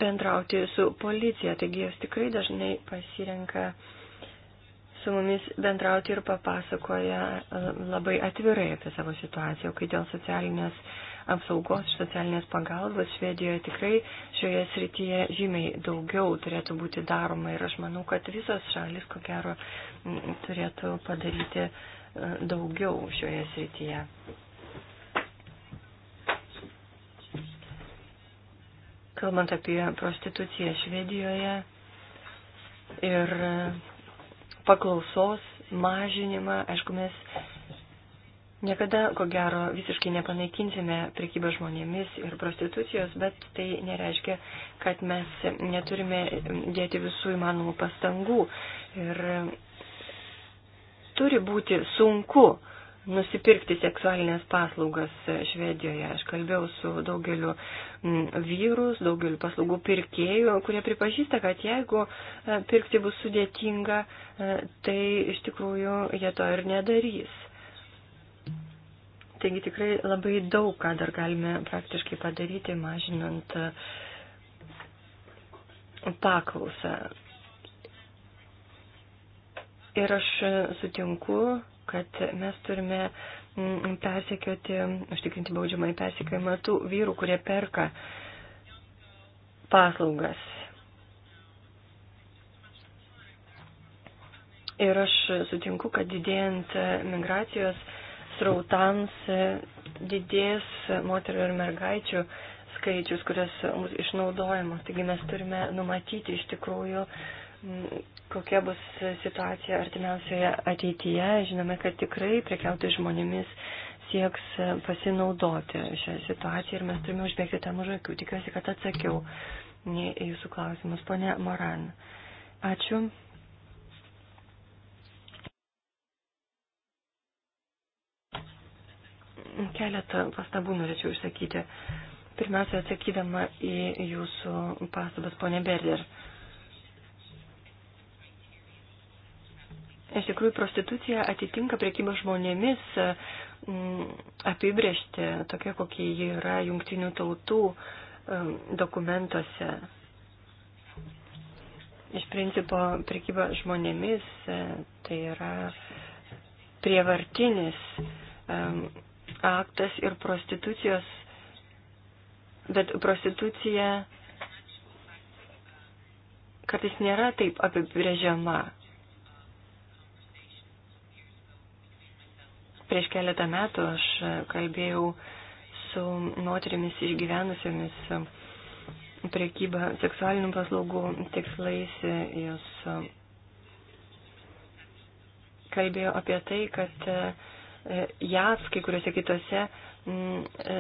bendrauti su policija, taigi jos tikrai dažnai pasirenka su mumis bendrauti ir papasakoja labai atvirai apie savo situaciją, kai dėl socialinės uh, apsaugos socialinės pagalbos Švedijoje tikrai šioje srityje žymiai daugiau turėtų būti daroma ir aš manau, kad visos šalis, ko gero, turėtų padaryti e, daugiau šioje srityje. Kalbant apie prostituciją Švedijoje ir paklausos mažinimą, aišku, mes Niekada, ko gero, visiškai nepanaikinsime prekybą žmonėmis ir prostitucijos, bet tai nereiškia, kad mes neturime dėti visų įmanomų pastangų. Ir turi būti sunku nusipirkti seksualinės paslaugas Švedijoje. Aš kalbėjau su daugeliu mm, vyrus, daugeliu paslaugų pirkėjų, kurie pripažįsta, kad jeigu e, pirkti bus sudėtinga, e, tai iš tikrųjų jie to ir nedarys. Taigi tikrai labai daug ką dar galime praktiškai padaryti, mažinant uh, paklausą. Ir aš sutinku, kad mes turime mm, persekioti, užtikrinti baudžiamą į persekiojimą tų vyrų, kurie perka paslaugas. Ir aš sutinku, kad didėjant migracijos srautams didės moterų ir mergaičių skaičius, kurios bus išnaudojamos. Taigi mes turime numatyti iš tikrųjų, kokia bus situacija artimiausioje ateityje. Žinome, kad tikrai prekiauti žmonėmis sieks pasinaudoti šią situaciją ir mes turime užbėgti tam už akių. Tikiuosi, kad atsakiau į jūsų klausimus, ponė Moran. Ačiū. Keletą pastabų norėčiau išsakyti. Pirmiausia, atsakydama į jūsų pastabas, ponė Berder. Iš tikrųjų, prostitucija atitinka priekybą žmonėmis mm, apibriežti tokia, kokia ji yra jungtinių tautų mm, dokumentuose. Iš principo, priekyba žmonėmis e, tai yra prievartinis mm, aktas ir prostitucijos, bet prostitucija kartais nėra taip apibrėžiama. Prieš keletą metų aš kalbėjau su moterimis išgyvenusiamis prekybą seksualinių paslaugų tikslais. Jos kalbėjo apie tai, kad JAV, kai kuriuose kitose mm, e,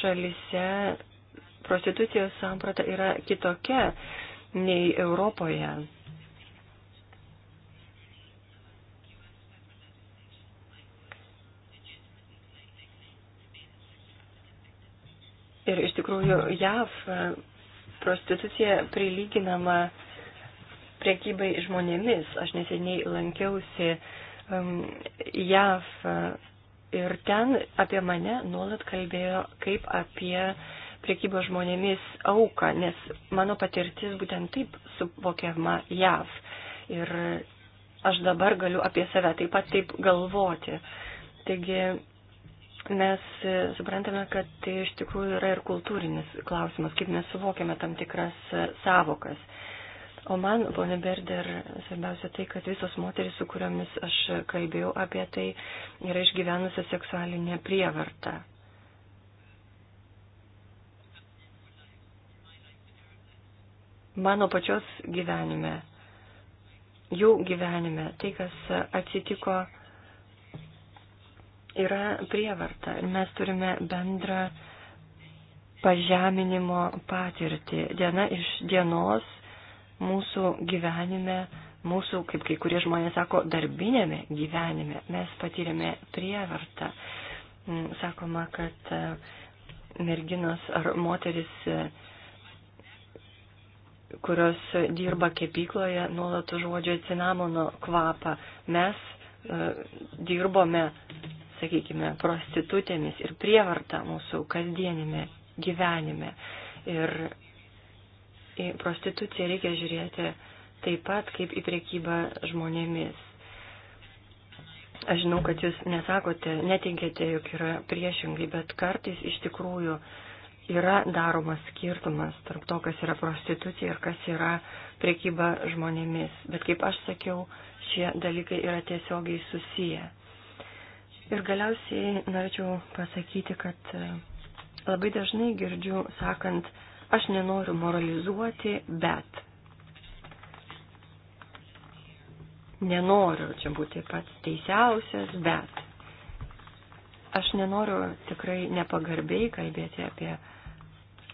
šalise prostitucijos samprata yra kitokia nei Europoje. Ir iš tikrųjų JAV prostitucija prilyginama priekybai žmonėmis. Aš neseniai lankiausi uh, JAV ir ten apie mane nuolat kalbėjo kaip apie priekybos žmonėmis auką, nes mano patirtis būtent taip suvokiama JAV. Ir aš dabar galiu apie save taip pat taip galvoti. Taigi mes suprantame, kad tai iš tikrųjų yra ir kultūrinis klausimas, kaip mes suvokiame tam tikras savokas. O man, ponė Berder, svarbiausia tai, kad visos moteris, su kuriomis aš kalbėjau apie tai, yra išgyvenusi seksualinę prievartą. Mano pačios gyvenime, jų gyvenime, tai, kas atsitiko, yra prievarta. Ir mes turime bendrą pažeminimo patirtį. Diena iš dienos mūsų gyvenime, mūsų, kaip kai kurie žmonės sako, darbinėme gyvenime mes patyrėme prievartą. Mm, sakoma, kad e, merginos ar moteris, e, kurios dirba kepykloje, nuolat užuodžia cinamono kvapą. Mes e, dirbome, sakykime, prostitutėmis ir prievartą mūsų kasdienime gyvenime. Ir į prostituciją reikia žiūrėti taip pat kaip į priekybą žmonėmis. Aš žinau, kad jūs nesakote, netinkėte, jog yra priešingai, bet kartais iš tikrųjų yra daromas skirtumas tarp to, kas yra prostitucija ir kas yra priekyba žmonėmis. Bet kaip aš sakiau, šie dalykai yra tiesiogiai susiję. Ir galiausiai norėčiau pasakyti, kad e, labai dažnai girdžiu sakant, Aš nenoriu moralizuoti, bet nenoriu čia būti pats teisiausias, bet aš nenoriu tikrai nepagarbiai kalbėti apie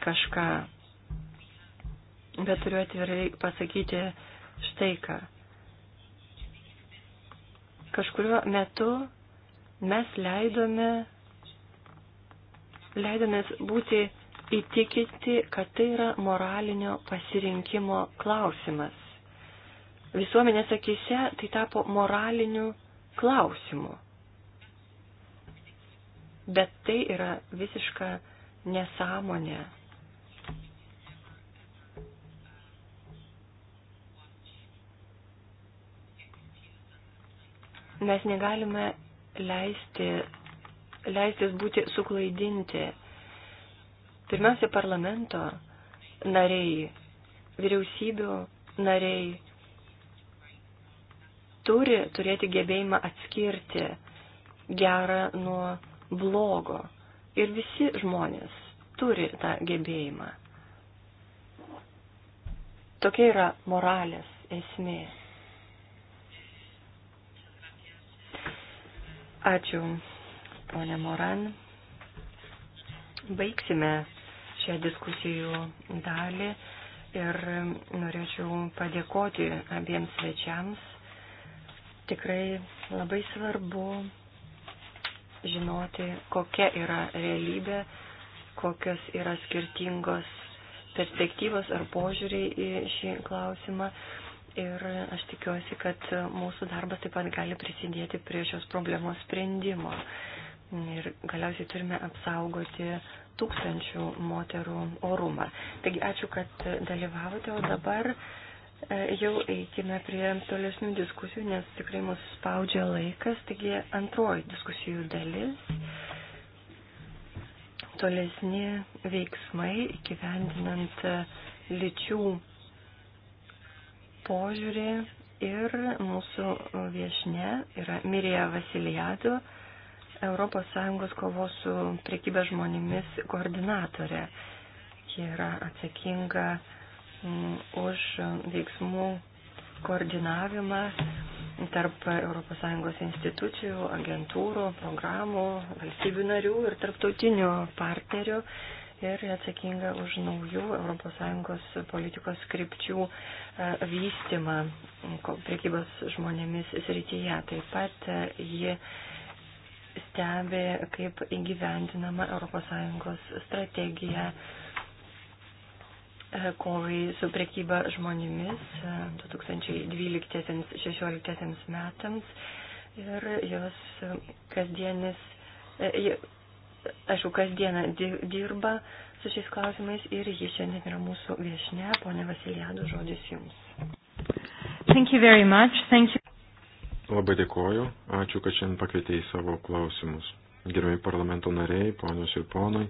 kažką, bet turiu atvirai pasakyti štai ką. Kažkuriuo metu mes leidome, leidomės būti įtikinti, kad tai yra moralinio pasirinkimo klausimas. Visuomenės akise tai tapo moraliniu klausimu. Bet tai yra visiška nesąmonė. Mes negalime leisti, leistis būti suklaidinti Pirmiausia, parlamento nariai, vyriausybių nariai turi turėti gebėjimą atskirti gerą nuo blogo. Ir visi žmonės turi tą gebėjimą. Tokia yra moralės esmė. Ačiū, ponė Moran. Baigsime šią diskusijų dalį ir norėčiau padėkoti abiems svečiams. Tikrai labai svarbu žinoti, kokia yra realybė, kokios yra skirtingos perspektyvos ar požiūriai į šį klausimą. Ir aš tikiuosi, kad mūsų darbas taip pat gali prisidėti prie šios problemos sprendimo. Ir galiausiai turime apsaugoti tūkstančių moterų orumą. Taigi ačiū, kad dalyvavote, o dabar e, jau eikime prie tolesnių diskusijų, nes tikrai mus spaudžia laikas. Taigi antroji diskusijų dalis - tolesni veiksmai įgyvendinant lyčių požiūrį ir mūsų viešne yra Mirija Vasilijadu ES kovos su priekybė žmonėmis koordinatorė. Ji yra atsakinga mm, už veiksmų koordinavimą tarp ES institucijų, agentūrų, programų, valstybių narių ir tarptautinių partnerių ir atsakinga už naujų ES politikos skripčių e, vystimą priekybos žmonėmis srityje. Taip pat ji stebi, kaip įgyvendinama ES strategija e, kovai su prekyba žmonėmis 2012-2016 e, metams ir jos kasdienis, e, aišku, kasdieną dirba su šiais klausimais ir ji šiandien yra mūsų viešne, ponė Vasilijadu, žodis jums. Thank you very much. Thank you. Labai dėkoju. Ačiū, kad šiandien pakvietėjai savo klausimus. Gerbiami parlamento nariai, ponios ir ponai,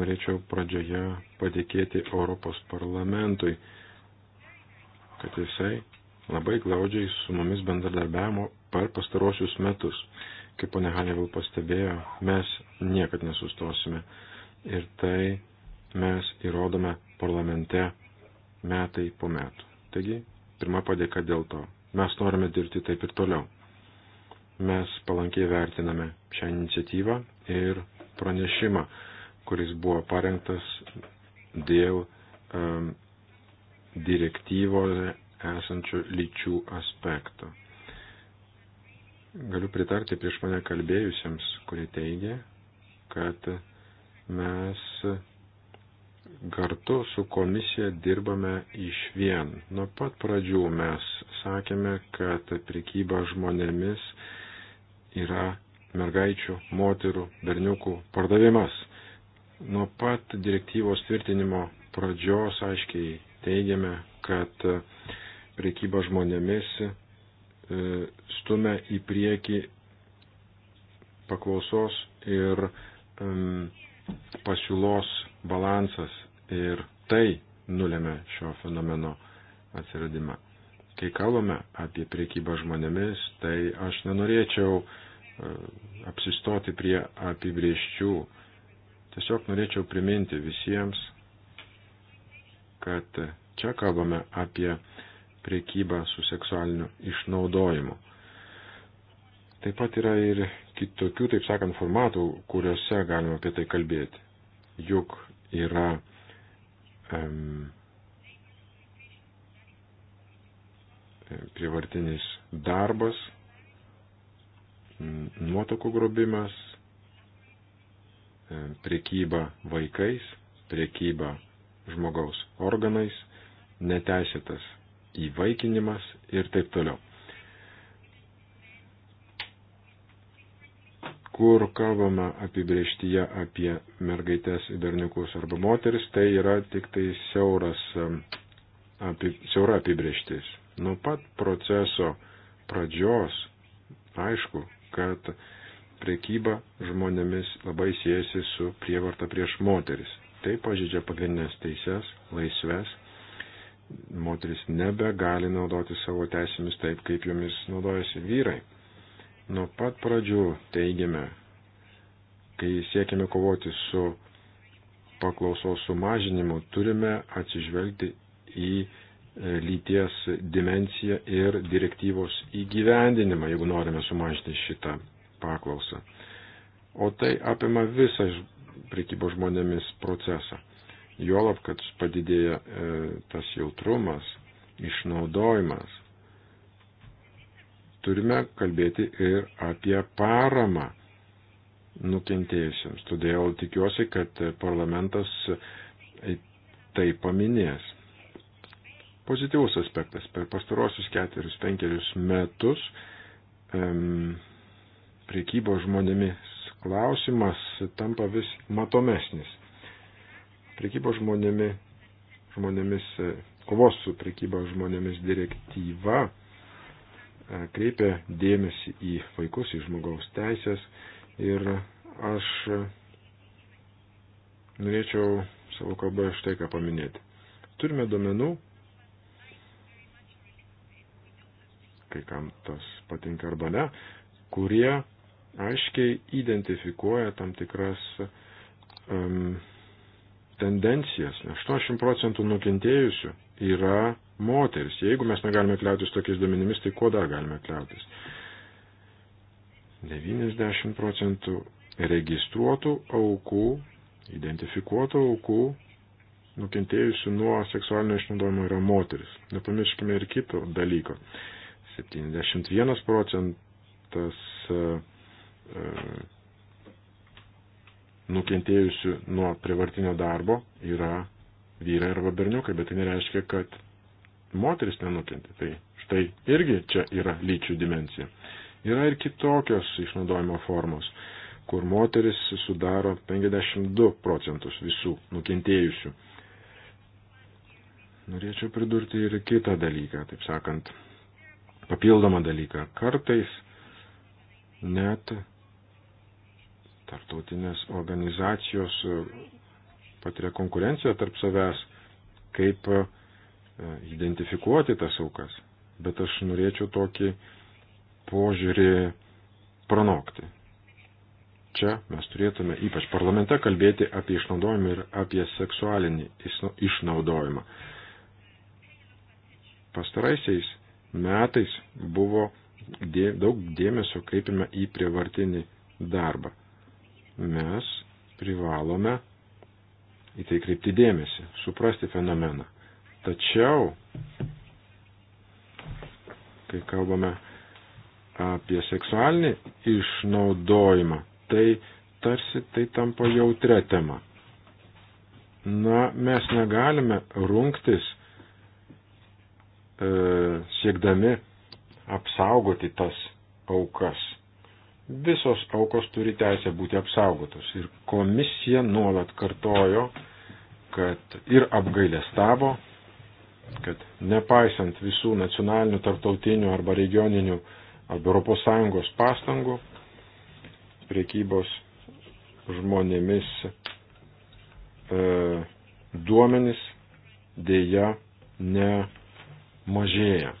norėčiau pradžioje padėkėti Europos parlamentui, kad jisai labai glaudžiai su mumis bendradarbiavimo per pastarosius metus. Kaip ponė Hanevel pastebėjo, mes niekad nesustosime. Ir tai mes įrodome parlamente metai po metų. Taigi, pirma padėka dėl to. Mes norime dirbti taip ir toliau. Mes palankiai vertiname šią iniciatyvą ir pranešimą, kuris buvo parengtas dėl um, direktyvoje esančių lyčių aspektų. Galiu pritarti prieš mane kalbėjusiems, kurie teigia, kad mes kartu su komisija dirbame iš vien. Nuo pat pradžių mes sakėme, kad prekyba žmonėmis yra mergaičių, moterų, berniukų pardavimas. Nuo pat direktyvos tvirtinimo pradžios aiškiai teigiame, kad prekyba žmonėmis e, stumia į priekį paklausos ir um, pasiūlos balansas ir tai nulėmė šio fenomeno atsiradimą. Kai kalbame apie priekybą žmonėmis, tai aš nenorėčiau e, apsistoti prie apibrieščių. Tiesiog norėčiau priminti visiems, kad čia kalbame apie priekybą su seksualiniu išnaudojimu. Taip pat yra ir kitokių, taip sakant, formatų, kuriuose galima apie tai kalbėti. Juk yra prievartinis darbas, nuotokų grobimas, priekyba vaikais, priekyba žmogaus organais, neteisėtas įvaikinimas ir taip toliau. kur kalbama apibrieštyje apie mergaitės ir berniukus arba moteris, tai yra tik tai siauras, api, siaura apibrieštis. Nuo pat proceso pradžios aišku, kad priekyba žmonėmis labai siejasi su prievarta prieš moteris. Tai pažydžia pagrindinės teises, laisves. Moteris nebegali naudoti savo teisėmis taip, kaip jomis naudojasi vyrai. Nuo pat pradžių teigiame, kai siekiame kovoti su paklausos sumažinimu, turime atsižvelgti į e, lyties dimenciją ir direktyvos įgyvendinimą, jeigu norime sumažinti šitą paklausą. O tai apima visą prekybo žmonėmis procesą. Juolab, kad padidėja e, tas jautrumas, išnaudojimas turime kalbėti ir apie paramą nukentėjusiems. Todėl tikiuosi, kad parlamentas tai paminės. Pozityvus aspektas. Per pastarosius ketverius, penkerius metus em, priekybo žmonėmis klausimas tampa vis matomesnis. Priekybo žmonėmi, žmonėmis, kovos su priekybo žmonėmis direktyva kreipia dėmesį į vaikus, į žmogaus teisės ir aš norėčiau savo kalbą štai ką paminėti. Turime domenų, kai kam tas patinka arba ne, kurie aiškiai identifikuoja tam tikras um, tendencijas. 80 procentų nukentėjusių yra moteris. Jeigu mes negalime kliautis tokiais duomenimis, tai kuo dar galime kliautis? 90 procentų registruotų aukų, identifikuotų aukų, nukentėjusių nuo seksualinio išnaudojimo yra moteris. Nepamirškime ir kito dalyko. 71 procentas e, e, nukentėjusių nuo privartinio darbo yra vyrai arba berniukai, bet tai nereiškia, kad moteris nenukentė. Tai štai irgi čia yra lyčių dimencija. Yra ir kitokios išnaudojimo formos, kur moteris sudaro 52 procentus visų nukentėjusių. Norėčiau pridurti ir kitą dalyką, taip sakant, papildomą dalyką. Kartais net tartautinės organizacijos patiria konkurenciją tarp savęs, kaip E, identifikuoti tas aukas, bet aš norėčiau tokį požiūrį pranokti. Čia mes turėtume ypač parlamente kalbėti apie išnaudojimą ir apie seksualinį išnaudojimą. Pastaraisiais metais buvo dė, daug dėmesio kreipime į prievartinį darbą. Mes privalome į tai kreipti dėmesį, suprasti fenomeną. Tačiau, kai kalbame apie seksualinį išnaudojimą, tai tarsi tai tampa jautre tema. Na, mes negalime rungtis e, siekdami apsaugoti tas aukas. Visos aukos turi teisę būti apsaugotos. Ir komisija nuolat kartojo, kad ir apgailestavo, kad nepaisant visų nacionalinių, tarptautinių arba regioninių arba ES pastangų, priekybos žmonėmis e, duomenys dėja nemažėja.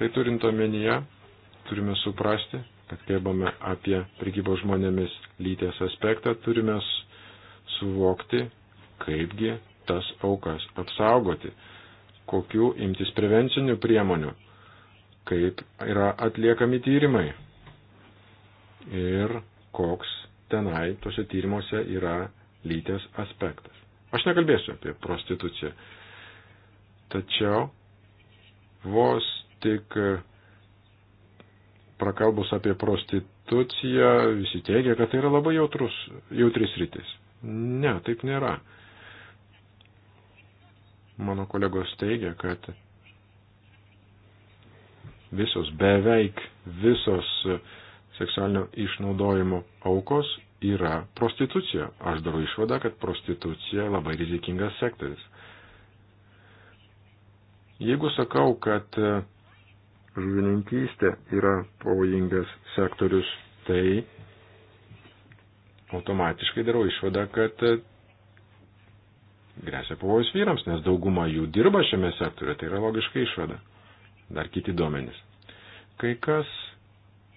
Tai turint omenyje, turime suprasti, kad kalbame apie prekybos žmonėmis lyties aspektą, turime suvokti, kaipgi tas aukas apsaugoti, kokiu imtis prevencinių priemonių, kaip yra atliekami tyrimai ir koks tenai tuose tyrimuose yra lytės aspektas. Aš nekalbėsiu apie prostituciją, tačiau vos tik prakalbus apie prostituciją, visi teigia, kad tai yra labai jautrus, jautris rytis. Ne, taip nėra. Mano kolegos teigia, kad visos, beveik visos seksualinio išnaudojimo aukos yra prostitucija. Aš darau išvadą, kad prostitucija labai rizikingas sektorius. Jeigu sakau, kad e, žuvininkystė yra pavojingas sektorius, tai automatiškai darau išvadą, kad e, grėsia pavojus vyrams, nes dauguma jų dirba šiame sektoriu, tai yra logiška išvada. Dar kiti duomenys. Kai kas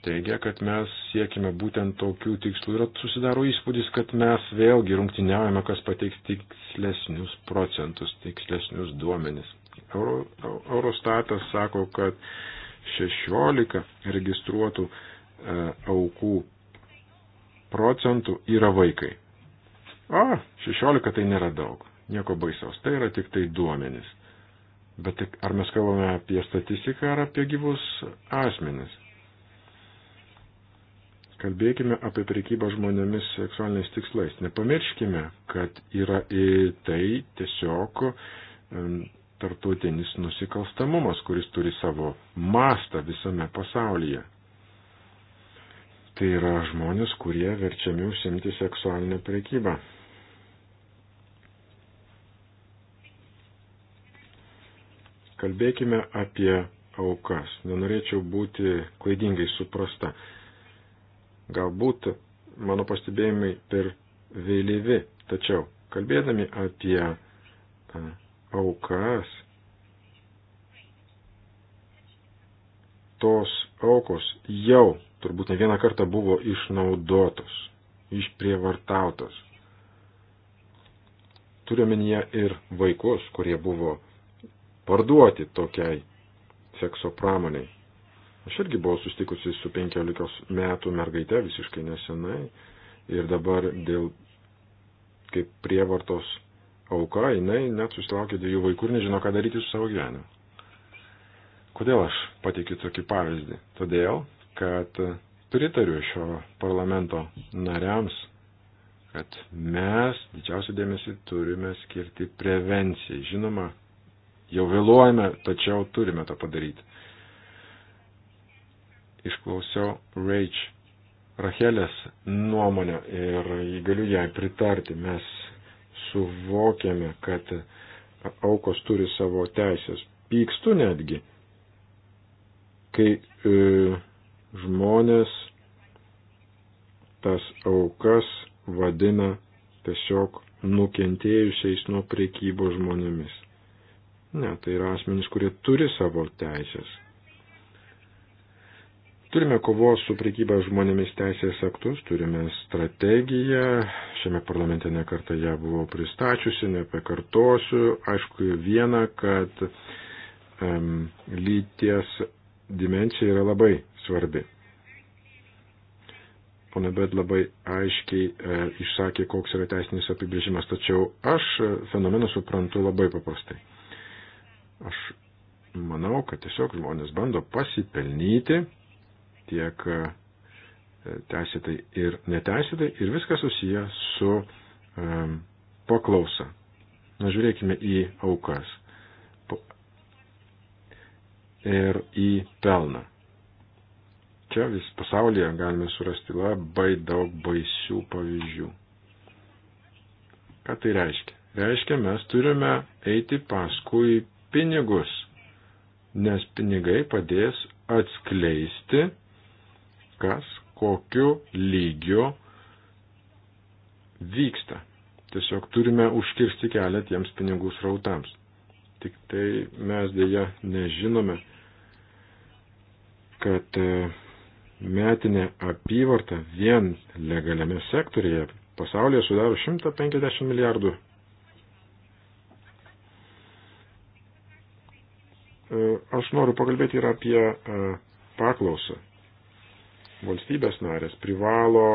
teigia, kad mes siekime būtent tokių tikslų ir susidaro įspūdis, kad mes vėlgi rungtiniaujame, kas pateiks tikslesnius procentus, tikslesnius duomenis. Euro, Eurostatas sako, kad 16 registruotų e, aukų procentų yra vaikai. O, 16 tai nėra daug. Nieko baisaus. Tai yra tik tai duomenys. Bet tik, ar mes kalbame apie statistiką ar apie gyvus asmenis? Kalbėkime apie prekybą žmonėmis seksualiniais tikslais. Nepamirškime, kad yra į tai tiesiog tartutinis nusikalstamumas, kuris turi savo mastą visame pasaulyje. Tai yra žmonės, kurie verčiami užsimti seksualinę prekybą. Kalbėkime apie aukas. Nenorėčiau būti klaidingai suprasta. Galbūt mano pastebėjimai per vėlyvi, tačiau kalbėdami apie aukas, tos aukos jau turbūt ne vieną kartą buvo išnaudotos, išprievartautos. Turiuomenyje ir vaikus, kurie buvo parduoti tokiai sekso pramoniai. Aš irgi buvau sustikusi su 15 metų mergaite visiškai nesenai ir dabar dėl kaip prievartos auka jinai net susilaukė dviejų vaikų ir nežino, ką daryti su savo gyvenimu. Kodėl aš pateikiu tokį pavyzdį? Todėl, kad pritariu šio parlamento nariams, kad mes didžiausią dėmesį turime skirti prevencijai. Žinoma, Jau vėluojame, tačiau turime tą padaryti. Išklausiau Rach Rachelės nuomonę ir galiu jai pritarti. Mes suvokėme, kad aukos turi savo teisės. Pykstu netgi, kai e, žmonės tas aukas vadina tiesiog nukentėjusiais nuo priekybo žmonėmis. Ne, tai yra asmenys, kurie turi savo teisės. Turime kovos su prekyba žmonėmis teisės aktus, turime strategiją, šiame parlamente nekartą ją buvau pristačiusi, nepakartosiu, aišku, viena, kad um, lyties dimencija yra labai svarbi. Pone Bet labai aiškiai e, išsakė, koks yra teisinis apibrėžimas, tačiau aš fenomeną suprantu labai paprastai. Aš manau, kad tiesiog žmonės bando pasipelnyti tiek e, teisėtai ir neteisėtai ir viskas susiję su um, paklausa. Na, žiūrėkime į aukas ir į pelną. Čia vis pasaulyje galime surasti labai daug baisių pavyzdžių. Ką tai reiškia? Reiškia, mes turime eiti paskui pinigus, nes pinigai padės atskleisti, kas kokiu lygiu vyksta. Tiesiog turime užkirsti kelią tiems pinigų srautams. Tik tai mes dėja nežinome, kad e, metinė apyvarta vien legaliame sektorėje pasaulyje sudaro 150 milijardų E, aš noriu pakalbėti ir apie e, paklausą. Valstybės narės privalo,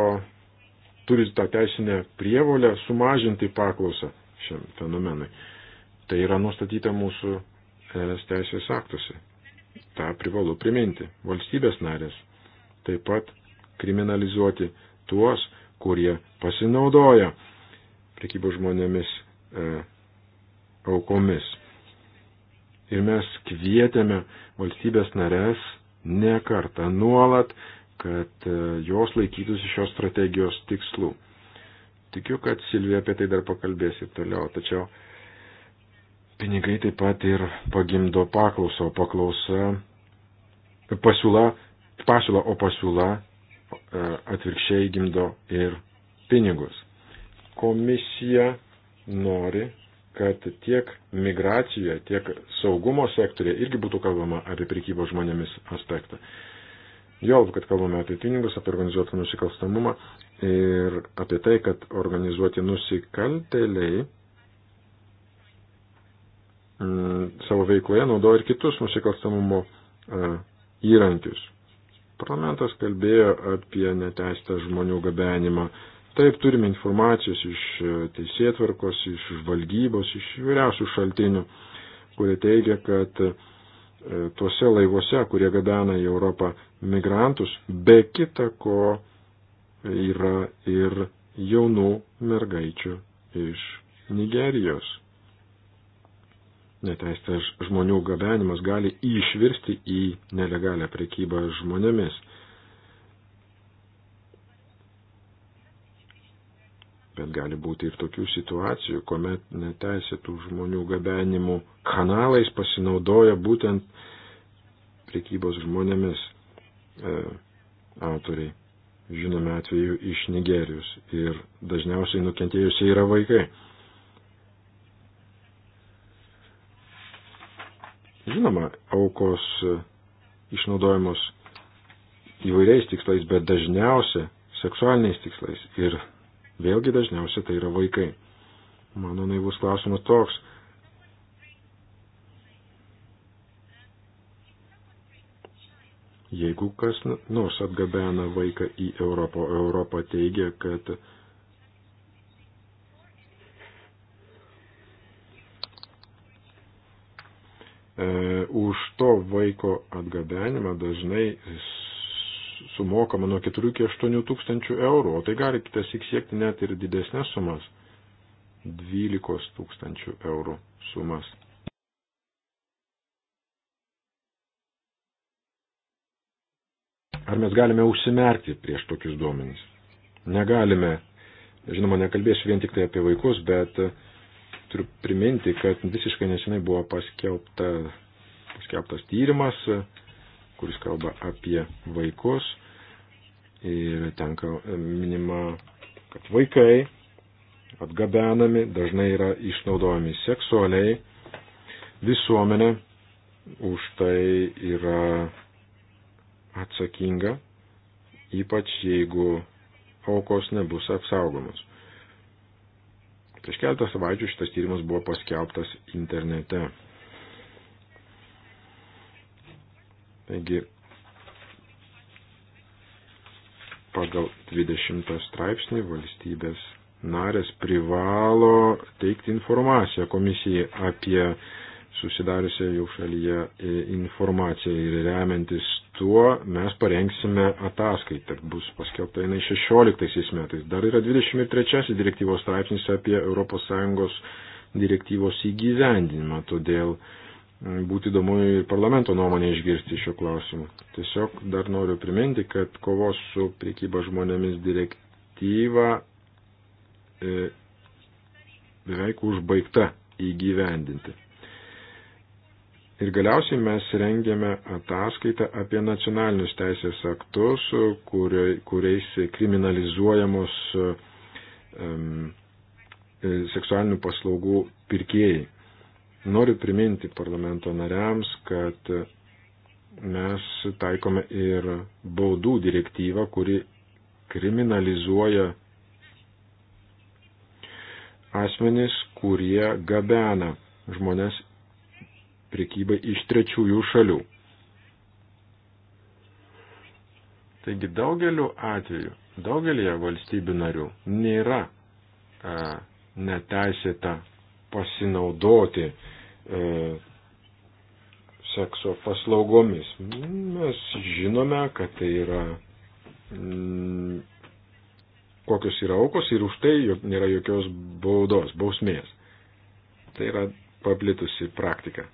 turi tą teisinę prievolę sumažinti paklausą šiam fenomenui. Tai yra nustatyta mūsų ES teisės aktuose. Ta privalu priminti. Valstybės narės taip pat kriminalizuoti tuos, kurie pasinaudoja prekybos žmonėmis e, aukomis ir mes kvietėme valstybės narės ne kartą nuolat, kad e, jos laikytųsi šios strategijos tikslų. Tikiu, kad Silvija apie tai dar pakalbės ir toliau, tačiau pinigai taip pat ir pagimdo paklauso, paklausa, pasiūla, pasiūla, o pasiūla e, atvirkščiai gimdo ir pinigus. Komisija nori, kad tiek migracija, tiek saugumo sektorė irgi būtų kalbama apie prekybos žmonėmis aspektą. Jolb, kad kalbame apie pinigus, apie organizuotą nusikalstamumą ir apie tai, kad organizuoti nusikalteliai m, mm, savo veikloje naudoja ir kitus nusikalstamumo e, įrankius. Parlamentas kalbėjo apie neteistą žmonių gabenimą Taip turime informacijos iš e, teisėtvarkos, iš žvalgybos, iš įvairiausių šaltinių, kurie teigia, kad e, tuose laivuose, kurie gabena į Europą migrantus, be kita ko yra ir jaunų mergaičių iš Nigerijos. Neteistas žmonių gabenimas gali išvirsti į nelegalią prekybą žmonėmis. bet gali būti ir tokių situacijų, kuomet neteisėtų žmonių gabenimų kanalais pasinaudoja būtent prekybos žmonėmis e, autoriai. Žinome atveju iš Nigerijos ir dažniausiai nukentėjusiai yra vaikai. Žinoma, aukos e, išnaudojamos įvairiais tikslais, bet dažniausia seksualiniais tikslais ir Vėlgi dažniausiai tai yra vaikai. Mano naivus klausimas toks. Jeigu kas nors atgabena vaiką į Europą, Europą teigia, kad e, už to vaiko atgabenimą dažnai sumokama nuo 4 iki 8 tūkstančių eurų, o tai gali kitas tik siekti net ir didesnės sumas - 12 tūkstančių eurų sumas. Ar mes galime užsimerkti prieš tokius duomenys? Negalime. Žinoma, nekalbėsiu vien tik tai apie vaikus, bet e, turiu priminti, kad visiškai nesenai buvo paskelbta, paskelbtas tyrimas, kuris kalba apie vaikus. Ir tenka e, minima, kad vaikai atgabenami dažnai yra išnaudojami seksualiai. Visuomenė už tai yra atsakinga, ypač jeigu aukos nebus apsaugomas. Prieš keletą savaičių šitas tyrimas buvo paskelbtas internete. Taigi, pagal 20 straipsnį valstybės narės privalo teikti informaciją komisijai apie susidariusią jau šalyje e, informaciją ir remiantis tuo mes parengsime ataskaitą. Bus paskelbta jinai 16 metais. Dar yra 23 direktyvos straipsnis apie ES direktyvos įgyvendinimą, todėl būtų įdomu ir parlamento nuomonę išgirsti šiuo klausimu. Tiesiog dar noriu priminti, kad kovos su priekyba žmonėmis direktyva e, beveik užbaigta įgyvendinti. Ir galiausiai mes rengėme ataskaitą apie nacionalinius teisės aktus, kurio, kuriais kriminalizuojamos um, seksualinių paslaugų pirkėjai. Noriu priminti parlamento nariams, kad mes taikome ir baudų direktyvą, kuri kriminalizuoja asmenis, kurie gabena žmonės priekybai iš trečiųjų šalių. Taigi daugeliu atveju, daugelėje valstybių narių nėra a, neteisėta pasinaudoti e, sekso paslaugomis. Mes žinome, kad tai yra, mm, kokios yra aukos ir už tai nėra jokios baudos, bausmės. Tai yra paplitusi praktika.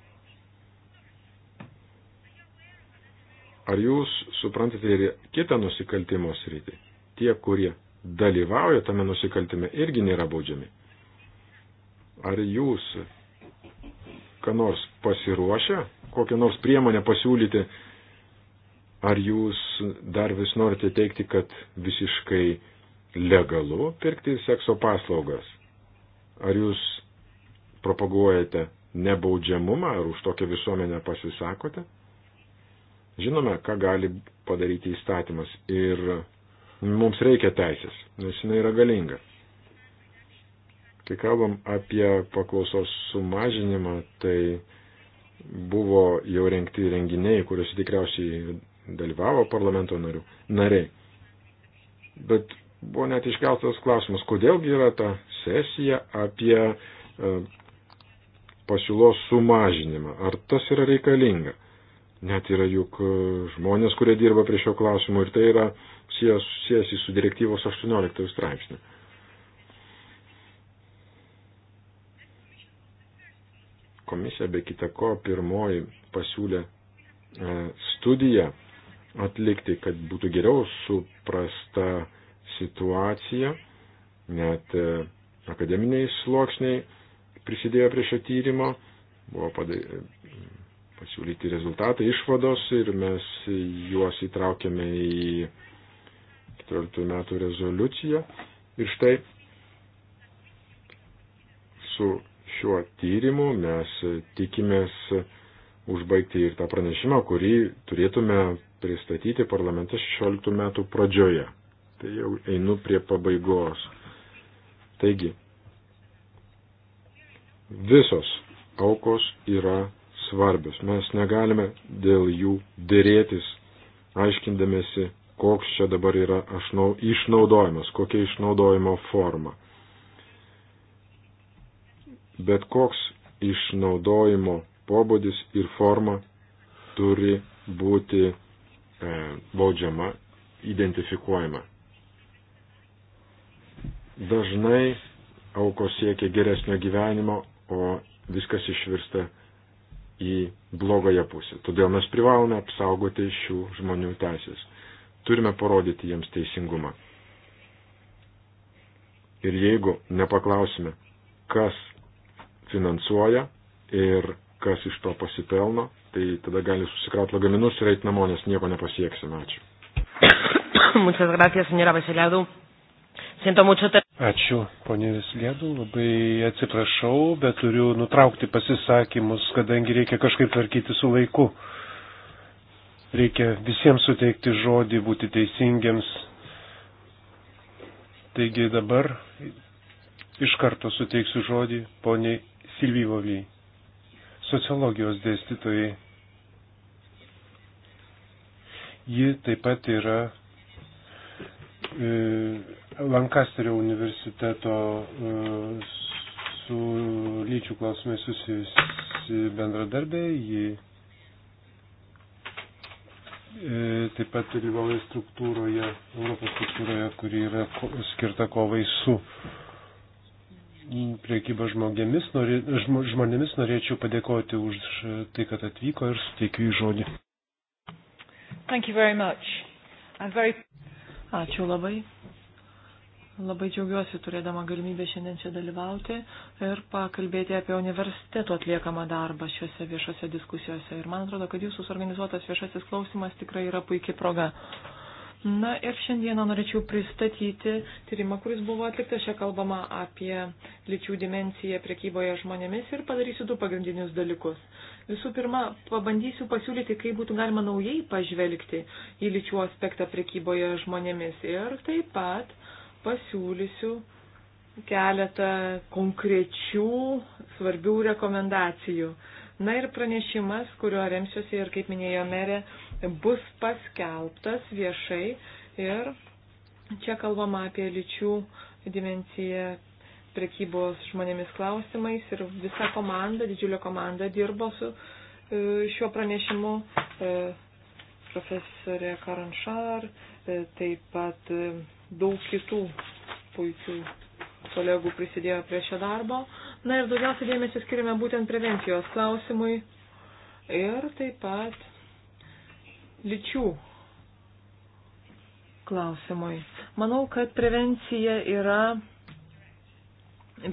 Ar jūs suprantate ir kitą nusikaltimo sritį? Tie, kurie dalyvauja tame nusikaltime, irgi nėra baudžiami. Ar jūs, ką nors pasiruošę, kokią nors priemonę pasiūlyti, ar jūs dar vis norite teikti, kad visiškai legalu pirkti sekso paslaugas? Ar jūs propaguojate nebaudžiamumą, ar už tokią visuomenę pasisakote? Žinome, ką gali padaryti įstatymas ir mums reikia teisės, nes jinai yra galinga. Kai kalbam apie paklausos sumažinimą, tai buvo jau renkti renginiai, kuriuose tikriausiai dalyvavo parlamento narių, nariai. Bet buvo net iškeltas klausimas, kodėlgi yra ta sesija apie e, pasiūlos sumažinimą. Ar tas yra reikalinga? Net yra juk e, žmonės, kurie dirba prie šio klausimo ir tai yra siejasi su direktyvos 18 straipsniu. Komisija be kita ko pirmoji pasiūlė e, studiją atlikti, kad būtų geriau suprasta situacija, net e, akademiniai sluoksniai prisidėjo prie šio tyrimo, buvo padai, e, pasiūlyti rezultatai, išvados ir mes juos įtraukėme į 14 metų rezoliuciją. Ir štai su šiuo tyrimu. Mes tikimės užbaigti ir tą pranešimą, kurį turėtume pristatyti parlamente 16 metų pradžioje. Tai jau einu prie pabaigos. Taigi, visos aukos yra svarbios. Mes negalime dėl jų dėrėtis, aiškindamėsi, koks čia dabar yra išnaudojimas, kokia išnaudojimo forma bet koks išnaudojimo pobūdis ir forma turi būti e, baudžiama, identifikuojama. Dažnai aukos siekia geresnio gyvenimo, o viskas išvirsta į blogąją pusę. Todėl mes privalome apsaugoti šių žmonių teisės. Turime parodyti jiems teisingumą. Ir jeigu nepaklausime, kas finansuoja ir kas iš to pasipelno, tai tada gali susikrauti lagaminus ir eiti namo, nes nieko nepasieksime. Ačiū. Muchas gracias, señora Beseladu. Siento mucho. Ačiū, ponė Veslėdų, labai atsiprašau, bet turiu nutraukti pasisakymus, kadangi reikia kažkaip tvarkyti su laiku. Reikia visiems suteikti žodį, būti teisingiams. Taigi dabar iš karto suteiksiu žodį poniai Silvijai Vovy, sociologijos dėstytojai. Ji taip pat yra e, Lankasterio universiteto e, su lyčių klausimais susijusi bendradarbė. Ji e, taip pat dalyvauja struktūroje, Europos struktūroje, kuri yra skirta kovai su priekybą žmonėmis, norė, žmonėmis norėčiau padėkoti už tai, kad atvyko ir suteikiu į žodį. Very... Ačiū labai. Labai džiaugiuosi turėdama galimybę šiandien čia dalyvauti ir pakalbėti apie universiteto atliekamą darbą šiuose viešose diskusijose. Ir man atrodo, kad jūsų suorganizuotas viešasis klausimas tikrai yra puikia proga. Uh, Na ir šiandieną norėčiau pristatyti tyrimą, kuris buvo atliktas. Čia kalbama apie lyčių dimenciją priekyboje žmonėmis ir padarysiu du pagrindinius dalykus. Visų pirma, pabandysiu pasiūlyti, kaip būtų galima naujai pažvelgti į lyčių aspektą priekyboje žmonėmis ir taip pat pasiūlysiu keletą konkrečių svarbių rekomendacijų. Na ir pranešimas, kuriuo remsiuosi ir kaip minėjo merė, bus paskelbtas viešai ir čia kalbama apie lyčių dimenciją prekybos žmonėmis klausimais ir visa komanda, didžiulė komanda dirbo su e, šiuo pranešimu. E, profesorė Karanšar, e, taip pat daug kitų puikių kolegų prisidėjo prie šio darbo. Na ir daugiausiai dėmesio skiriame būtent prevencijos klausimui ir taip pat lyčių klausimui. Manau, kad prevencija yra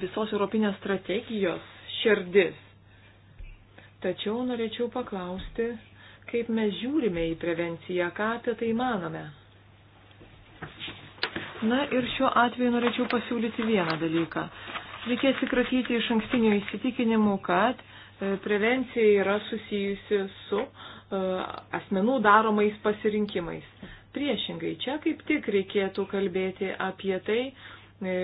visos europinės strategijos širdis. Tačiau norėčiau paklausti, kaip mes žiūrime į prevenciją, ką apie tai manome. Na ir šiuo atveju norėčiau pasiūlyti vieną dalyką. Reikia atsikratyti iš ankstinių įsitikinimų, kad e, prevencija yra susijusi su E, asmenų daromais pasirinkimais. Priešingai, čia kaip tik reikėtų kalbėti apie tai, e,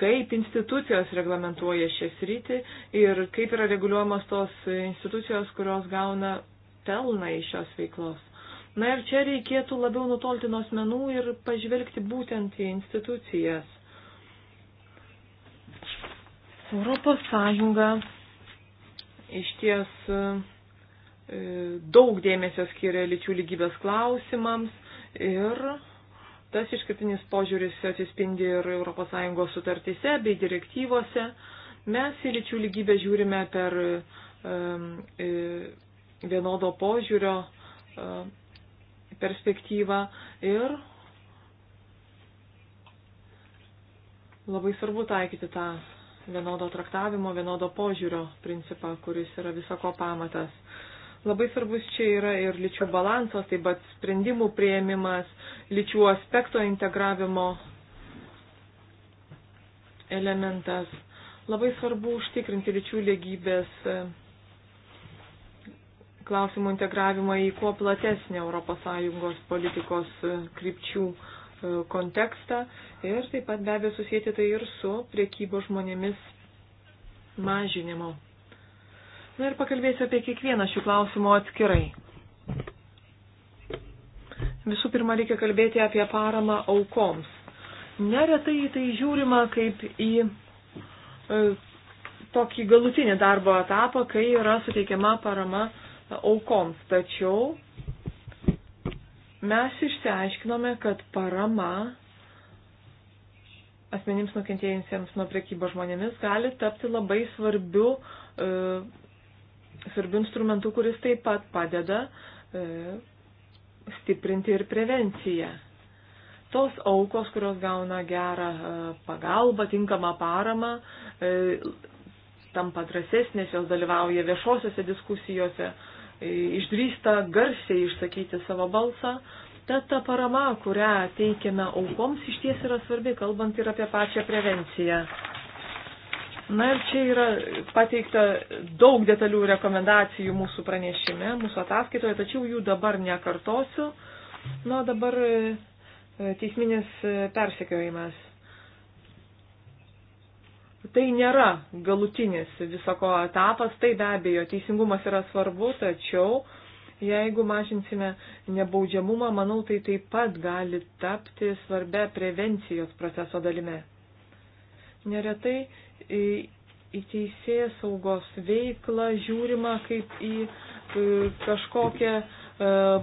kaip institucijos reglamentuoja šią sritį ir kaip yra reguliuojamos tos institucijos, kurios gauna pelną iš šios veiklos. Na ir čia reikėtų labiau nutolti nuo asmenų ir pažvelgti būtent į institucijas. Europos Sąjunga iš ties e, e, daug dėmesio skiria lyčių lygybės klausimams ir tas išskirtinis požiūris atsispindi ir ES sutartyse bei direktyvose. Mes į lyčių lygybę žiūrime per e, vienodo požiūrio perspektyvą ir labai svarbu taikyti tą vienodo traktavimo, vienodo požiūrio principą, kuris yra visako pamatas. Labai svarbus čia yra ir lyčių balansas, taip pat sprendimų prieimimas, lyčių aspekto integravimo elementas. Labai svarbu užtikrinti lyčių lygybės e, klausimų integravimą į kuo platesnį ES politikos e, krypčių kontekstą ir taip pat be abejo susijęti tai ir su priekybo žmonėmis mažinimu. Na ir pakalbėsiu apie kiekvieną šių klausimų atskirai. Visų pirma, reikia kalbėti apie paramą aukoms. Neretai į tai žiūrima kaip į e, tokį galutinį darbo etapą, kai yra suteikiama parama aukoms. Tačiau Mes išsiaiškinome, kad parama asmenims nukentėjusiems nuo priekybo žmonėmis gali tapti labai svarbiu, e, svarbiu instrumentu, kuris taip pat padeda e, stiprinti ir prevenciją. Tos aukos, kurios gauna gerą e, pagalbą, tinkamą paramą, e, tampa drąsesnės, jos dalyvauja viešosiose diskusijose, E, išdrįsta garsiai išsakyti savo balsą. Tad ta parama, kurią teikiame aukoms, iš ties yra svarbi, kalbant ir apie pačią prevenciją. Na ir čia yra pateikta daug detalių rekomendacijų mūsų pranešime, mūsų ataskaitoje, tačiau jų dabar nekartosiu. Na, dabar e, teisminis e, persekiojimas tai nėra galutinis visako etapas, tai be abejo, teisingumas yra svarbu, tačiau jeigu mažinsime nebaudžiamumą, manau, tai taip pat gali tapti svarbia prevencijos proceso dalime. Neretai į, į teisės saugos veiklą žiūrima kaip į, į e, kažkokią e,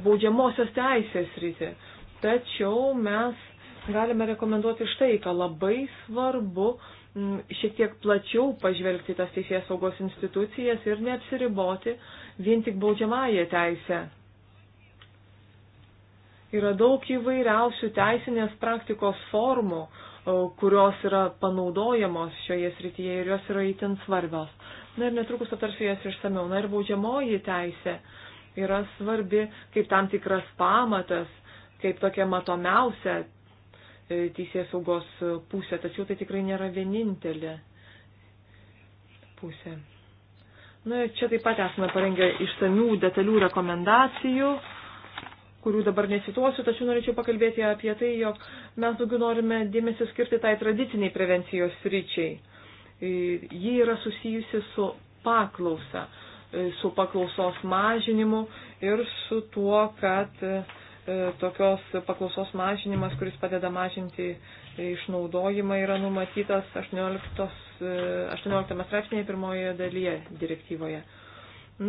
baudžiamosios teisės rytį. Tačiau mes galime rekomenduoti štai, ką labai svarbu šiek tiek plačiau pažvelgti tas teisės saugos institucijas ir neapsiriboti vien tik baudžiamąją teisę. Yra daug įvairiausių teisinės praktikos formų, kurios yra panaudojamos šioje srityje ir jos yra įtin svarbios. Na ir netrukus aptarsiu jas išsameu. Na ir baudžiamoji teisė yra svarbi kaip tam tikras pamatas, kaip tokia matomiausia E, teisės saugos pusė, tačiau tai tikrai nėra vienintelė pusė. Na ir čia taip pat esame parengę išsamių detalių rekomendacijų, kurių dabar nesituosiu, tačiau norėčiau pakalbėti apie tai, jog mes daugiau norime dėmesį skirti tai tradiciniai prevencijos ryčiai. E, ji yra susijusi su paklausa, e, su paklausos mažinimu ir su tuo, kad E, tokios paklausos mažinimas, kuris padeda mažinti išnaudojimą, yra numatytas 18, 18 e, straipsnėje pirmojoje dalyje direktyvoje.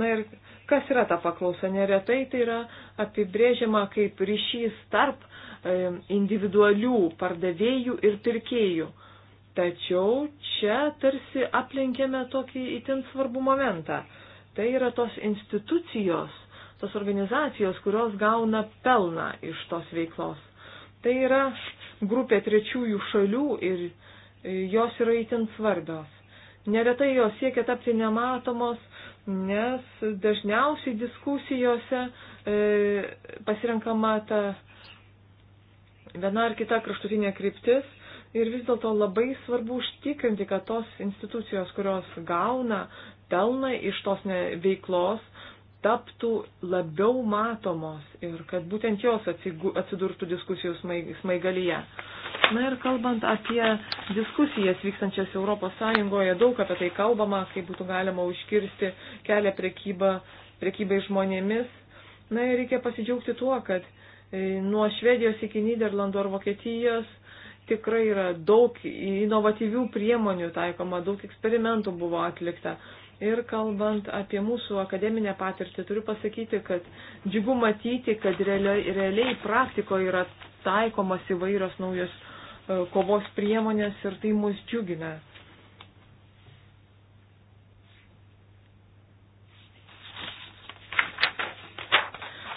Na ir kas yra ta paklausa? Neretai tai yra apibrėžiama kaip ryšys tarp e, individualių pardavėjų ir pirkėjų. Tačiau čia tarsi aplenkėme tokį itin svarbų momentą. Tai yra tos institucijos, tos organizacijos, kurios gauna pelną iš tos veiklos. Tai yra grupė trečiųjų šalių ir e, jos yra itin svarbios. Neretai jos siekia tapti nematomos, nes dažniausiai diskusijose e, pasirenkama ta viena ar kita kraštutinė kryptis ir vis dėlto labai svarbu užtikrinti, kad tos institucijos, kurios gauna pelną iš tos veiklos, taptų labiau matomos ir kad būtent jos atsidurtų diskusijų smaigalyje. Na ir kalbant apie diskusijas vykstančias ES, daug apie tai kalbama, kaip būtų galima užkirsti kelią prekybą, prekybai žmonėmis. Na ir reikia pasidžiaugti tuo, kad e, nuo Švedijos iki Niderlandų ar Vokietijos tikrai yra daug inovatyvių priemonių taikoma, daug eksperimentų buvo atlikta. Ir kalbant apie mūsų akademinę patirtį, turiu pasakyti, kad džiugu matyti, kad realiai, realiai praktikoje yra taikomas įvairios naujos e, kovos priemonės ir tai mus džiugina.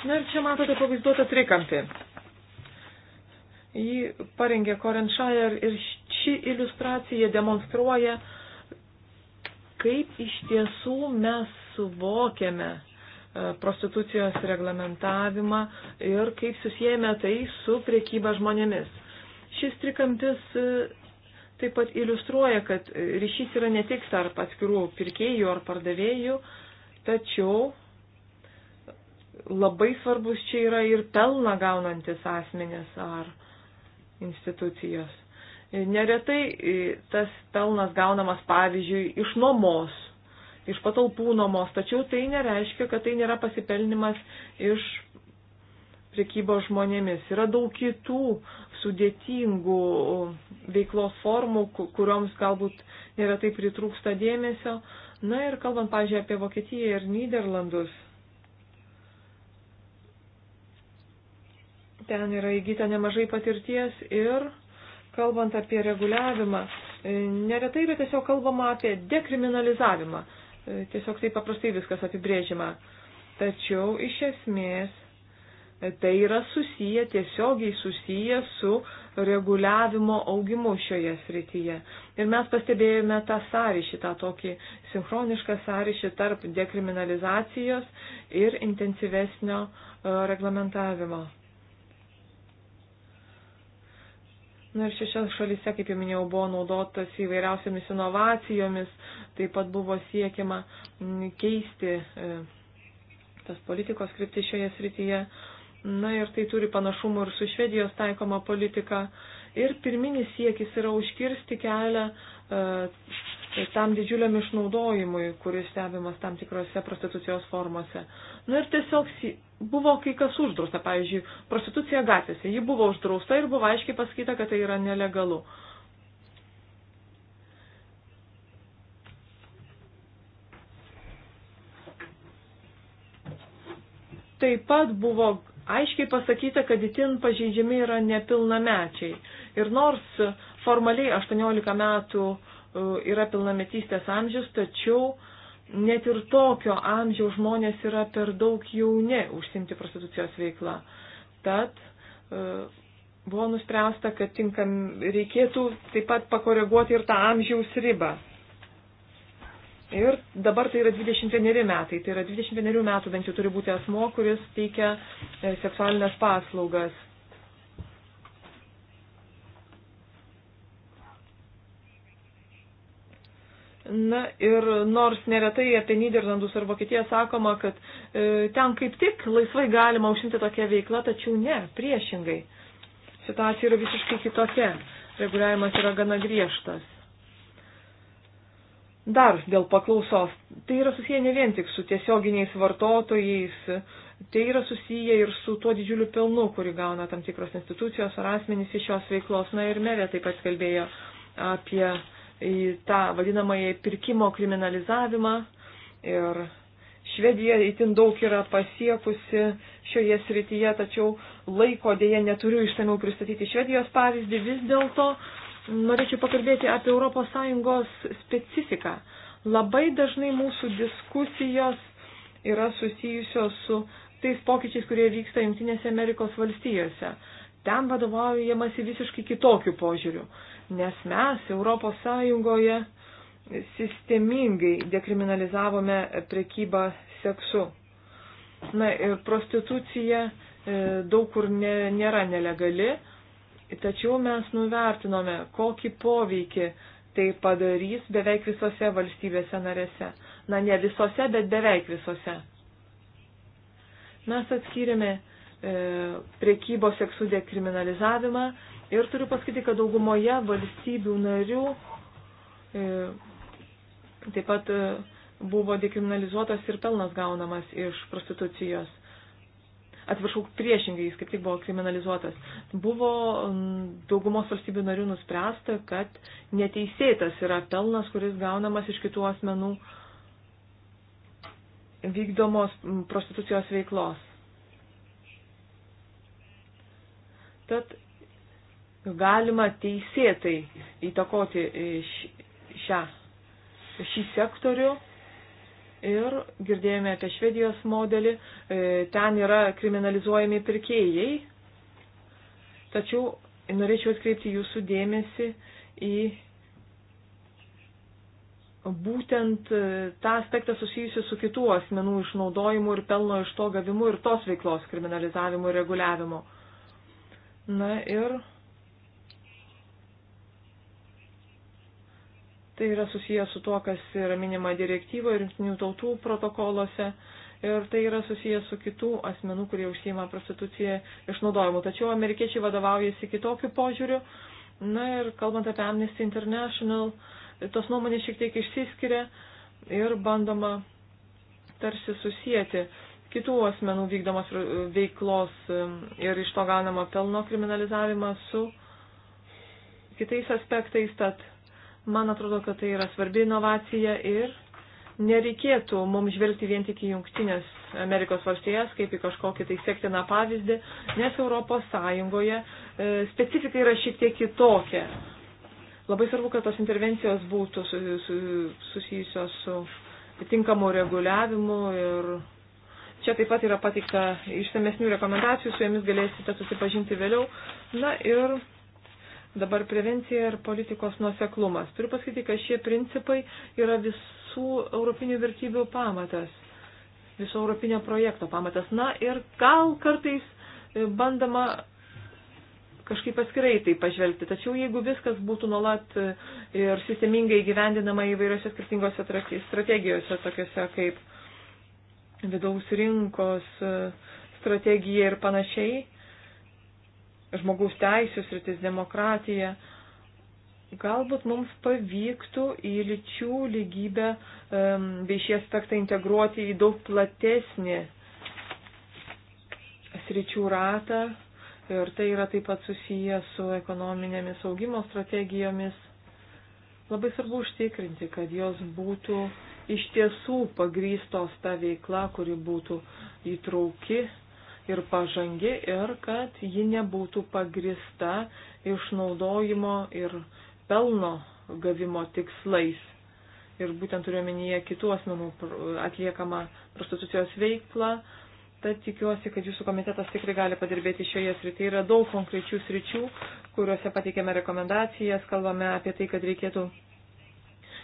Na ir čia matote pavaizduotą trikampį. Jį parengė Korenšajer ir ši iliustracija demonstruoja kaip iš tiesų mes suvokiame e, prostitucijos reglamentavimą ir kaip susijęme tai su priekyba žmonėmis. Šis trikampis e, taip pat iliustruoja, kad ryšys yra ne tik tarp atskirų pirkėjų ar pardavėjų, tačiau labai svarbus čia yra ir pelną gaunantis asmenės ar institucijos. Neretai tas pelnas gaunamas, pavyzdžiui, iš nuomos, iš patalpų nuomos, tačiau tai nereiškia, kad tai nėra pasipelnimas iš priekybos žmonėmis. Yra daug kitų sudėtingų uh, veiklos formų, kurioms galbūt neretai pritrūksta dėmesio. Na ir kalbant, pažiūrėjau, apie Vokietiją ir Niderlandus. Ten yra įgyta nemažai patirties ir kalbant apie reguliavimą, e, neretai yra tiesiog kalbama apie dekriminalizavimą. E, tiesiog taip paprastai viskas apibrėžima. Tačiau iš esmės e, tai yra susiję, tiesiogiai susiję su reguliavimo augimu šioje srityje. Ir mes pastebėjome tą sąryšį, tą tokį sinchronišką sąryšį tarp dekriminalizacijos ir intensyvesnio reglamentavimo. Na ir šešias šalyse, kaip jau minėjau, buvo naudotas įvairiausiamis inovacijomis, taip pat buvo siekiama keisti e, tas politikos kryptis šioje srityje. Na ir tai turi panašumų ir su Švedijos taikoma politika. Ir pirminis siekis yra užkirsti kelią e, tam didžiuliam išnaudojimui, kuris stebimas tam tikrose prostitucijos formose. Na ir tiesiog buvo kai kas uždrausta, pavyzdžiui, prostitucija gatvėse. Ji buvo uždrausta ir buvo aiškiai pasakyta, kad tai yra nelegalu. Taip pat buvo aiškiai pasakyta, kad itin pažeidžiami yra nepilnamečiai. Ir nors formaliai 18 metų uh, yra pilnametystės amžius, tačiau net ir tokio amžiaus žmonės yra per daug jauni užsimti prostitucijos veiklą. Tad e, buvo nuspręsta, kad tinkam reikėtų taip pat pakoreguoti ir tą amžiaus ribą. Ir dabar tai yra 21 metai, tai yra 21 metų bent jau turi būti asmo, kuris teikia e, seksualinės paslaugas. Na ir nors neretai apie Niderlandus ar Vokietiją sakoma, kad e, ten kaip tik laisvai galima užsimti tokią veiklą, tačiau ne, priešingai. Situacija yra visiškai kitokia. Reguliavimas yra gana griežtas. Dar dėl paklausos. Tai yra susiję ne vien tik su tiesioginiais vartotojais, tai yra susiję ir su tuo didžiuliu pelnu, kurį gauna tam tikros institucijos ar asmenys iš šios veiklos. Na ir merė taip pat kalbėjo apie į tą vadinamąją pirkimo kriminalizavimą ir Švedija itin daug yra pasiekusi šioje srityje, tačiau laiko dėje neturiu išsamiau pristatyti Švedijos pavyzdį. Vis dėlto norėčiau pakalbėti apie ES specifiką. Labai dažnai mūsų diskusijos yra susijusios su tais pokyčiais, kurie vyksta Junktinėse Amerikos valstijose. Ten vadovaujamasi visiškai kitokiu požiūriu nes mes Europos Sąjungoje sistemingai dekriminalizavome prekybą seksu. Na ir e, prostitucija e, daug kur ne, nėra nelegali, tačiau mes nuvertinome, kokį poveikį tai padarys beveik visose valstybėse narėse. Na, ne visose, bet beveik visose. Mes atskyrėme e, priekybos seksų dekriminalizavimą Ir turiu pasakyti, kad daugumoje valstybių narių e, taip pat e, buvo dekriminalizuotas ir pelnas gaunamas iš prostitucijos. Atsiprašau, priešingai jis kaip tik buvo kriminalizuotas. Buvo daugumos valstybių narių nuspręsta, kad neteisėtas yra pelnas, kuris gaunamas iš kitų asmenų vykdomos prostitucijos veiklos. Tad galima teisėtai įtakoti e, šią, šį sektorių. Ir girdėjome apie Švedijos modelį, e, ten yra kriminalizuojami pirkėjai. Tačiau norėčiau atkreipti jūsų dėmesį į būtent e, tą aspektą susijusiu su kitų asmenų išnaudojimu ir pelno iš to gavimu ir tos veiklos kriminalizavimu ir reguliavimu. Na ir Tai yra susijęs su tuo, kas yra minima direktyvoje ir jungtinių tautų protokoluose. Ir tai yra susijęs su kitų asmenų, kurie užsima prostituciją išnaudojimu. Tačiau amerikiečiai vadovaujasi kitokiu požiūriu. Na ir kalbant apie Amnesty International, tos nuomonės šiek tiek išsiskiria ir bandoma tarsi susijęti kitų asmenų vykdomos veiklos ir iš to gaunamo pelno kriminalizavimą su kitais aspektais, tad Man atrodo, kad tai yra svarbi inovacija ir nereikėtų mums žvelgti vien tik į Junktinės Amerikos valstijas kaip į kažkokį tai sektiną pavyzdį, nes Europos Sąjungoje e, specifika yra šiek tiek kitokia. Labai svarbu, kad tos intervencijos būtų su, su, susijusios su tinkamu reguliavimu ir čia taip pat yra patikta išsamesnių rekomendacijų, su jomis galėsite susipažinti vėliau. Na ir Dabar prevencija ir politikos nuoseklumas. Turiu pasakyti, kad šie principai yra visų europinių vertybių pamatas, viso europinio projekto pamatas. Na ir gal kartais e, bandama kažkaip atskirai tai pažvelgti. Tačiau jeigu viskas būtų nuolat e, ir sistemingai gyvendinama įvairiose skirtingose strategijose, tokiuose kaip vidaus rinkos e, strategija ir panašiai, žmogaus teisų sritis, demokratija. Galbūt mums pavyktų į lyčių lygybę um, bei šį aspektą integruoti į daug platesnį sričių ratą ir tai yra taip pat susiję su ekonominėmis augimo strategijomis. Labai svarbu užtikrinti, kad jos būtų iš tiesų pagrystos ta veikla, kuri būtų įtrauki ir pažangi ir kad ji nebūtų pagrista išnaudojimo ir pelno gavimo tikslais. Ir būtent turiuomenyje kitų asmenų atliekamą prostitucijos veiklą. Tad tikiuosi, kad jūsų komitetas tikrai gali padirbėti šioje srityje. Yra daug konkrečių sričių, kuriuose pateikėme rekomendacijas, kalbame apie tai, kad reikėtų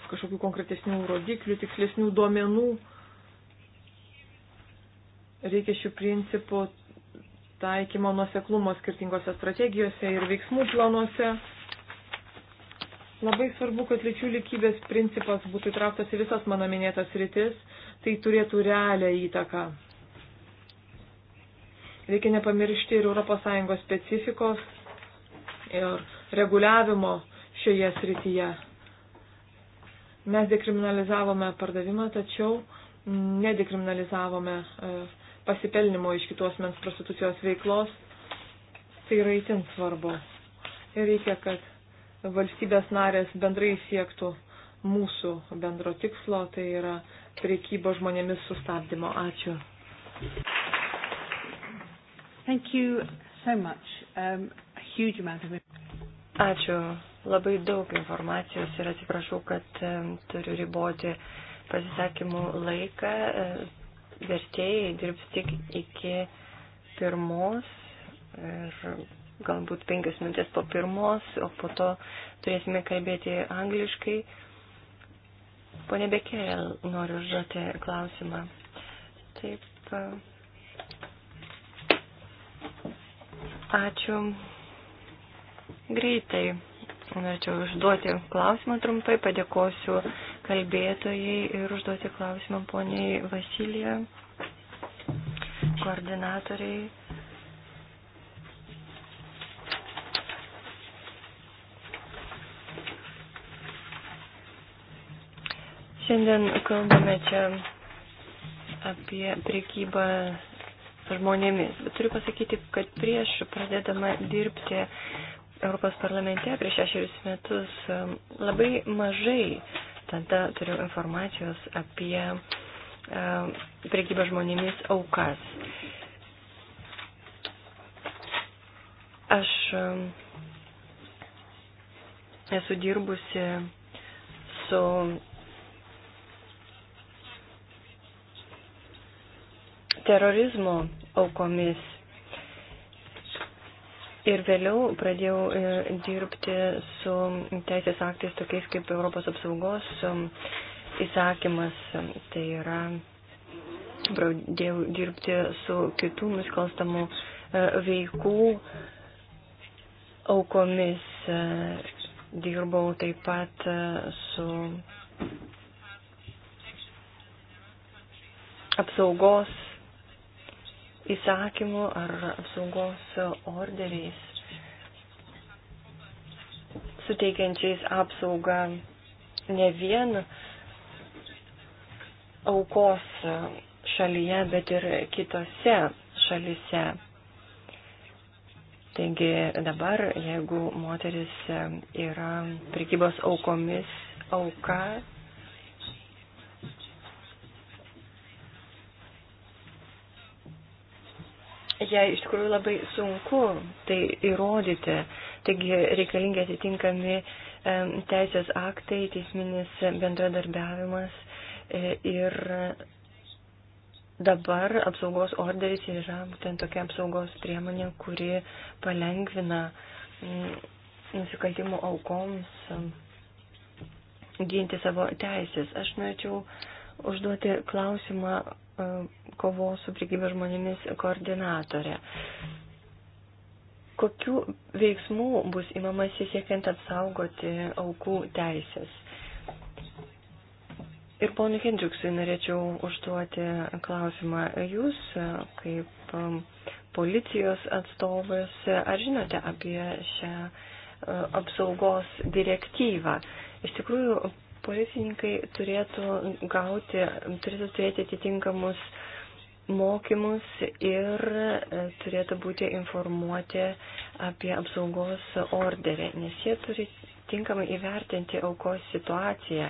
kažkokių konkretesnių rodiklių, tikslesnių duomenų reikia šių principų taikymo nuseklumo skirtingose strategijose ir veiksmų planuose. Labai svarbu, kad lyčių lygybės principas būtų įtrauktas į visas mano minėtas rytis, tai turėtų realią įtaką. Reikia nepamiršti ir ES specifikos ir reguliavimo šioje srityje. Mes dekriminalizavome pardavimą, tačiau nedekriminalizavome e, pasipelnimo iš kitos mens prostitucijos veiklos, tai yra itin svarbu. Ir reikia, kad valstybės narės bendrai siektų mūsų bendro tikslo, tai yra priekybo žmonėmis sustabdymo. Ačiū. Thank you so much. Um, a huge amount of Ačiū. Labai daug informacijos ir atsiprašau, kad um, turiu riboti pasisakymų laiką. Uh, vertėjai dirbs tik iki pirmos ir galbūt penkias minutės po pirmos, o po to turėsime kalbėti angliškai. Pone Bekerel, noriu užduoti klausimą. Taip. E, ačiū. Greitai. Norėčiau užduoti klausimą trumpai, padėkosiu kalbėtojai ir užduoti klausimą poniai Vasilija, koordinatoriai. Šiandien kalbame čia apie priekybą žmonėmis. Bet turiu pasakyti, kad prieš pradedama dirbti Europos parlamente prieš šešerius metus um, labai mažai Tada turiu informacijos apie e, priekybę žmonėmis aukas. Aš e, esu dirbusi su terorizmo aukomis Ir vėliau pradėjau e, dirbti su teisės aktais tokiais kaip Europos apsaugos um, įsakymas. Um, tai yra, pradėjau dirbti su kitų nusikalstamų e, veikų aukomis. E, dirbau taip pat su apsaugos įsakymu ar apsaugos orderiais suteikiančiais apsaugą ne vien aukos šalyje, bet ir kitose šalyse. Taigi dabar, jeigu moteris yra prikybos aukomis auka, jai iš tikrųjų labai sunku tai įrodyti. Taigi reikalingi atitinkami e, teisės aktai, teisminis bendradarbiavimas e, ir dabar apsaugos orderis yra būtent tokia apsaugos priemonė, kuri palengvina mm, nusikaltimų aukoms ginti savo teisės. Aš norėčiau užduoti klausimą E, kovos su prigybė žmonėmis koordinatorė. Kokių veiksmų bus imamasi siekiant apsaugoti aukų teisės? Ir ponui Hendriksui norėčiau užduoti klausimą. Jūs, e, kaip e, policijos atstovas, ar žinote apie šią apsaugos direktyvą? Iš tikrųjų, policininkai turėtų gauti, turėtų turėti atitinkamus mokymus ir e, turėtų būti informuoti apie apsaugos orderį, nes jie turi tinkamai įvertinti aukos situaciją.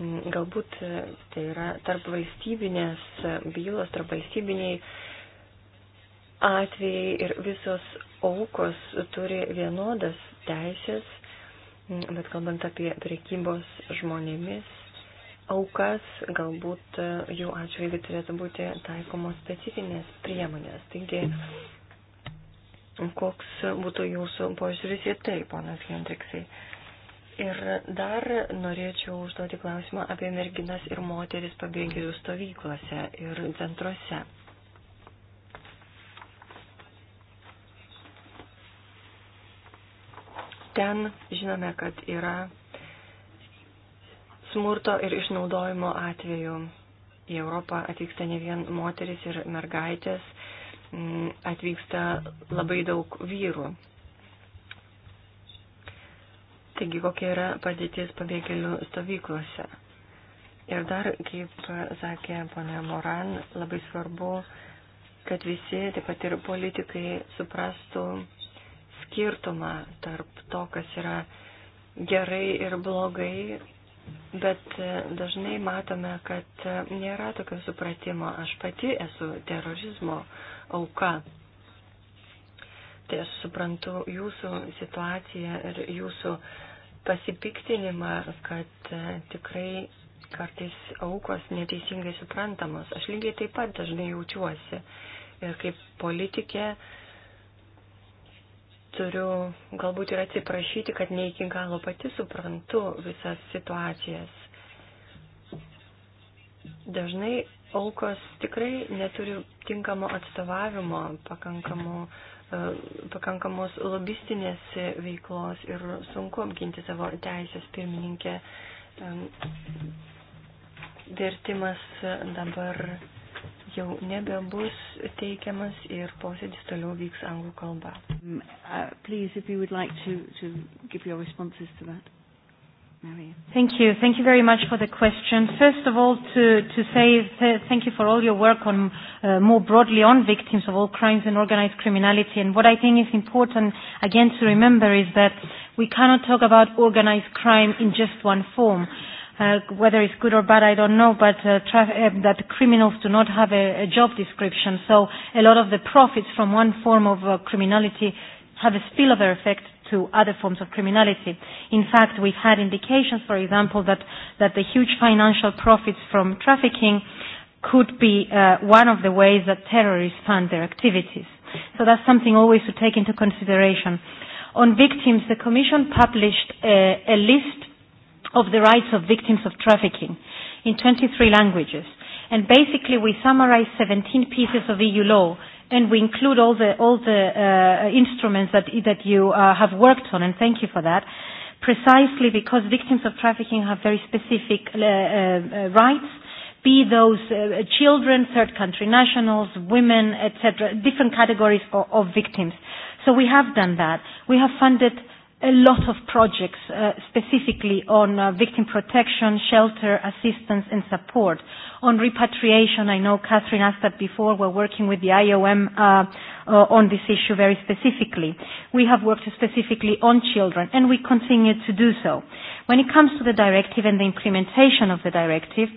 Mm, galbūt e, tai yra tarp valstybinės e, bylos, tarp valstybiniai atvejai ir visos aukos turi vienodas teisės Bet kalbant apie priekybos žmonėmis aukas, galbūt e, jų atžvilgių turėtų būti taikomos specifinės priemonės. Taigi, koks būtų jūsų požiūris į tai, ponas Hendriksai? Ir dar norėčiau užduoti klausimą apie merginas ir moteris pabėgėlių stovyklose ir centruose. Ten žinome, kad yra smurto ir išnaudojimo atveju. Į Europą atvyksta ne vien moteris ir mergaitės, atvyksta labai daug vyrų. Taigi, kokia yra padėtis pabėgėlių stovyklose. Ir dar, kaip sakė ponė Moran, labai svarbu, kad visi, taip pat ir politikai, suprastų, skirtumą tarp to, kas yra gerai ir blogai, bet e, dažnai matome, kad e, nėra tokio supratimo. Aš pati esu terorizmo auka. Tai aš suprantu jūsų situaciją ir jūsų pasipiktinimą, kad e, tikrai kartais aukos neteisingai suprantamos. Aš lygiai taip pat dažnai jaučiuosi. Ir kaip politikė turiu galbūt ir atsiprašyti, kad ne iki galo pati suprantu visas situacijas. Dažnai aukos tikrai neturi tinkamo atstovavimo, pakankamo, e, pakankamos lobistinės veiklos ir sunku apginti savo teisės pirmininkė. Vertimas dabar jau nebebus teikiamas ir posėdis toliau vyks anglų kalba. Mm, uh, please, if you would like to, to give your responses to that. Maria. Thank you. Thank you very much for the question. First of all, to, to say th thank you for all your work on uh, more broadly on victims of all crimes and organized criminality. And what I think is important, again, to remember is that we cannot talk about organized crime in just one form. Uh, Uh, whether it's good or bad, I don't know, but uh, tra- uh, that criminals do not have a, a job description. So a lot of the profits from one form of uh, criminality have a spillover effect to other forms of criminality. In fact, we've had indications, for example, that, that the huge financial profits from trafficking could be uh, one of the ways that terrorists fund their activities. So that's something always to take into consideration. On victims, the Commission published a, a list of the rights of victims of trafficking in 23 languages. And basically, we summarize 17 pieces of EU law, and we include all the, all the uh, instruments that, that you uh, have worked on, and thank you for that, precisely because victims of trafficking have very specific uh, uh, rights, be those uh, children, third country nationals, women, etc., different categories of, of victims. So we have done that. We have funded a lot of projects uh, specifically on uh, victim protection, shelter, assistance and support. On repatriation, I know Catherine asked that before, we're working with the IOM uh, uh, on this issue very specifically. We have worked specifically on children and we continue to do so. When it comes to the directive and the implementation of the directive,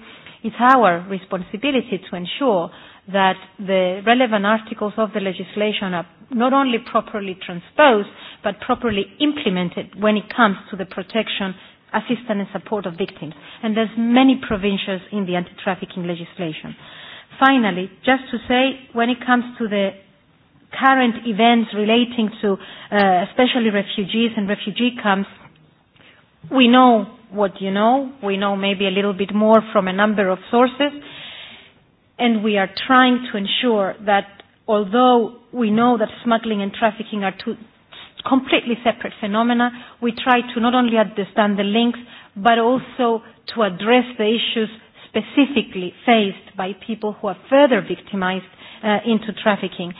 it's our responsibility to ensure that the relevant articles of the legislation are not only properly transposed, but properly implemented when it comes to the protection, assistance and support of victims. And there's many provisions in the anti-trafficking legislation. Finally, just to say, when it comes to the current events relating to uh, especially refugees and refugee camps, we know what you know. We know maybe a little bit more from a number of sources. And we are trying to ensure that although we know that smuggling and trafficking are two completely separate phenomena. We try to not only understand the links, but also to address the issues specifically faced by people who are further victimized uh, into trafficking.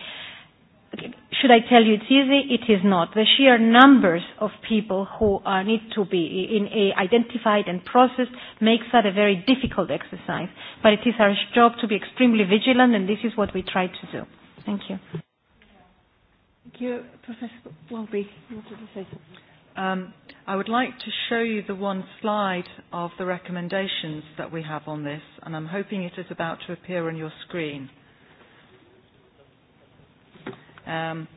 Should I tell you it's easy? It is not. The sheer numbers of people who uh, need to be in a identified and processed makes that a very difficult exercise. But it is our job to be extremely vigilant, and this is what we try to do. Thank you you. Professor Welby, you wanted to say something. Um, I would like to show you the one slide of the recommendations that we have on this, and I'm hoping it is about to appear on your screen. Um,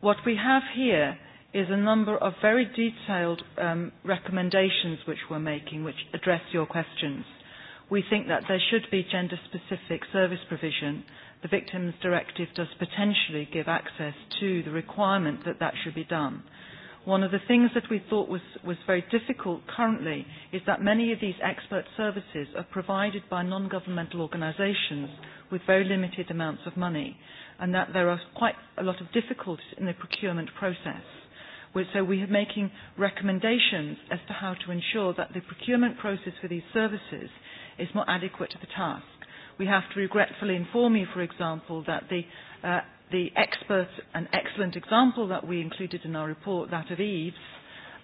what we have here is a number of very detailed um, recommendations which we're making, which address your questions. We think that there should be gender-specific service provision the Victims Directive does potentially give access to the requirement that that should be done. One of the things that we thought was, was very difficult currently is that many of these expert services are provided by non-governmental organisations with very limited amounts of money and that there are quite a lot of difficulties in the procurement process. So we are making recommendations as to how to ensure that the procurement process for these services is more adequate to the task we have to regretfully inform you, for example, that the, uh, the expert and excellent example that we included in our report, that of Eves,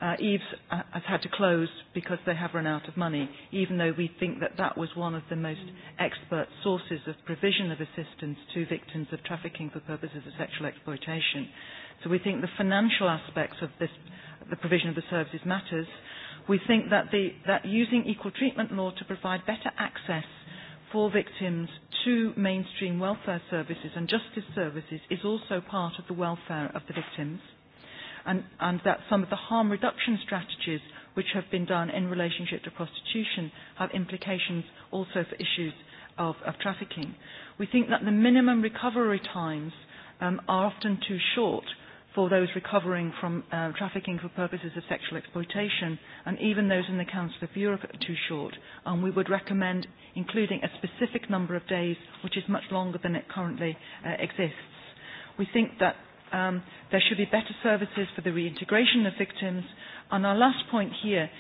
uh, Eves uh, has had to close because they have run out of money, even though we think that that was one of the most expert sources of provision of assistance to victims of trafficking for purposes of sexual exploitation. So we think the financial aspects of this, the provision of the services matters. We think that, the, that using equal treatment law to provide better access for victims to mainstream welfare services and justice services is also part of the welfare of the victims and, and that some of the harm reduction strategies which have been done in relationship to prostitution have implications also for issues of, of trafficking. We think that the minimum recovery times um, are often too short for those recovering from uh, trafficking for purposes of sexual exploitation, and even those in the Council of Europe are too short. And we would recommend including a specific number of days, which is much longer than it currently uh, exists. We think that um, there should be better services for the reintegration of victims. And our last point here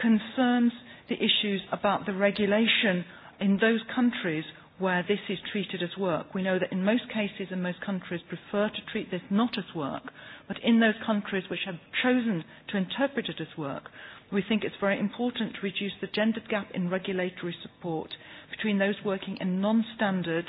concerns the issues about the regulation in those countries where this is treated as work. We know that in most cases and most countries prefer to treat this not as work, but in those countries which have chosen to interpret it as work, we think it's very important to reduce the gendered gap in regulatory support between those working in non-standard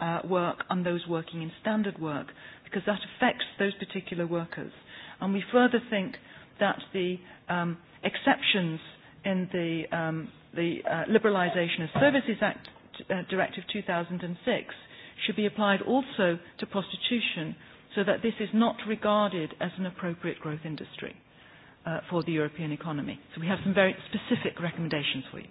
uh, work and those working in standard work, because that affects those particular workers. And we further think that the um, exceptions in the, um, the uh, Liberalisation of Services Act uh, Directive 2006 should be applied also to prostitution so that this is not regarded as an appropriate growth industry uh, for the European economy. So we have some very specific recommendations for you.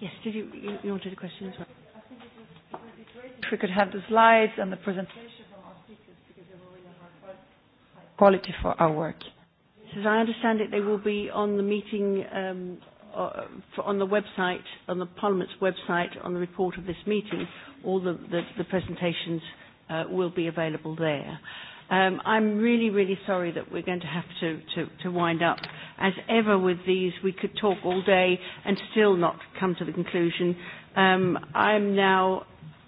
Yes, did you, you, you wanted a question as well? I think it would, it would be great if we could have the slides and the presentation from our speakers because they will really have quality for our work. So as I understand it, they will be on the meeting um, uh, for, on the website, on the Parliament's website, on the report of this meeting, all the, the, the presentations uh, will be available there. Um, I'm really, really sorry that we're going to have to, to, to wind up. As ever with these, we could talk all day and still not come to the conclusion. Um, I'm now